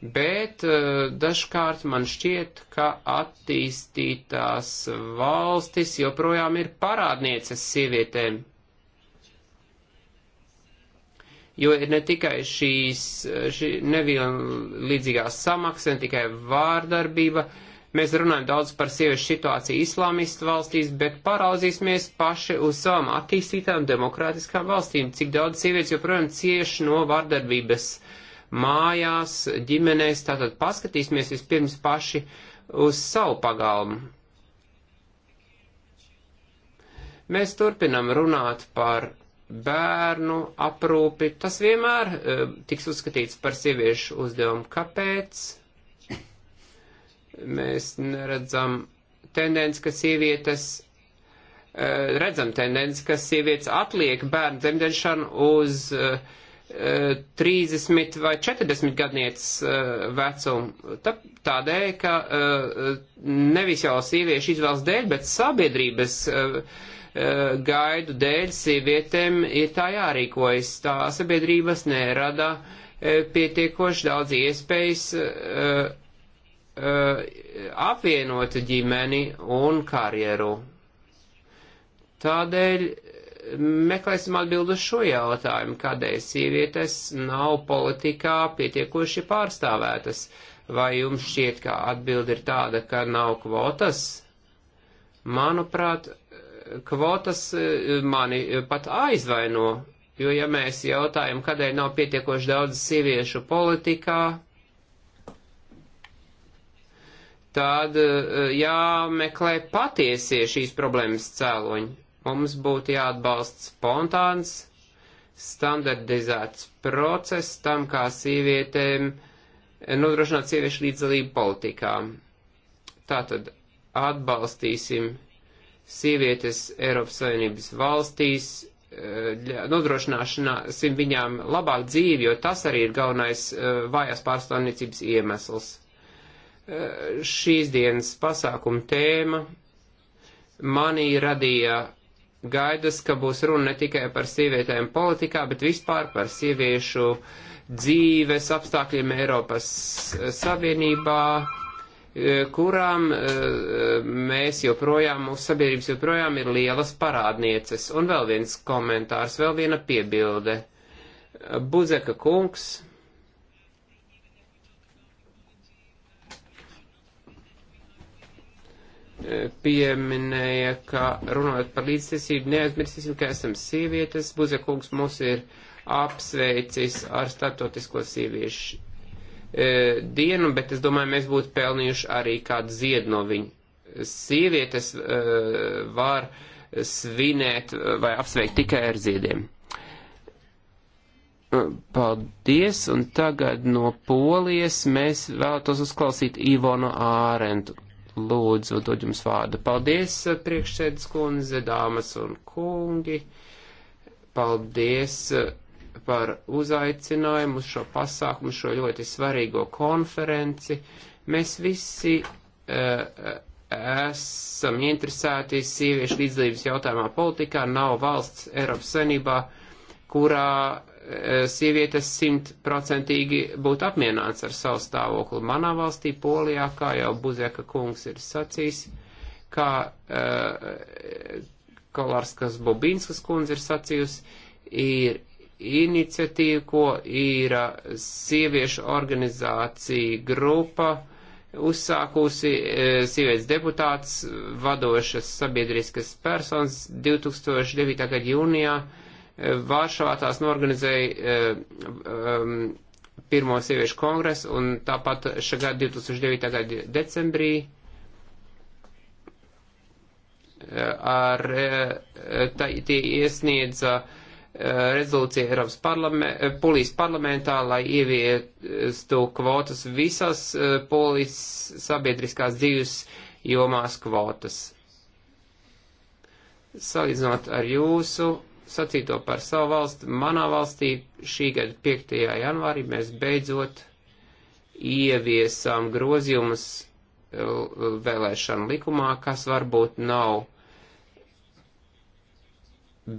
bet eh, dažkārt man šķiet, ka attīstītās valstis joprojām ir parādnieces sievietēm. Jo ir ne tikai šīs šī nevienlīdzīgās samaksas, ne tikai vārdarbība, uh, Mēs runājam daudz par sieviešu situāciju islāmistu valstīs, bet paraudzīsimies paši uz savām attīstītām demokrātiskām valstīm, cik daudz sievietes joprojām cieš no vardarbības. Uh, mājās, ģimenēs, tātad paskatīsimies vispirms paši uz savu pagalmu. Mēs turpinam runāt par bērnu aprūpi. Tas vienmēr uh, tiks uzskatīts par sieviešu uzdevumu. Kāpēc? Mēs neredzam tendenci, ka sievietes e, redzam tendenci, ka sievietes atliek bērnu dzemdēšanu uz uh, 30 vai 40 gadnieces eh, vecumu. Tādēļ, ka eh, nevis jau sieviešu izvēles dēļ, bet sabiedrības eh, gaidu dēļ sievietēm ir tā jārīkojas. Tā sabiedrības nerada pietiekoši daudz iespējas apvienot ģimeni un karjeru. Tādēļ meklēsim atbildu šo jautājumu, kādēļ sievietes nav politikā pietiekoši pārstāvētas. Vai jums šķiet, ka atbildi ir tāda, ka nav kvotas? Manuprāt, kvotas e, mani pat aizvaino, jo ja mēs jautājam, kādēļ nav pietiekoši daudz sieviešu politikā, tad e, jāmeklē patiesie šīs problēmas cēloņi Mums būtu jāatbalsta spontāns, standardizēts process tam, kā sievietēm eh, nodrošināt sieviešu līdzdalību politikā. Tātad atbalstīsim sievietes Eiropas Savienības valstīs, eh, nodrošināsim viņām labāk dzīvi, jo tas arī ir galvenais eh, vājās pārstāvniecības iemesls. Šīs dienas pasākuma tēma manī radīja gaidas, ka būs runa ne tikai par sievietēm politikā, bet vispār par sieviešu dzīves apstākļiem Eiropas eh, Savienībā, eh, kurām eh, mēs joprojām, mūsu sabiedrības joprojām ir lielas parādnieces. Un vēl viens komentārs, vēl viena piebilde. Buzeka kungs pieminēja, ka runājot par līdztiesību, neaizmirsīsim, ka esam sievietes. Buzē kungs mūs ir apsveicis ar statotisko sieviešu e, dienu, bet es domāju, mēs būtu pelnījuši arī kādu ziedu no viņa. Sievietes e, var svinēt vai apsveikt tikai ar ziediem. E, paldies, un tagad no polijas mēs vēlētos uzklausīt Ivonu Ārentu. Lūdzu, dod jums vārdu. Paldies, eh, priekšsēdus kundze, dāmas un kungi. Paldies eh, par uzaicinājumu uz šo pasākumu, šo ļoti svarīgo konferenci. Mēs visi uh, esam interesēti sieviešu līdzdalības jautājumā politikā. Nav valsts Eiropas senībā, kurā sievietes simtprocentīgi būtu apmierināts ar savu stāvokli. Manā valstī, Polijā, kā jau Buzeka kungs ir sacījis, kā uh, eh, Kolārskas Bobinskas kundze ir sacījusi, ir iniciatīva, ko ir eh, sieviešu organizācija grupa uzsākusi uh, sievietes deputāts, vadošas sabiedriskas personas 2009. gada jūnijā. Uh, Vāršavā tās norganizēja um, pirmo sieviešu kongresu un tāpat šā gada 2009. gada decembrī eh, ar, eh, tā, tie iesniedza rezolūcija Eiropas parlament, polijas parlamentā, lai ieviestu kvotas visas polijas sabiedriskās dzīves jomās kvotas. Salīdzinot ar jūsu sacīto par savu valsti. Manā valstī šī gada 5. janvārī mēs beidzot ieviesām grozījumus uh, vēlēšanu likumā, kas varbūt nav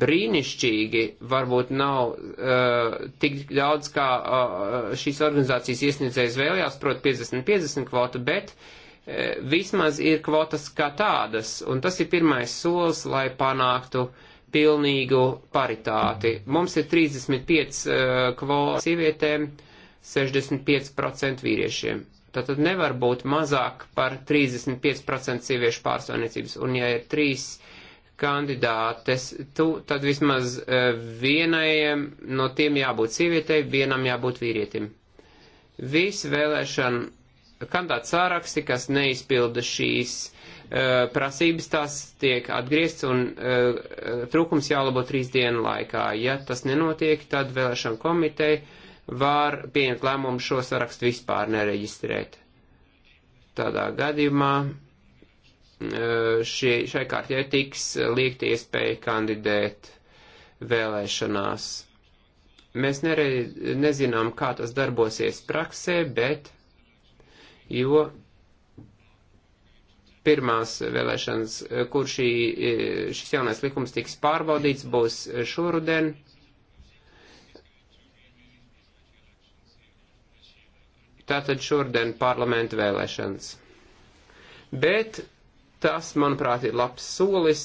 brīnišķīgi, varbūt nav uh, tik daudz, kā uh, šīs organizācijas iesniedzējas vēlējās, proti 50-50 kvotu, bet uh, vismaz ir kvotas kā tādas, un tas ir pirmais solis, lai panāktu uh, pilnīgu paritāti. Mums ir 35 uh, eh, kvotas sievietēm, 65% vīriešiem. Tātad nevar būt mazāk par 35% sieviešu pārstāvniecības. Un ja ir trīs kandidātes, tu, tad vismaz uh, eh, vienajam no tiem jābūt sievietei, vienam jābūt vīrietim. Visi vēlēšana kandidāts sāraksti, kas neizpilda šīs uh, Eh, prasības tās tiek atgriezts un uh, trūkums jālabo trīs dienu laikā. Ja tas nenotiek, tad vēlēšana komiteja var pieņemt lēmumu šo sarakstu vispār nereģistrēt. Tādā gadījumā uh, šie, šai kārtē tiks liekt iespēja kandidēt vēlēšanās. Mēs nere, nezinām, kā tas darbosies praksē, bet jo pirmās vēlēšanas, eh, kur šī, eh, šis jaunais likums tiks pārbaudīts, būs eh, šoruden. Tātad šoruden parlamenta vēlēšanas. Bet tas, manuprāt, ir labs solis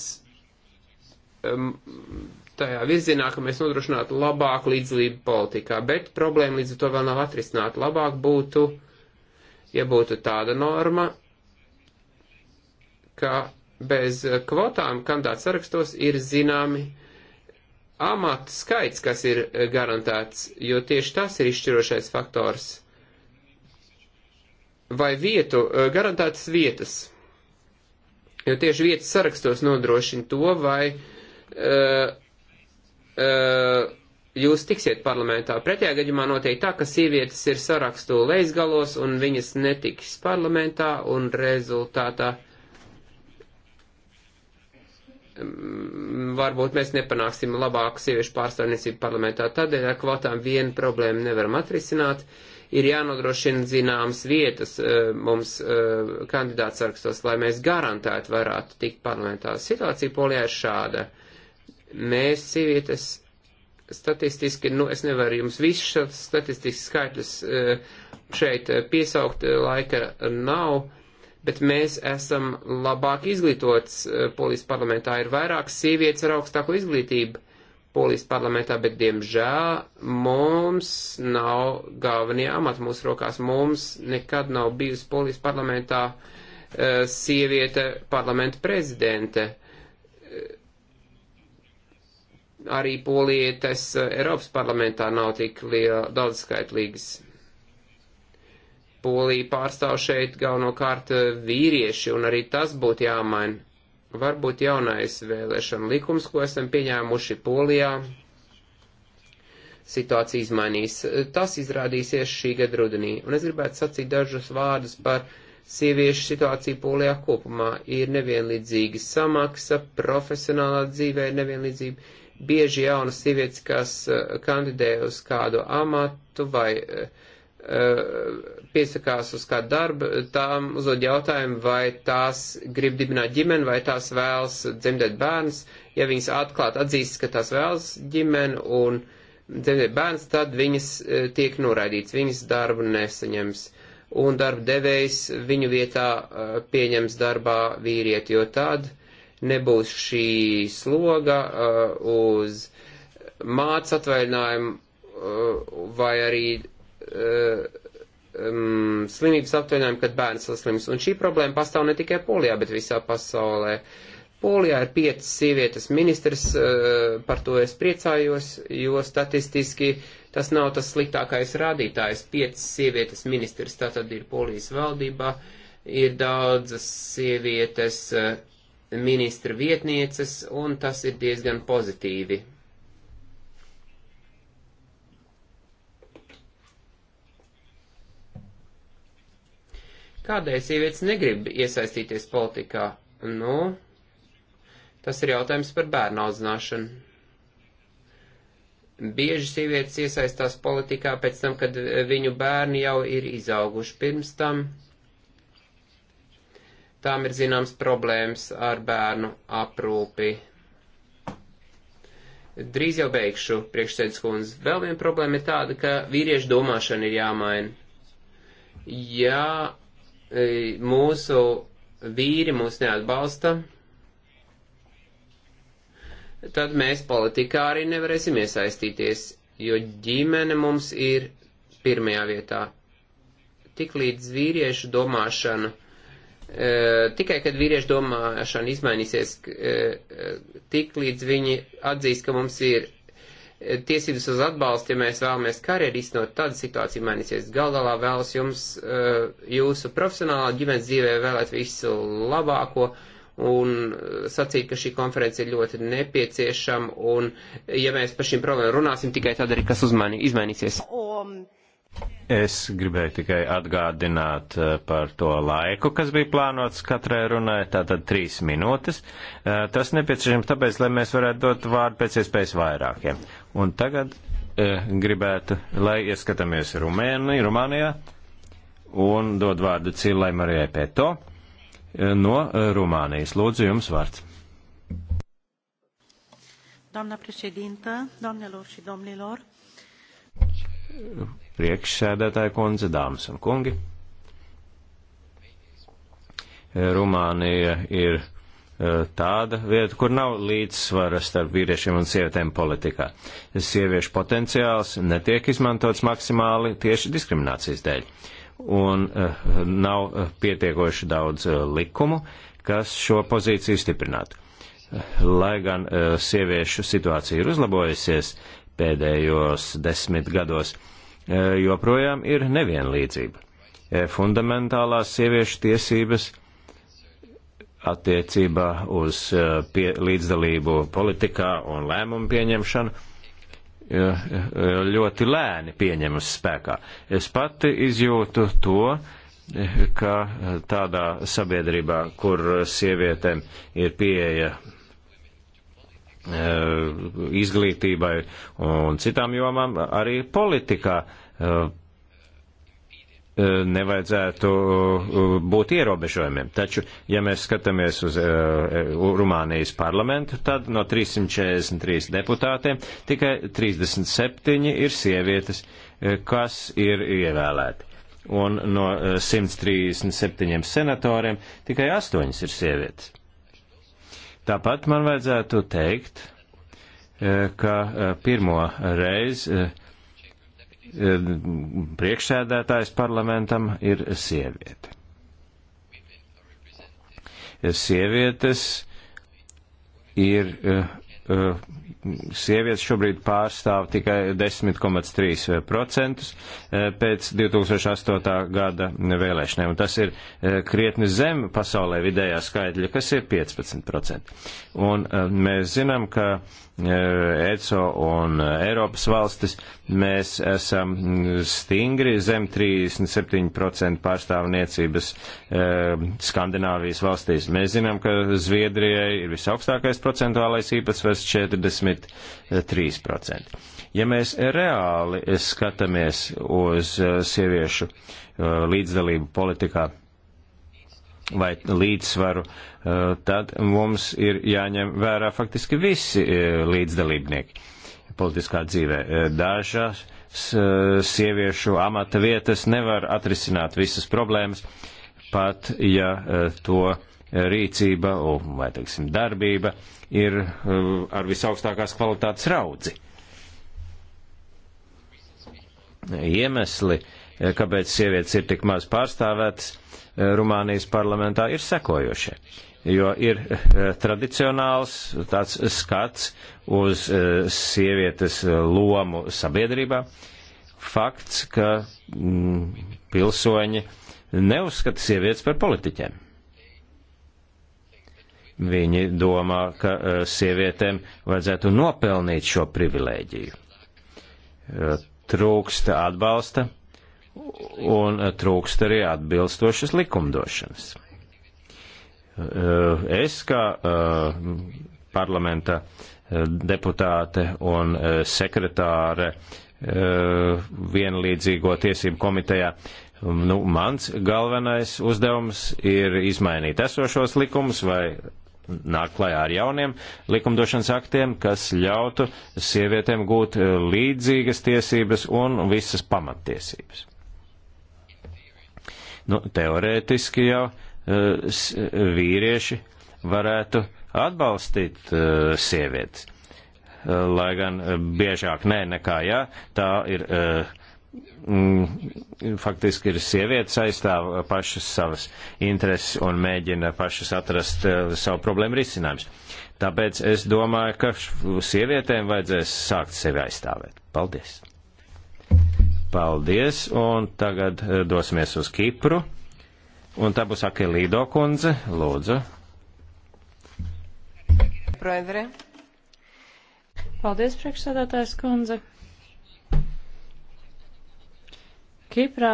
tajā virzienā, ka mēs nodrošinātu labāku līdzlību politikā, bet problēma līdz ar to vēl nav atrisināta. Labāk būtu, ja būtu tāda norma, ka bez kvotām kandidātu sarakstos ir zināmi amatu skaits, kas ir garantēts, jo tieši tas ir izšķirošais faktors. Vai vietu, eh, garantētas vietas. Jo tieši vietas sarakstos nodrošina to, vai uh, uh, jūs tiksiet parlamentā. Pretējā gadījumā notiek tā, ka sievietes ir sarakstu leisgalos un viņas netiks parlamentā un rezultātā uh, Mm, varbūt mēs nepanāksim labāku sieviešu pārstāvniecību parlamentā. Tādēļ ar kvotām vienu problēmu nevaram atrisināt. Ir jānodrošina zināmas vietas e, mums e, kandidāts sarakstos, lai mēs garantētu varētu tikt parlamentā. Situācija polijā ir šāda. Mēs sievietes statistiski, nu es nevaru jums visus šos statistikas skaitļus e, šeit piesaukt, laika nav bet mēs esam labāk izglītots. Eh, Polijas parlamentā ir vairāk sievietes ar augstāko izglītību Polijas parlamentā, bet diemžēl mums nav galvenie amati mūsu rokās. Mums nekad nav bijusi Polijas parlamentā eh, sieviete parlamenta prezidente. Arī polietes eh, Eiropas parlamentā nav tik liela daudzskaitlīgas Polija pārstāv šeit galvenokārt eh, vīrieši, un arī tas būtu jāmaina. Varbūt jaunais vēlēšana likums, ko esam pieņēmuši Polijā, situācija izmainīs. Tas izrādīsies šī gada rudenī. Un es gribētu sacīt dažus vārdus par sieviešu situāciju Polijā kopumā. Ir nevienlīdzīga samaksa, profesionālā dzīvē ir nevienlīdzība. Bieži jaunas sievietes, kas eh, kandidē uz kādu amatu vai uh, Eh, piesakās uz kādu darbu, tām uzdod jautājumu, vai tās grib dibināt ģimeni, vai tās vēlas dzemdēt bērns. Ja viņas atklāt atzīst, ka tās vēlas ģimeni un dzemdēt bērns, tad viņas eh, tiek noraidīts, viņas darbu nesaņems. Un darba devējs viņu vietā eh, pieņems darbā vīrieti, jo tad nebūs šī sloga uz māca atvaļinājumu vai arī um, slimības aptaļinājumu, kad bērns saslims. Un šī problēma pastāv ne tikai Polijā, bet visā pasaulē. Polijā ir piecas sievietes ministrs, uh, par to es priecājos, jo statistiski tas nav tas sliktākais rādītājs. Piecas sievietes ministrs tātad ir Polijas valdībā, ir daudzas sievietes uh, ministra vietnieces, un tas ir diezgan pozitīvi. Kādēļ sievietes negrib iesaistīties politikā? Nu, tas ir jautājums par bērnu audzināšanu. Bieži sievietes iesaistās politikā pēc tam, kad e, viņu bērni jau ir izauguši pirms tam. Tām ir zināms problēmas ar bērnu aprūpi. Drīz jau beigšu, priekšsēdus kundze. Vēl viena problēma ir tāda, ka vīriešu domāšana ir jāmaina. Jā, mūsu vīri mūs neatbalsta, tad mēs politikā arī nevarēsim iesaistīties, jo ģimene mums ir pirmajā vietā. Tik līdz vīriešu domāšana, e, tikai kad vīriešu domāšana izmainīsies, e, e tik līdz viņi atzīs, ka mums ir tiesības uz atbalstu, ja mēs vēlamies karjeru iznot, tad situācija mainīsies. Galā vēlas jums eh, jūsu profesionālā ģimenes dzīvē vēlēt visu labāko un eh, sacīt, ka šī konference ir ļoti nepieciešama un ja mēs par šīm problēmām runāsim, tikai tad arī kas uzmani, izmainīsies. Um, es gribēju tikai atgādināt eh, par to laiku, kas bija plānots katrai runai, tātad trīs minūtes. Tas nepieciešams tāpēc, lai mēs varētu dot vārdu pēc iespējas vairākiem. Un tagad e, gribētu, lai ieskatāmies Rumēni, Rumānijā un dod vārdu Cilai Marijai Pēto eh, no eh, Rumānijas. Lūdzu, jums vārds. Doamna președintă, doamnelor și domnilor. Priekšsēdētāja kundze, dāmas un kungi. Rumānija ir Eh, tāda vieta, kur nav līdzsvara starp vīriešiem un sievietēm politikā. Sieviešu potenciāls netiek izmantots maksimāli tieši diskriminācijas dēļ. Un eh, nav eh, pietiekoši daudz likumu, kas šo pozīciju stiprinātu. Lai gan sieviešu situācija ir uzlabojusies pēdējos desmit gados, joprojām ir nevienlīdzība. Fundamentālās sieviešu tiesības – attiecībā uz uh, pie, līdzdalību politikā un lēmumu pieņemšanu ļoti lēni pieņemas spēkā. Es pati izjūtu to, ka tādā sabiedrībā, kur sievietēm ir pieeja uh, izglītībai un citām jomām, arī politikā uh, E, nevajadzētu e, būt ierobežojumiem. Taču, ja mēs skatāmies uz e, Rumānijas parlamentu, tad no 343 deputātiem tikai 37 ir sievietes, kas ir ievēlēti. Un no 137 senatoriem tikai 8 ir sievietes. Tāpat man vajadzētu teikt, ka pirmo reizi Eh, priekšsēdētājs parlamentam ir sieviete. Sievietes ir, eh, eh, sievietes šobrīd pārstāv tikai 10,3% pēc 2008. gada vēlēšanām, un tas ir krietni zem pasaulē vidējā skaitļa, kas ir 15%. Un mēs zinām, ka E, ECO un e, Eiropas valstis, mēs esam stingri zem 37% pārstāvniecības e, Skandināvijas valstīs. Mēs zinām, ka Zviedrijai ir visaugstākais procentuālais īpatsvars 43%. Ja mēs reāli skatāmies uz sieviešu līdzdalību politikā, vai līdzsvaru, eh, tad mums ir jāņem vērā faktiski visi eh, līdzdalībnieki politiskā dzīvē. Eh, dažas sieviešu amata vietas nevar atrisināt visas problēmas, pat ja to rīcība vai, teiksim, darbība ir ar visaugstākās kvalitātes raudzi. Iemesli, kāpēc sievietes ir tik maz pārstāvētas, Rumānijas parlamentā ir sekojošie. Jo ir eh, tradicionāls tāds skats uz eh, sievietes eh, lomu sabiedrībā. Fakts, ka mm, pilsoņi neuzskata sievietes par politiķiem. Viņi domā, ka sievietēm vajadzētu nopelnīt šo privilēģiju. Trūksta atbalsta un eh, trūkst arī atbilstošas likumdošanas. Eh, es kā eh, parlamenta deputāte un sekretāre vienlīdzīgo tiesību komitejā mm, nu, mans galvenais uzdevums ir izmainīt esošos likumus vai nāk klajā ar jauniem likumdošanas aktiem, kas ļautu sievietēm gūt līdzīgas tiesības un visas pamattiesības. Nu, teorētiski jau e, vīrieši varētu atbalstīt e, sievietes, e, lai gan biežāk nē nekā jā, tā ir mm, faktiski ir sievietes aizstāv pašas savas intereses un mēģina pašas atrast savu problēmu risinājums. Tāpēc es domāju, ka sievietēm vajadzēs sākt sevi aizstāvēt. Paldies! Paldies, un tagad eh, dosimies uz Kipru. Un tā būs Akelīdo kundze, lūdzu. Proedre. Paldies, priekšsēdētājs kundze. Kiprā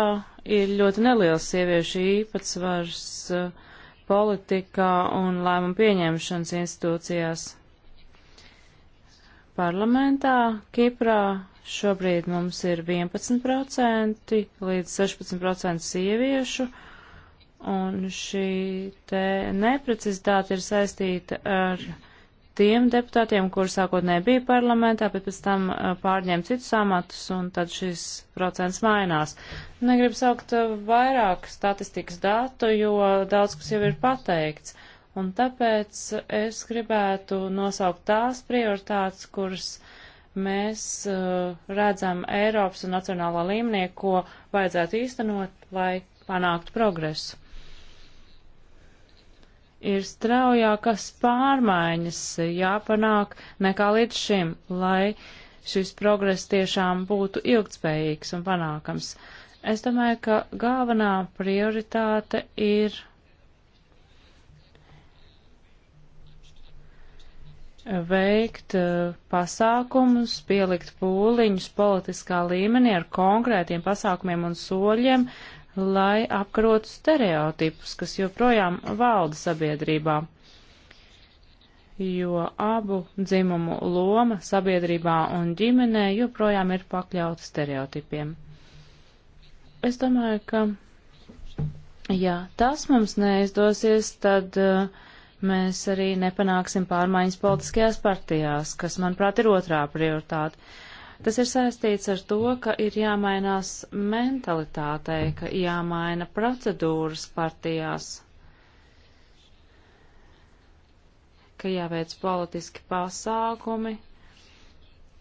ir ļoti neliels sieviešu īpatsvars eh, politikā un lēmumu pieņemšanas institūcijās. Parlamentā Kiprā Šobrīd mums ir 11% līdz 16% sieviešu, un šī te neprecizitāte ir saistīta ar tiem deputātiem, kur sākotnēji bija parlamentā, bet pēc tam pārņēma citus amatus, un tad šis procents mainās. Negribu saukt vairāk statistikas datu, jo daudz kas jau ir pateikts, un tāpēc es gribētu nosaukt tās prioritātes, kuras mēs uh, redzam Eiropas un nacionālā līmenī, ko vajadzētu īstenot, lai panāktu progresu. Ir straujākas pārmaiņas jāpanāk nekā līdz šim, lai šis progress tiešām būtu ilgtspējīgs un panākams. Es domāju, ka galvenā prioritāte ir veikt eh, pasākumus, pielikt pūliņus politiskā līmenī ar konkrētiem pasākumiem un soļiem, lai apkarotu stereotipus, kas joprojām valda sabiedrībā. Jo abu dzimumu loma sabiedrībā un ģimenē joprojām ir pakļauta stereotipiem. Es domāju, ka, ja tas mums neizdosies, tad uh, mēs arī nepanāksim pārmaiņas politiskajās partijās, kas, manuprāt, ir otrā prioritāte. Tas ir saistīts ar to, ka ir jāmainās mentalitātei, ka jāmaina procedūras partijās, ka jāveic politiski pasākumi,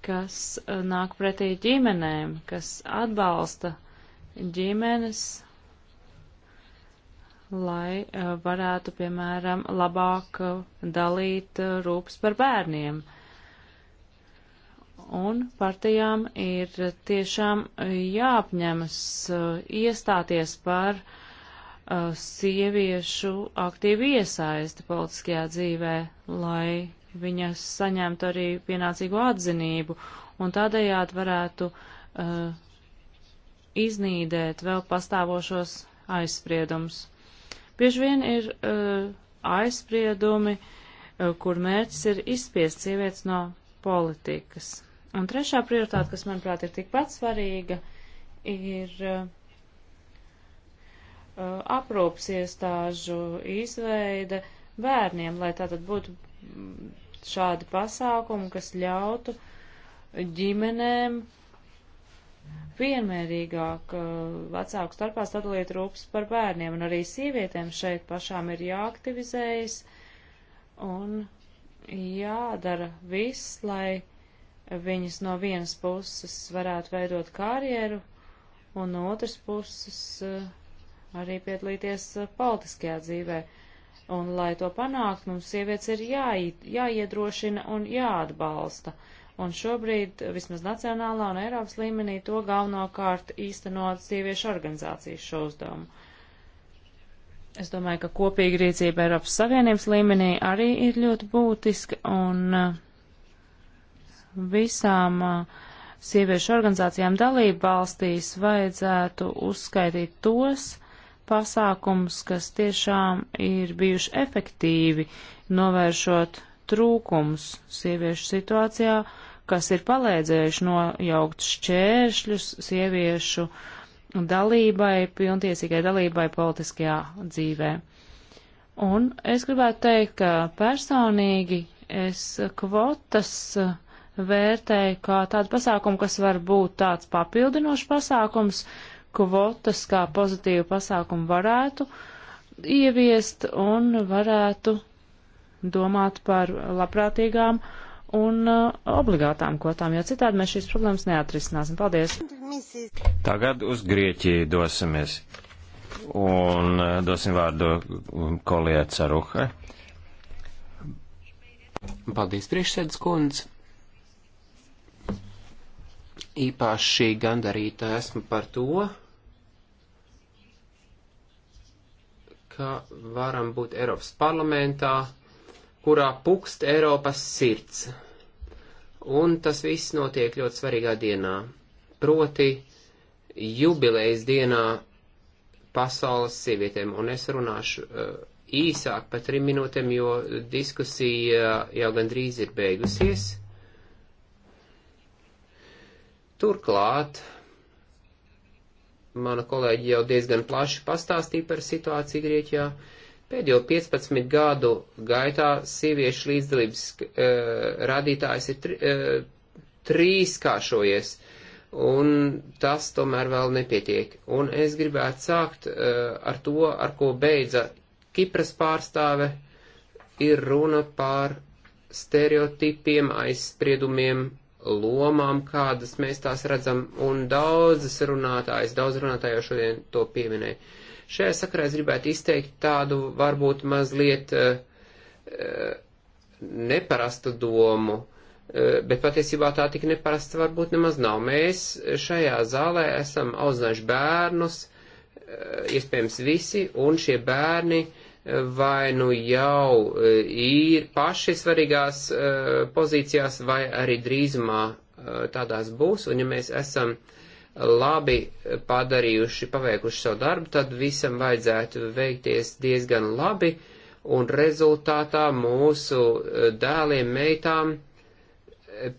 kas uh, nāk pretī ģimenēm, kas atbalsta ģimenes lai eh, varētu, piemēram, labāk eh, dalīt eh, rūpes par bērniem. Un partijām ir tiešām jāapņemas iestāties par sieviešu aktīvu iesaisti politiskajā dzīvē, lai viņas saņemtu arī pienācīgu atzinību un tādējādi varētu uh, iznīdēt vēl pastāvošos aizspriedumus. Bieži vien ir uh, aizspriedumi, uh, kur mērķis ir izspiest sievietes no politikas. Un trešā prioritāte, kas, manuprāt, ir tikpat svarīga, ir uh, uh aprūpas iestāžu izveide bērniem, lai tātad būtu mm, šādi pasākumi, kas ļautu ģimenēm uh, vienmērīgāk eh, vecāku starpā sadalīt rūpes par bērniem, un arī sievietēm šeit pašām ir jāaktivizējas un jādara viss, lai viņas no vienas puses varētu veidot karjeru, un no otras puses eh, arī piedalīties eh, politiskajā dzīvē. Un, lai to panākt, mums sievietes ir jāi, jāiedrošina un jāatbalsta. Uh, un šobrīd vismaz nacionālā un Eiropas līmenī to galvenokārt īstenot sieviešu organizācijas šo uzdevumu. Es domāju, ka kopīga rīcība Eiropas Savienības līmenī arī ir ļoti būtiska un uh, visām uh, sieviešu organizācijām dalību valstīs vajadzētu uzskaitīt tos pasākums, kas tiešām ir bijuši efektīvi novēršot trūkums sieviešu situācijā, uh, kas ir palēdzējuši nojaukt šķēršļus sieviešu dalībai, pilntiesīgai dalībai politiskajā dzīvē. Un es gribētu teikt, ka personīgi es kvotas vērtēju kā tādu pasākumu, kas var būt tāds papildinošs pasākums, kvotas kā pozitīvu pasākumu varētu ieviest un varētu domāt par labprātīgām uh, un uh, obligātām kvotām, jo citādi mēs šīs problēmas neatrisināsim. Paldies! Tagad uz Grieķiju dosimies un uh, dosim vārdu um, kolēģa Caruhai. Paldies, priekšsēdus kundze! Īpaši gandarīta esmu par to, ka varam būt Eiropas parlamentā kurā pukst Eiropas sirds. Un tas viss notiek ļoti svarīgā dienā, proti jubilejas dienā pasaules sievietēm, un es runāšu uh, īsāk par trim minūtēm, jo diskusija jau gandrīz ir beigusies. Turklāt, mana kolēģi jau diezgan plaši pastāstīja par situāciju Grieķijā. Uh, Pēdējo 15 gadu gaitā sieviešu līdzdalības uh, rādītājs ir tri, uh, trīskāršojies, un tas tomēr vēl nepietiek. Un es gribētu sākt uh, ar to, ar ko beidza Kipras pārstāve, ir runa par stereotipiem, aizspriedumiem, lomām, kādas mēs tās redzam, un daudzas runātājas, daudz runātājo šodien to pieminēja. Šajā sakarā es gribētu izteikt tādu varbūt mazliet eh, eh, neparastu domu, eh, bet patiesībā tā tik neparasta varbūt nemaz nav. Mēs šajā zālē esam audzinājuši bērnus, iespējams visi, un šie bērni vai nu jau ir paši svarīgās pozīcijās, vai arī drīzumā tādās būs, un ja mēs esam uh, labi padarījuši, paveikuši savu darbu, tad visam vajadzētu veikties diezgan labi, un rezultātā mūsu eh, dēliem, meitām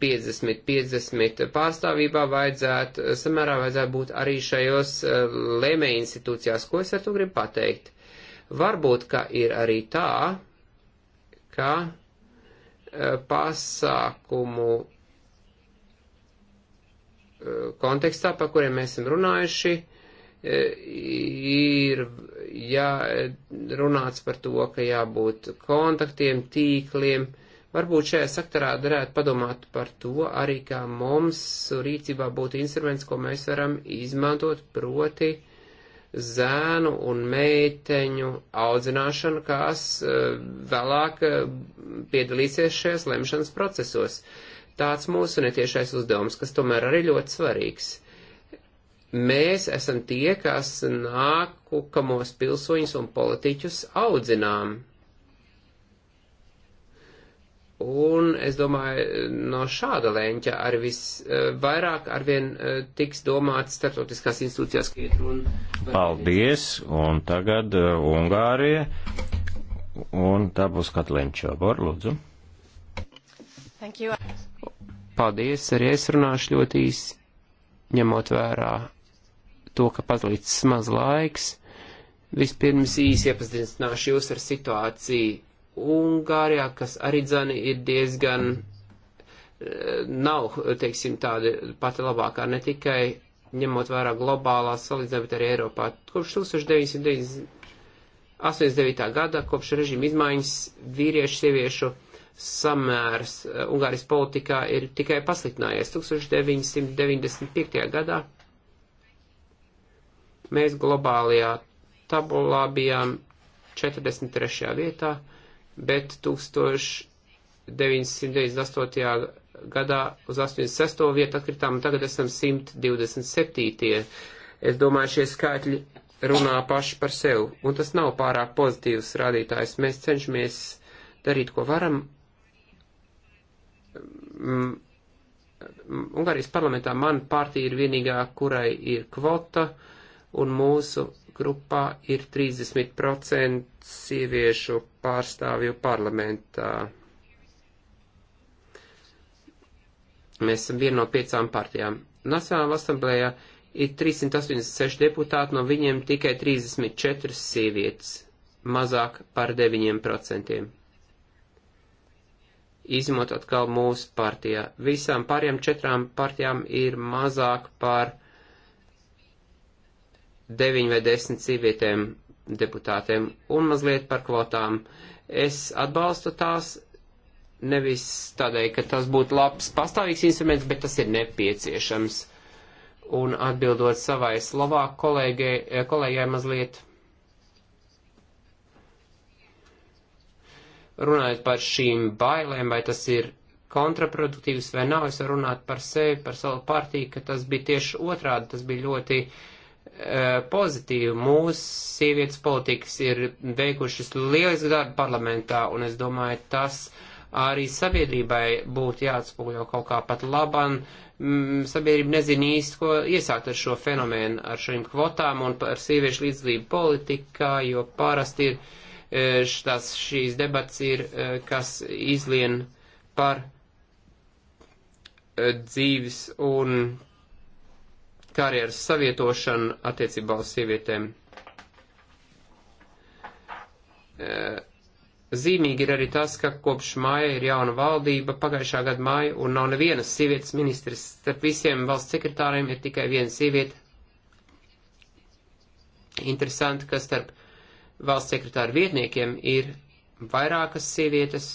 50-50 eh, pārstāvībā vajadzētu, eh, samērā vajadzētu būt arī šajos lēmē institūcijās. Ko es ar to gribu pateikt? Varbūt, ka ir arī tā, ka pasākumu kontekstā, pa kuriem mēs esam runājuši, e, ir jā, runāts par to, ka jābūt kontaktiem, tīkliem. Varbūt šajā sektorā darētu padomāt par to arī, kā mums rīcībā būtu instruments, ko mēs varam izmantot, proti zēnu un meiteņu audzināšanu, kas e, vēlāk e, piedalīsies šajos lemšanas procesos. Uh, tāds mūsu netiešais uzdevums, kas tomēr arī ļoti svarīgs. Mēs esam tie, kas nākamos pilsoņus un politiķus audzinām. Un es domāju, no šāda lēņķa ar visvairāk eh, arvien eh, tiks domāts starptautiskās institūcijās, ka iet un. Paldies, un tagad eh, Ungārija, un tā būs Katlenča Bor, lūdzu. Thank you. Paldies, arī es runāšu ļoti īsi, ņemot vērā to, ka pazlicis maz laiks. Vispirms īsi iepazīstināšu jūs ar situāciju Ungārijā, kas arī dzani ir diezgan, eh, nav, teiksim, tāda pati labākā ne tikai ņemot vērā globālā salīdzinājumā, bet arī Eiropā. Kopš 1989. gada, kopš režīma izmaiņas, vīriešu, sieviešu samērs eh, Ungārijas politikā ir tikai pasliktinājies. 1995. gadā mēs globālajā tabulā bijām 43. vietā, bet 1998. gadā uz 86. vietu atkritām, un tagad esam 127. Es domāju, šie skaitļi runā paši par sevi, un tas nav pārāk pozitīvs rādītājs. Mēs cenšamies darīt, ko varam, Mm, Ungārijas parlamentā man partija ir vienīgā, kurai ir kvota, un mūsu grupā ir 30% sieviešu pārstāvju parlamentā. Mēs esam viena no piecām partijām. Nacionālā asamblējā ir 386 deputāti, no viņiem tikai 34 sievietes, mazāk par 9% izņemot atkal mūsu partijā. Visām pārējām četrām partijām ir mazāk par 9 vai 10 sievietēm deputātiem un mazliet par kvotām. Es atbalstu tās nevis tādēļ, ka tas būtu labs pastāvīgs instruments, bet tas ir nepieciešams. Un atbildot savai Slovāku kolēģai, kolēģai mazliet runājot par šīm bailēm, vai tas ir kontraproduktīvs vai nav, es varu runāt par sevi, par savu partiju, ka tas bija tieši otrādi, tas bija ļoti e, pozitīvi. Mūsu sievietes politikas ir veikušas lielisku darbu parlamentā, un es domāju, tas arī sabiedrībai būtu jāatspūļo kaut kā pat laban. Mm, sabiedrība nezina īsti, ko iesākt ar šo fenomenu, ar šīm kvotām un par sieviešu līdzlību politikā, jo parasti ir uh, E, tās, šīs debats ir, e, kas izlien par e, dzīves un karjeras savietošanu attiecībā uz sievietēm. Zīmīgi ir arī tas, ka kopš māja ir jauna valdība, pagājušā gada māja, un nav nevienas sievietes ministrs. Starp visiem valsts sekretāriem ir tikai viena sieviete. Interesanti, ka starp valsts sekretāra vietniekiem ir vairākas sievietes,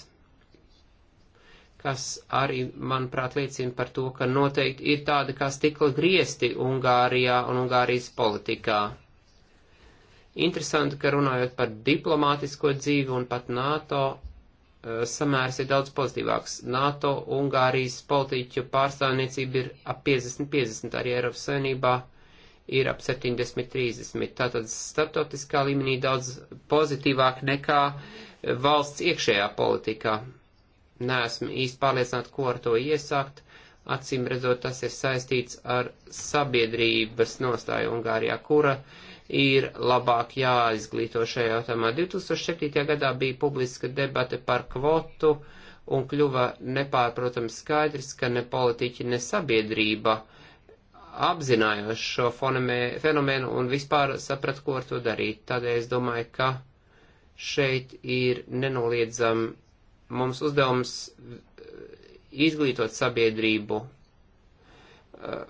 kas arī, manuprāt, liecina par to, ka noteikti ir tādi kā stikla griesti Ungārijā un Ungārijas politikā. Interesanti, ka runājot par diplomātisko dzīvi un pat NATO, eh, samērs ir daudz pozitīvāks. NATO Ungārijas politiķu pārstāvniecība ir ap 50-50 arī Eiropas Savienībā ir ap 70-30. Tātad starptautiskā līmenī daudz pozitīvāk nekā valsts iekšējā politikā. Neesmu īsti pārliecināta, ko ar to iesākt. Acīm redzot, tas ir saistīts ar sabiedrības nostāju Ungārijā, kura ir labāk jāizglīto šajā jautājumā. 2007. gadā bija publiska debate par kvotu un kļuva nepārprotams skaidrs, ka ne politiķi, ne sabiedrība uh, apzinājos šo fonomē, fenomenu un vispār sapratu, ko ar to darīt. Tādēļ es domāju, ka šeit ir nenoliedzam mums uzdevums eh, izglītot sabiedrību. Eh,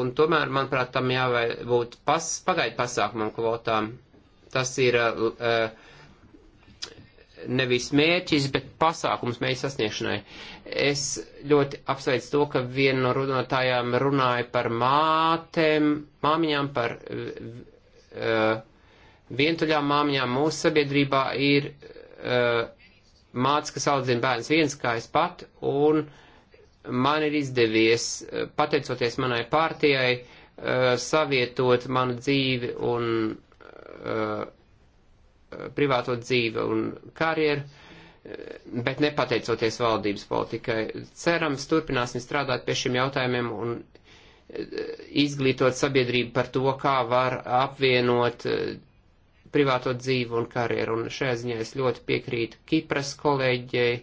un tomēr, manuprāt, tam jābūt pas, pagaidu pasākumam kvotām. Tas ir uh, nevis mērķis, bet pasākums mērķis sasniegšanai. Es ļoti apsveicu to, ka viena no runātājām runāja par mātēm, māmiņām, par uh, vientuļām māmiņām. Mūsu sabiedrībā ir uh, eh, māts, kas audzina bērns viens kā es pat, un man ir izdevies, eh, pateicoties manai pārtijai, uh, savietot manu dzīvi un. Uh, Eh, privāto dzīvi un karjeru, eh, bet nepateicoties valdības politikai. Cerams, turpināsim strādāt pie šiem jautājumiem un eh, izglītot sabiedrību par to, kā var apvienot privāto dzīvi un karjeru. Un šajā ziņā es ļoti piekrītu Kipras kolēģei,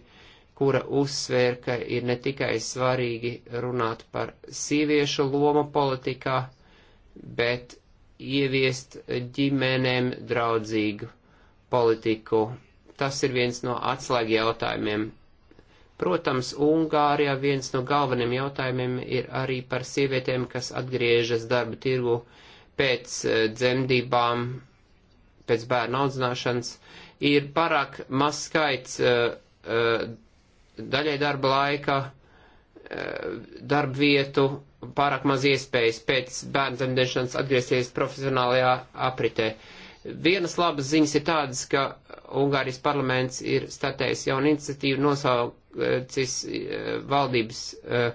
kura uzsvēra, ka ir ne tikai svarīgi runāt par sieviešu lomu politikā, bet ieviest ģimenēm draudzīgu politiku. Tas ir viens no atslēgi jautājumiem. Protams, Ungārijā viens no galveniem jautājumiem ir arī par sievietēm, kas atgriežas darba tirgu pēc eh, dzemdībām, pēc bērnu audzināšanas. Ir pārāk maz skaits eh, eh, daļai darba laika, darba vietu, pārāk maz iespējas pēc bērnu dzemdēšanas atgriezties profesionālajā apritē. Uh, Vienas labas ziņas ir tādas, ka Ungārijas parlaments ir statējis jaunu iniciatīvu nosaucis eh, valdības eh,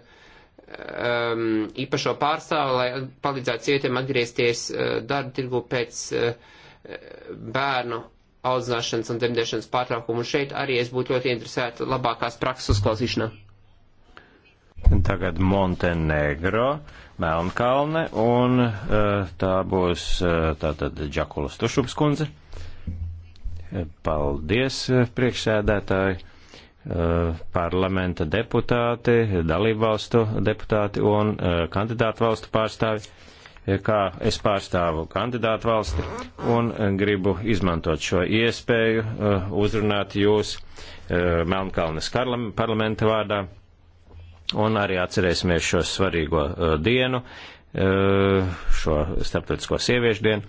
ehm, īpašo pārstāvu, lai palīdzētu cietiem atgriezties eh, darba tirgu pēc bērnu audzināšanas un dzemdēšanas pārtraukumu. Un šeit arī es būtu ļoti interesēta labākās prakses uzklausīšanā. Tagad Montenegro, Melnkalne, un eh, tā būs eh, tātad Džakulas Tušups kundze. Eh, paldies, priekšsēdētāji, parlamenta deputāti, dalībvalstu deputāti un kandidātu valstu pārstāvi kā es pārstāvu kandidātu valsti un gribu izmantot šo iespēju uzrunāt jūs Melnkalnes parlamenta vārdā un arī atcerēsimies šo svarīgo uh, dienu, uh, šo starptautisko sieviešu dienu.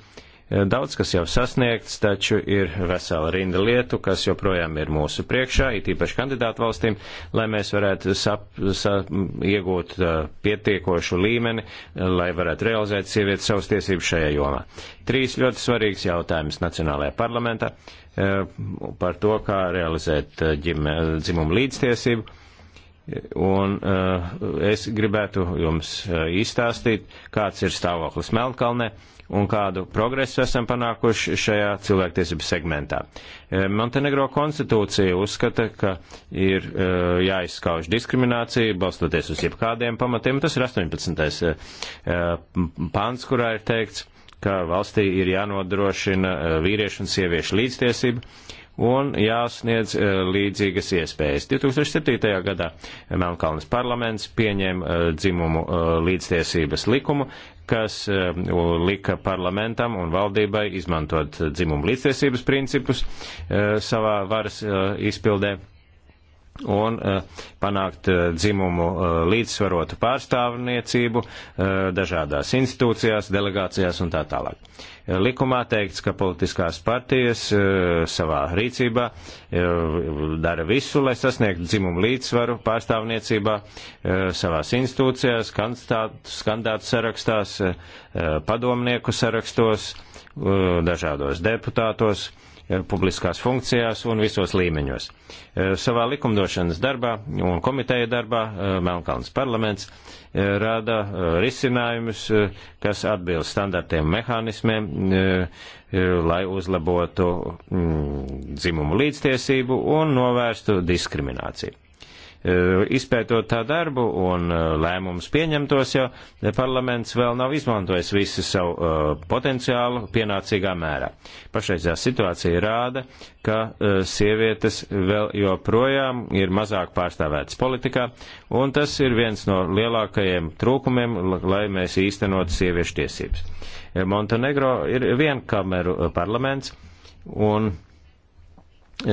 Uh, daudz, kas jau sasniegts, taču ir vesela rinda lietu, kas joprojām ir mūsu priekšā, it īpaši kandidātu valstīm, lai mēs varētu sap, sap, iegūt uh, pietiekošu līmeni, lai varētu realizēt sievietes savas tiesības šajā jomā. Trīs ļoti svarīgs jautājums Nacionālajā parlamentā uh, par to, kā realizēt uh, ģim, dzimumu līdztiesību Un uh, es gribētu jums eh, izstāstīt, kāds ir stāvoklis Melnkalnē un kādu progresu esam panākuši šajā cilvēktiesību segmentā. Eh, Montenegro konstitūcija uzskata, ka ir uh, jāizskauž diskriminācija, balstoties uz jebkādiem pamatiem. Tas ir 18. Uh, pants, kurā ir teikts, ka valstī ir jānodrošina vīriešu un sieviešu līdztiesība un jāsniedz eh, līdzīgas iespējas. 2007. gadā Melnkalnes parlaments pieņēma eh, dzimumu eh, līdztiesības likumu, kas lika parlamentam un valdībai izmantot dzimumu līdztiesības principus savā varas izpildē un panākt dzimumu līdzsvarotu pārstāvniecību dažādās institūcijās, delegācijās un tā tālāk likumā teikts, ka politiskās partijas e, savā rīcībā e, dara visu, lai sasniegtu dzimumu līdzsvaru pārstāvniecībā e, savās institūcijās, kandidātu sarakstās, padomnieku sarakstos, dažādos deputātos Eh, publiskās funkcijās un visos līmeņos. Eh, savā likumdošanas darbā un komiteja darbā eh, Melnkalnas parlaments rada risinājumus, kas atbilst standartiem mehānismiem, lai uzlabotu mm, dzimumu līdztiesību un novērstu diskrimināciju. E, izpētot tā darbu un e, lēmumus pieņemtos, jo parlaments vēl nav izmantojis visu savu e, potenciālu pienācīgā mērā. Pašreizējā situācija rāda, ka sievietes vēl joprojām ir mazāk pārstāvētas politikā, un tas ir viens no lielākajiem trūkumiem, lai mēs īstenotu sieviešu tiesības. Montenegro ir vienkameru parlaments, un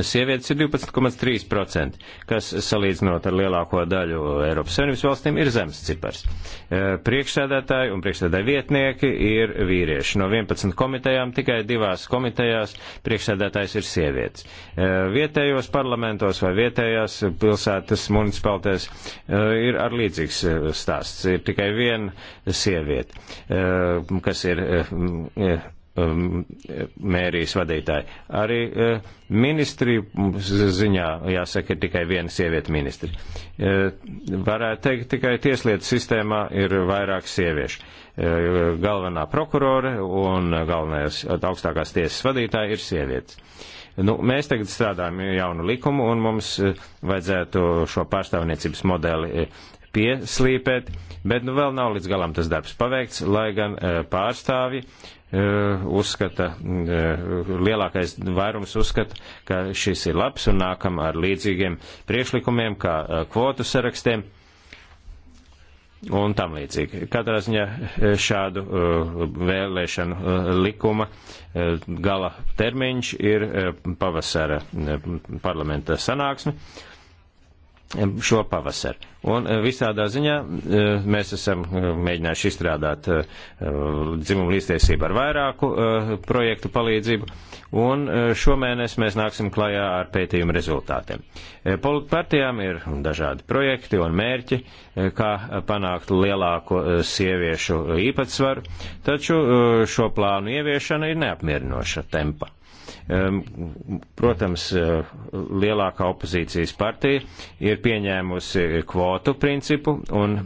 sievietes ir 12,3%, kas salīdzinot ar lielāko daļu Eiropas Savienības valstīm ir zemes cipars. E, priekšsēdētāji un priekšsēdētāji vietnieki ir vīrieši. No 11 komitejām tikai divās komitejās priekšsēdētājs ir sievietes. E, vietējos parlamentos vai vietējās pilsētas municipalitātēs e, ir ar līdzīgs stāsts. Ir tikai viena sieviete, kas ir Um, mērijas vadītāji. Arī uh, ministriju ziņā, jāsaka, ir tikai viena sievieta ministri. Uh, varētu teikt, tikai tieslietu sistēmā ir vairāk sieviešu. Uh, galvenā prokurore un galvenais augstākās tiesas vadītāja ir sievietes. Nu, mēs tagad strādājam jaunu likumu un mums vajadzētu šo pārstāvniecības modeli pieslīpēt, bet nu vēl nav līdz galam tas darbs paveikts, lai gan pārstāvi E, uzskata, e, lielākais vairums uzskata, ka šis ir labs un nākam ar līdzīgiem priekšlikumiem, kā e, kvotu sarakstiem un tam līdzīgi. Katrā ziņā šādu vēlēšanu likuma gala termiņš ir pavasara parlamenta sanāksme, šo pavasaru. Un e, visādā ziņā e, mēs esam e, mēģinājuši izstrādāt dzimumu līdztiesību ar vairāku projektu palīdzību, un šomēnes mēs nāksim klajā ar pētījumu rezultātiem. Partijām ir dažādi projekti un mērķi, kā panākt lielāko sieviešu īpatsvaru, taču šo plānu ieviešana ir neapmierinoša tempa. Protams, e, lielākā opozīcijas partija ir pieņēmusi kvotu principu un e,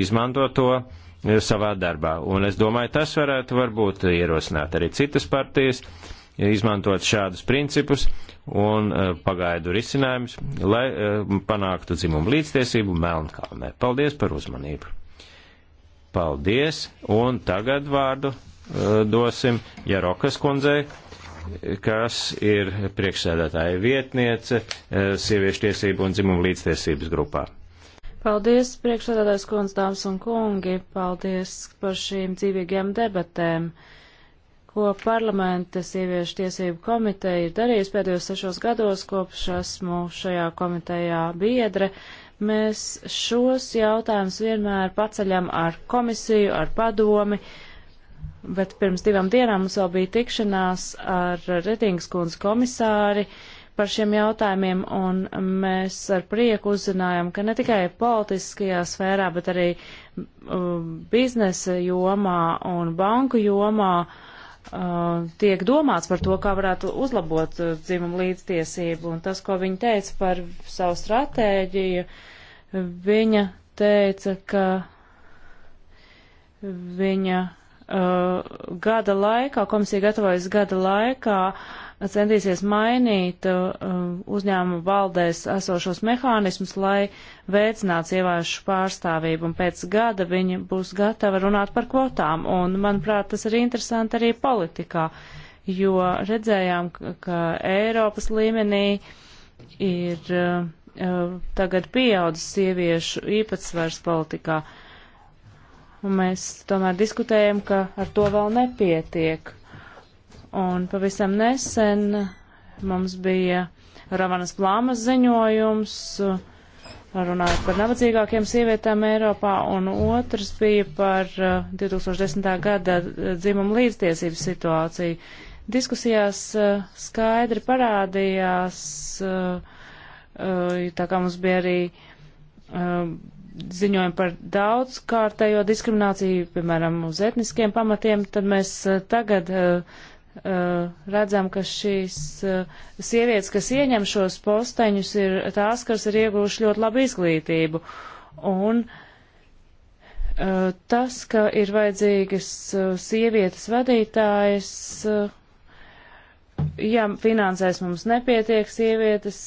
izmanto to e, savā darbā. Un es domāju, tas varētu varbūt ierosināt arī citas partijas, izmantot šādus principus un pagaidu risinājumus, lai panāktu dzimumu līdztiesību Melnkalnē. Paldies par uzmanību! Paldies, un tagad vārdu dosim Jarokas kundzei kas ir priekšsēdētāja vietniece eh, sieviešu tiesību un dzimumu līdztiesības grupā. Paldies, priekšsēdētājs kundz, dāmas un kungi, paldies par šīm dzīvīgajām debatēm, ko parlamenta sieviešu tiesību komiteja ir darījusi pēdējos sešos gados, kopš esmu šajā komitejā biedre. Mēs šos jautājumus vienmēr paceļam ar komisiju, ar padomi, uh, bet pirms divām dienām mums vēl bija tikšanās ar Redingas kundzes komisāri par šiem jautājumiem, un mēs ar prieku uzzinājām, ka ne tikai politiskajā sfērā, bet arī um, biznesa jomā un banku jomā uh, tiek domāts par to, kā varētu uzlabot uh, dzimumu līdztiesību, un tas, ko viņa teica par savu stratēģiju, viņa teica, ka viņa Uh, gada laikā, komisija gatavojas gada laikā, centīsies mainīt uh, uzņēmumu valdēs esošos mehānismus, lai veicinātu sieviešu pārstāvību, un pēc gada viņi būs gatavi runāt par kvotām, un, manuprāt, tas ir interesanti arī politikā, jo redzējām, ka Eiropas līmenī ir uh, tagad pieaudzis sieviešu īpatsvars politikā. Uh, un mēs tomēr diskutējam, ka ar to vēl nepietiek. Un pavisam nesen mums bija Ravanas plāmas ziņojums, runājot par nabadzīgākiem sievietēm Eiropā, un otrs bija par 2010. Uh, gada dzimumu līdztiesības situāciju. Diskusijās uh, skaidri parādījās, uh, tā kā mums bija arī ziņojam par daudzkārtējo diskrimināciju, piemēram, uz etniskiem pamatiem, tad mēs eh, tagad uh, redzam, ka šīs sievietes, kas ieņem šos posteņus, ir tās, kas ir iegūši ļoti labu izglītību. Un tas, ka ir vajadzīgas sievietes vadītājas, ja finansēs mums nepietiek sievietes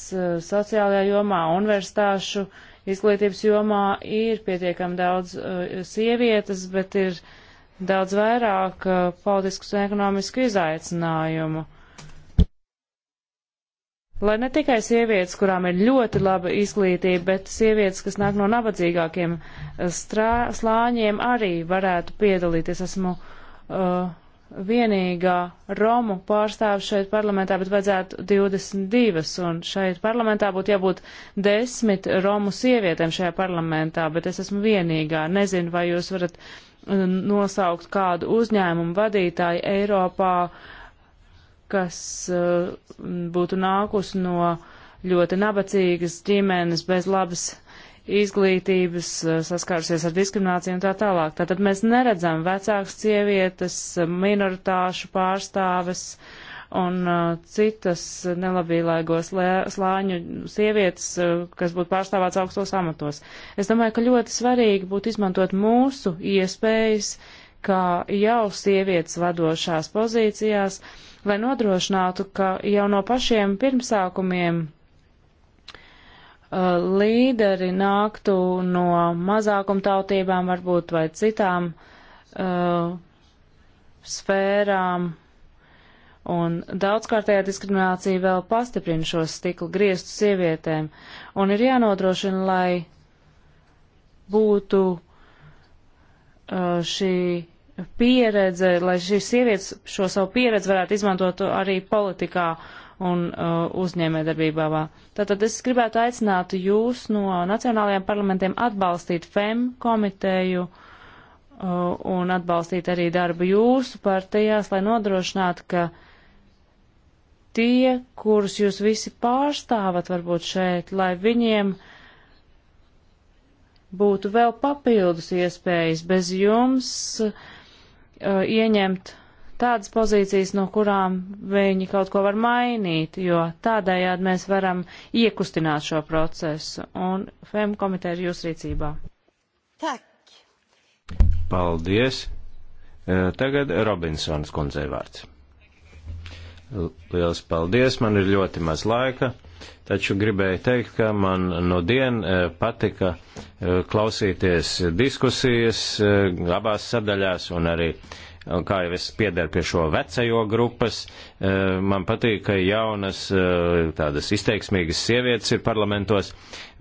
sociālajā jomā, universitāšu uh, izglītības jomā ir pietiekami daudz eh, sievietes, bet ir daudz vairāk eh, politiskus un ekonomisku izaicinājumu. Lai ne tikai sievietes, kurām ir ļoti laba izglītība, bet sievietes, kas nāk no nabadzīgākiem eh, strā, slāņiem, arī varētu piedalīties. Esmu uh, vienīgā Romu pārstāve šeit parlamentā, bet vajadzētu 22, un šeit parlamentā būtu jābūt desmit Romu sievietēm šajā parlamentā, bet es esmu vienīgā. Nezinu, vai jūs varat uh, nosaukt kādu uzņēmumu vadītāju Eiropā, kas uh, būtu nākus no ļoti nabadzīgas ģimenes bez labas izglītības, eh, saskārusies ar diskrimināciju un tā tālāk. Tātad mēs neredzam vecākas sievietes, minoritāšu pārstāves un uh, citas nelabvēlīgos slāņu sievietes, uh, kas būtu pārstāvāts augstos amatos. Es domāju, ka ļoti svarīgi būtu izmantot mūsu iespējas, kā jau sievietes vadošās pozīcijās, lai nodrošinātu, ka jau no pašiem pirmsākumiem Uh, līderi nāktu no mazākumtautībām varbūt vai citām uh, sfērām. Un daudzkārtējā diskriminācija vēl pastiprina šo stikla griestu sievietēm. Un ir jānodrošina, lai būtu uh, šī pieredze, lai šīs sievietes šo savu pieredzi varētu izmantot arī politikā un uh, uzņēmējdarbībā. Tātad es gribētu aicināt jūs no nacionālajiem parlamentiem atbalstīt FEM komiteju uh, un atbalstīt arī darbu jūsu partijās, lai nodrošinātu, ka tie, kurus jūs visi pārstāvat varbūt šeit, lai viņiem būtu vēl papildus iespējas bez jums uh, ieņemt tādas pozīcijas, no kurām viņi kaut ko var mainīt, jo tādējādi mēs varam iekustināt šo procesu. Un FEM komiteja ir jūs rīcībā. Tak. Paldies. E, tagad Robinsons kundzei vārds. Liels paldies, man ir ļoti maz laika, taču gribēju teikt, ka man no dien e, patika e, klausīties diskusijas abās sadaļās un arī kā jau es piederu pie šo vecajo grupas, eh, man patīk, ka jaunas eh, tādas izteiksmīgas sievietes ir parlamentos.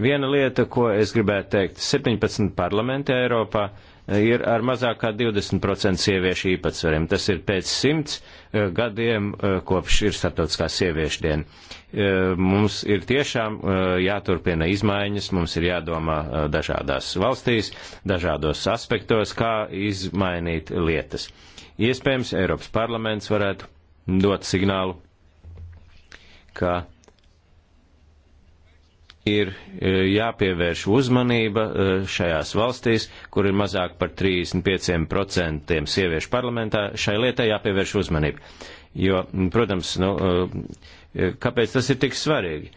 Viena lieta, ko es gribētu teikt, 17 parlamenti Eiropā eh, ir ar mazākā 20% sieviešu īpatsvariem. Tas ir pēc simts gadiem, kopš ir startautiskā sieviešu diena. Mums ir tiešām jāturpina izmaiņas, mums ir jādomā dažādās valstīs, dažādos aspektos, kā izmainīt lietas. Iespējams, Eiropas parlaments varētu dot signālu, ka ir e, jāpievērš uzmanība e, šajās valstīs, kur ir mazāk par 35% sieviešu parlamentā, šai lietai jāpievērš uzmanība. Jo, protams, nu, e, kāpēc tas ir tik svarīgi?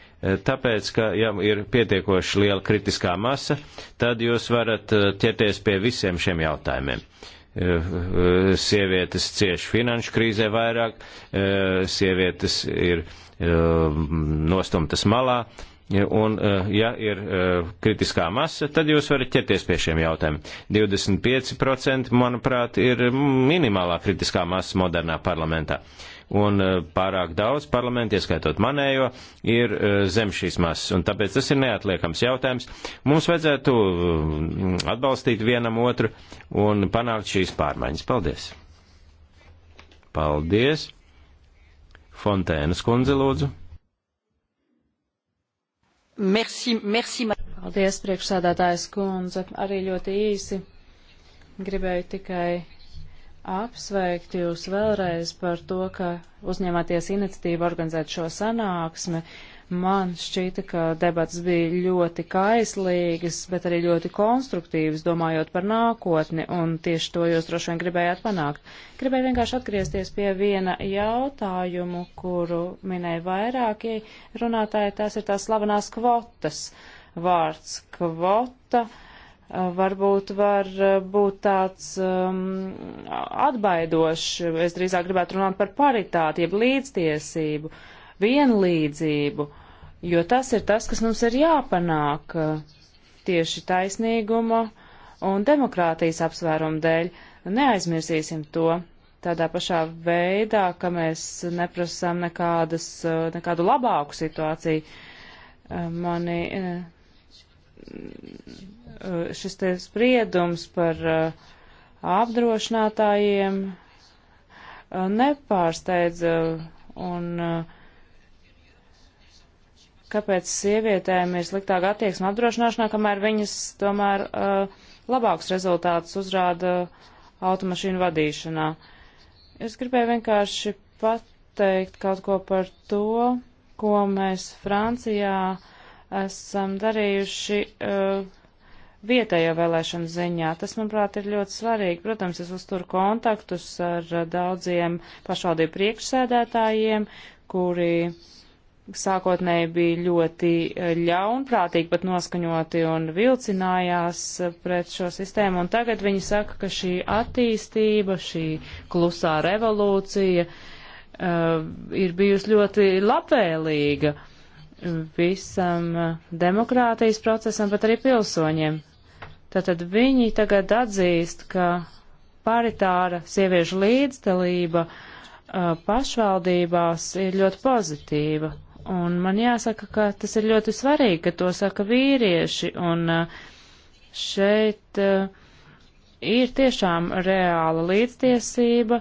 Tāpēc, ka ja ir pietiekoši liela kritiskā masa, tad jūs varat ķerties pie visiem šiem jautājumiem. Uh, Eh, eh, sievietes cieši finanšu krīzē vairāk, eh, sievietes ir nostumtas malā, un ja ir kritiskā masa, tad jūs varat ķerties pie šiem jautājumiem. 25%, manuprāt, ir minimālā kritiskā masa modernā parlamentā un eh, pārāk daudz parlamentu, ieskaitot manējo, ir eh, zem šīs masas, un tāpēc tas ir neatliekams jautājums. Mums vajadzētu mm, atbalstīt vienam otru un panākt šīs pārmaiņas. Paldies! Paldies! Fontēnas kundze, lūdzu! Merci, merci. Paldies, priekšsādātājs kundze, arī ļoti īsi. Gribēju tikai apsveikt jūs vēlreiz par to, ka uzņēmāties iniciatīvu organizēt šo sanāksmi. Man šķita, ka debats bija ļoti kaislīgas, bet arī ļoti konstruktīvas, domājot par nākotni, un tieši to jūs droši vien gribējāt panākt. Gribēju vienkārši atgriezties pie viena jautājumu, kuru minēja vairākie runātāji, tās ir tās slavenās kvotas. Vārds kvota. Uh, Eh, varbūt var eh, būt tāds um, atbaidošs. Es drīzāk gribētu runāt par paritāti, jeb līdztiesību, vienlīdzību, jo tas ir tas, kas mums ir jāpanāk eh, tieši taisnīguma un demokrātijas apsvērumu dēļ. Neaizmirsīsim to tādā pašā veidā, ka mēs neprasām nekādas, nekādu labāku situāciju. Mani Uh, šis te spriedums par uh, apdrošinātājiem uh, nepārsteidza un kāpēc sievietēm ir sliktāka attieksme apdrošināšanā, kamēr viņas tomēr labākus rezultātus uzrāda automašīnu vadīšanā. Es gribēju vienkārši pateikt kaut ko par to, ko mēs Francijā esam darījuši uh, vietējo vēlēšanu ziņā. Tas, manuprāt, ir ļoti svarīgi. Protams, es uzturu kontaktus ar eh, daudziem pašvaldību priekšsēdētājiem, kuri sākotnēji bija ļoti eh, ļaunprātīgi, pat noskaņoti un vilcinājās eh, pret šo sistēmu. Un tagad viņi saka, ka šī attīstība, šī klusā revolūcija uh, ir bijusi ļoti labvēlīga visam demokrātijas procesam, bet arī pilsoņiem. Tātad viņi tagad atzīst, ka paritāra sieviešu līdzdalība pašvaldībās ir ļoti pozitīva. Un man jāsaka, ka tas ir ļoti svarīgi, ka to saka vīrieši. Un šeit ir tiešām reāla līdztiesība.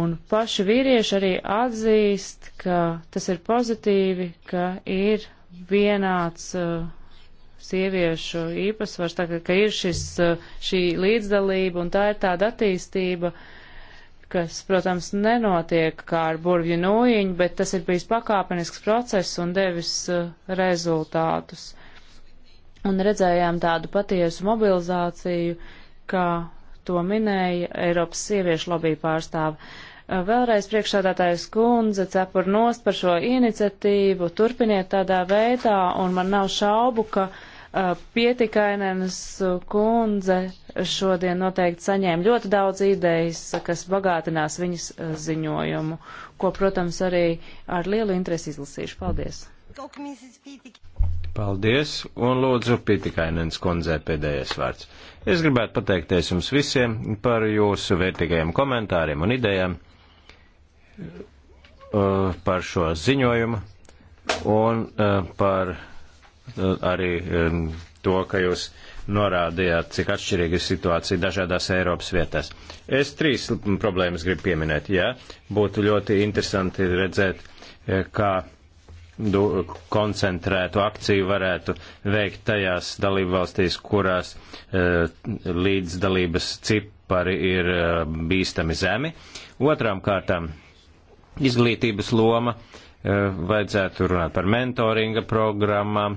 Un paši vīrieši arī atzīst, ka tas ir pozitīvi, ka ir vienāds uh, sieviešu īpatsvars, tā ka, ka ir šis, eh, šī līdzdalība un tā ir tāda attīstība, kas, protams, nenotiek kā ar burvju nūjiņu, bet tas ir bijis pakāpenisks process un devis eh, rezultātus. Un redzējām tādu patiesu mobilizāciju, kā to minēja Eiropas sieviešu lobby pārstāve. Eh, vēlreiz priekšādātājs kundze cepur nost par šo iniciatīvu, turpiniet tādā veidā, un man nav šaubu, ka uh, Uh, Pietikainenes kundze šodien noteikti saņēma ļoti daudz idejas, kas bagātinās viņas uh, ziņojumu, ko, protams, arī ar lielu interesi izlasīšu. Paldies! Paldies, un lūdzu Pītikainens kundzē pēdējais vārds. Es gribētu pateikties jums visiem par jūsu vērtīgajiem komentāriem un idejām uh, par šo ziņojumu un par arī to, ka jūs norādījāt, cik atšķirīga ir situācija dažādās Eiropas vietās. Es trīs problēmas gribu pieminēt. Jā, būtu ļoti interesanti redzēt, e, kā koncentrētu akciju varētu veikt tajās dalībvalstīs, kurās e, līdzdalības cipari ir e, bīstami zemi. Otrām kārtām izglītības loma, vajadzētu runāt par mentoringa programmām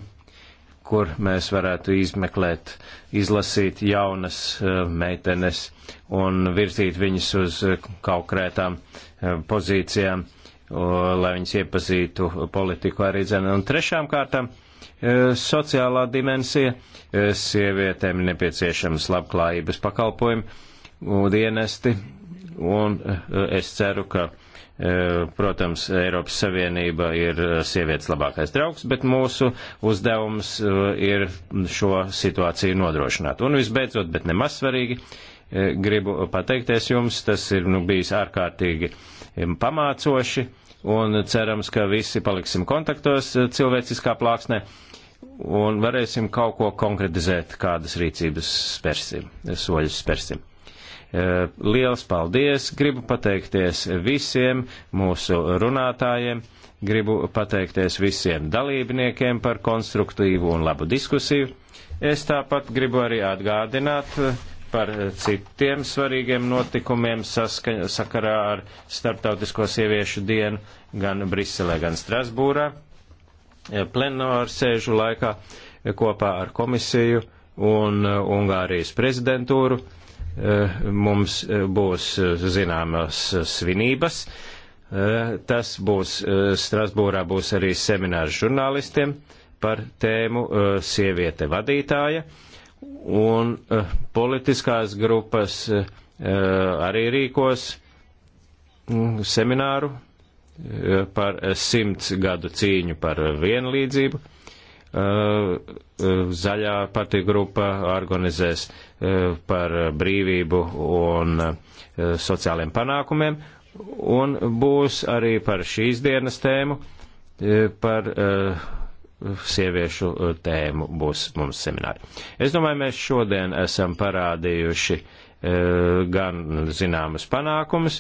kur mēs varētu izmeklēt, izlasīt jaunas eh, meitenes un virzīt viņas uz eh, kaukrētām eh, pozīcijām, lai viņas iepazītu politiku arī dzene. Un trešām kārtām sociālā dimensija, sievietēm nepieciešams labklājības pakalpojumi, dienesti, un es ceru, ka E, protams, Eiropas Savienība ir e, sievietes labākais draugs, bet mūsu uzdevums e, ir šo situāciju nodrošināt. Un visbeidzot, bet nemaz svarīgi, gribu pateikties jums, tas ir nu, bijis ārkārtīgi pamācoši un cerams, ka visi paliksim kontaktos cilvēciskā plāksnē un varēsim kaut ko konkretizēt, kādas rīcības spērsim, soļus spērsim. Eh, liels paldies! Gribu pateikties visiem mūsu runātājiem, gribu pateikties visiem dalībniekiem par konstruktīvu un labu diskusiju. Es tāpat gribu arī atgādināt eh, par citiem svarīgiem notikumiem saskaņ, sakarā ar Startautisko sieviešu dienu gan Briselē, gan Strasbūrā eh, plenāru sēžu laikā kopā ar komisiju un Ungārijas prezidentūru. Eh, mums eh, būs eh, zināmas svinības. Tas būs Strasbūrā būs arī seminārs žurnālistiem par tēmu sieviete vadītāja un politiskās grupas arī rīkos mm, semināru par simts gadu cīņu par vienlīdzību. Zaļā partija grupa organizēs uh, Eh, par brīvību un eh, sociāliem panākumiem, un būs arī par šīs dienas tēmu, eh, par sieviešu tēmu būs mums semināri. Es domāju, mēs šodien esam parādījuši gan zināmas panākumus,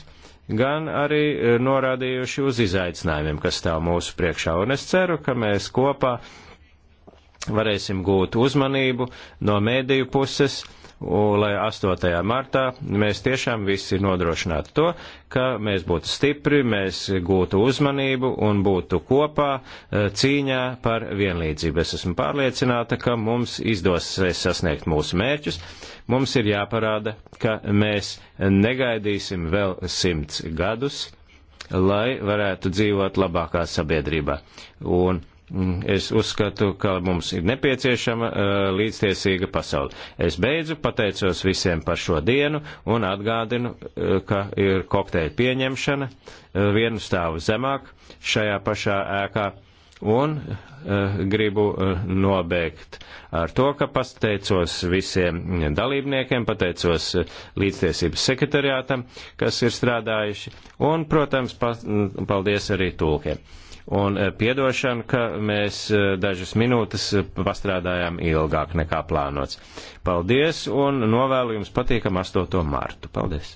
gan arī norādījuši uz izaicinājumiem, kas stāv mūsu priekšā. Un es ceru, ka mēs kopā varēsim gūt uzmanību no mēdīju puses, un lai 8. martā mēs tiešām visi nodrošinātu to, ka mēs būtu stipri, mēs gūtu uzmanību un būtu kopā e, cīņā par vienlīdzību. Es esmu pārliecināta, ka mums izdosies sasniegt mūsu mērķus. Mums ir jāparāda, ka mēs negaidīsim vēl simts gadus, lai varētu dzīvot labākā sabiedrībā. Un Mm, es uzskatu, ka mums ir nepieciešama uh, līdztiesīga pasaule. Es beidzu, pateicos visiem par šo dienu un atgādinu, uh, ka ir kokteļa pieņemšana uh, vienu stāvu zemāk šajā pašā ēkā. Un uh, gribu uh, nobeigt ar to, ka pateicos visiem dalībniekiem, pateicos uh, līdztiesības sekretariātam, kas ir strādājuši, un, protams, pa, mm, paldies arī tulkiem un eh, piedošana, ka mēs eh, dažas minūtes eh, pastrādājām ilgāk nekā plānots. Paldies un novēlu jums patīkam 8. martu. Paldies!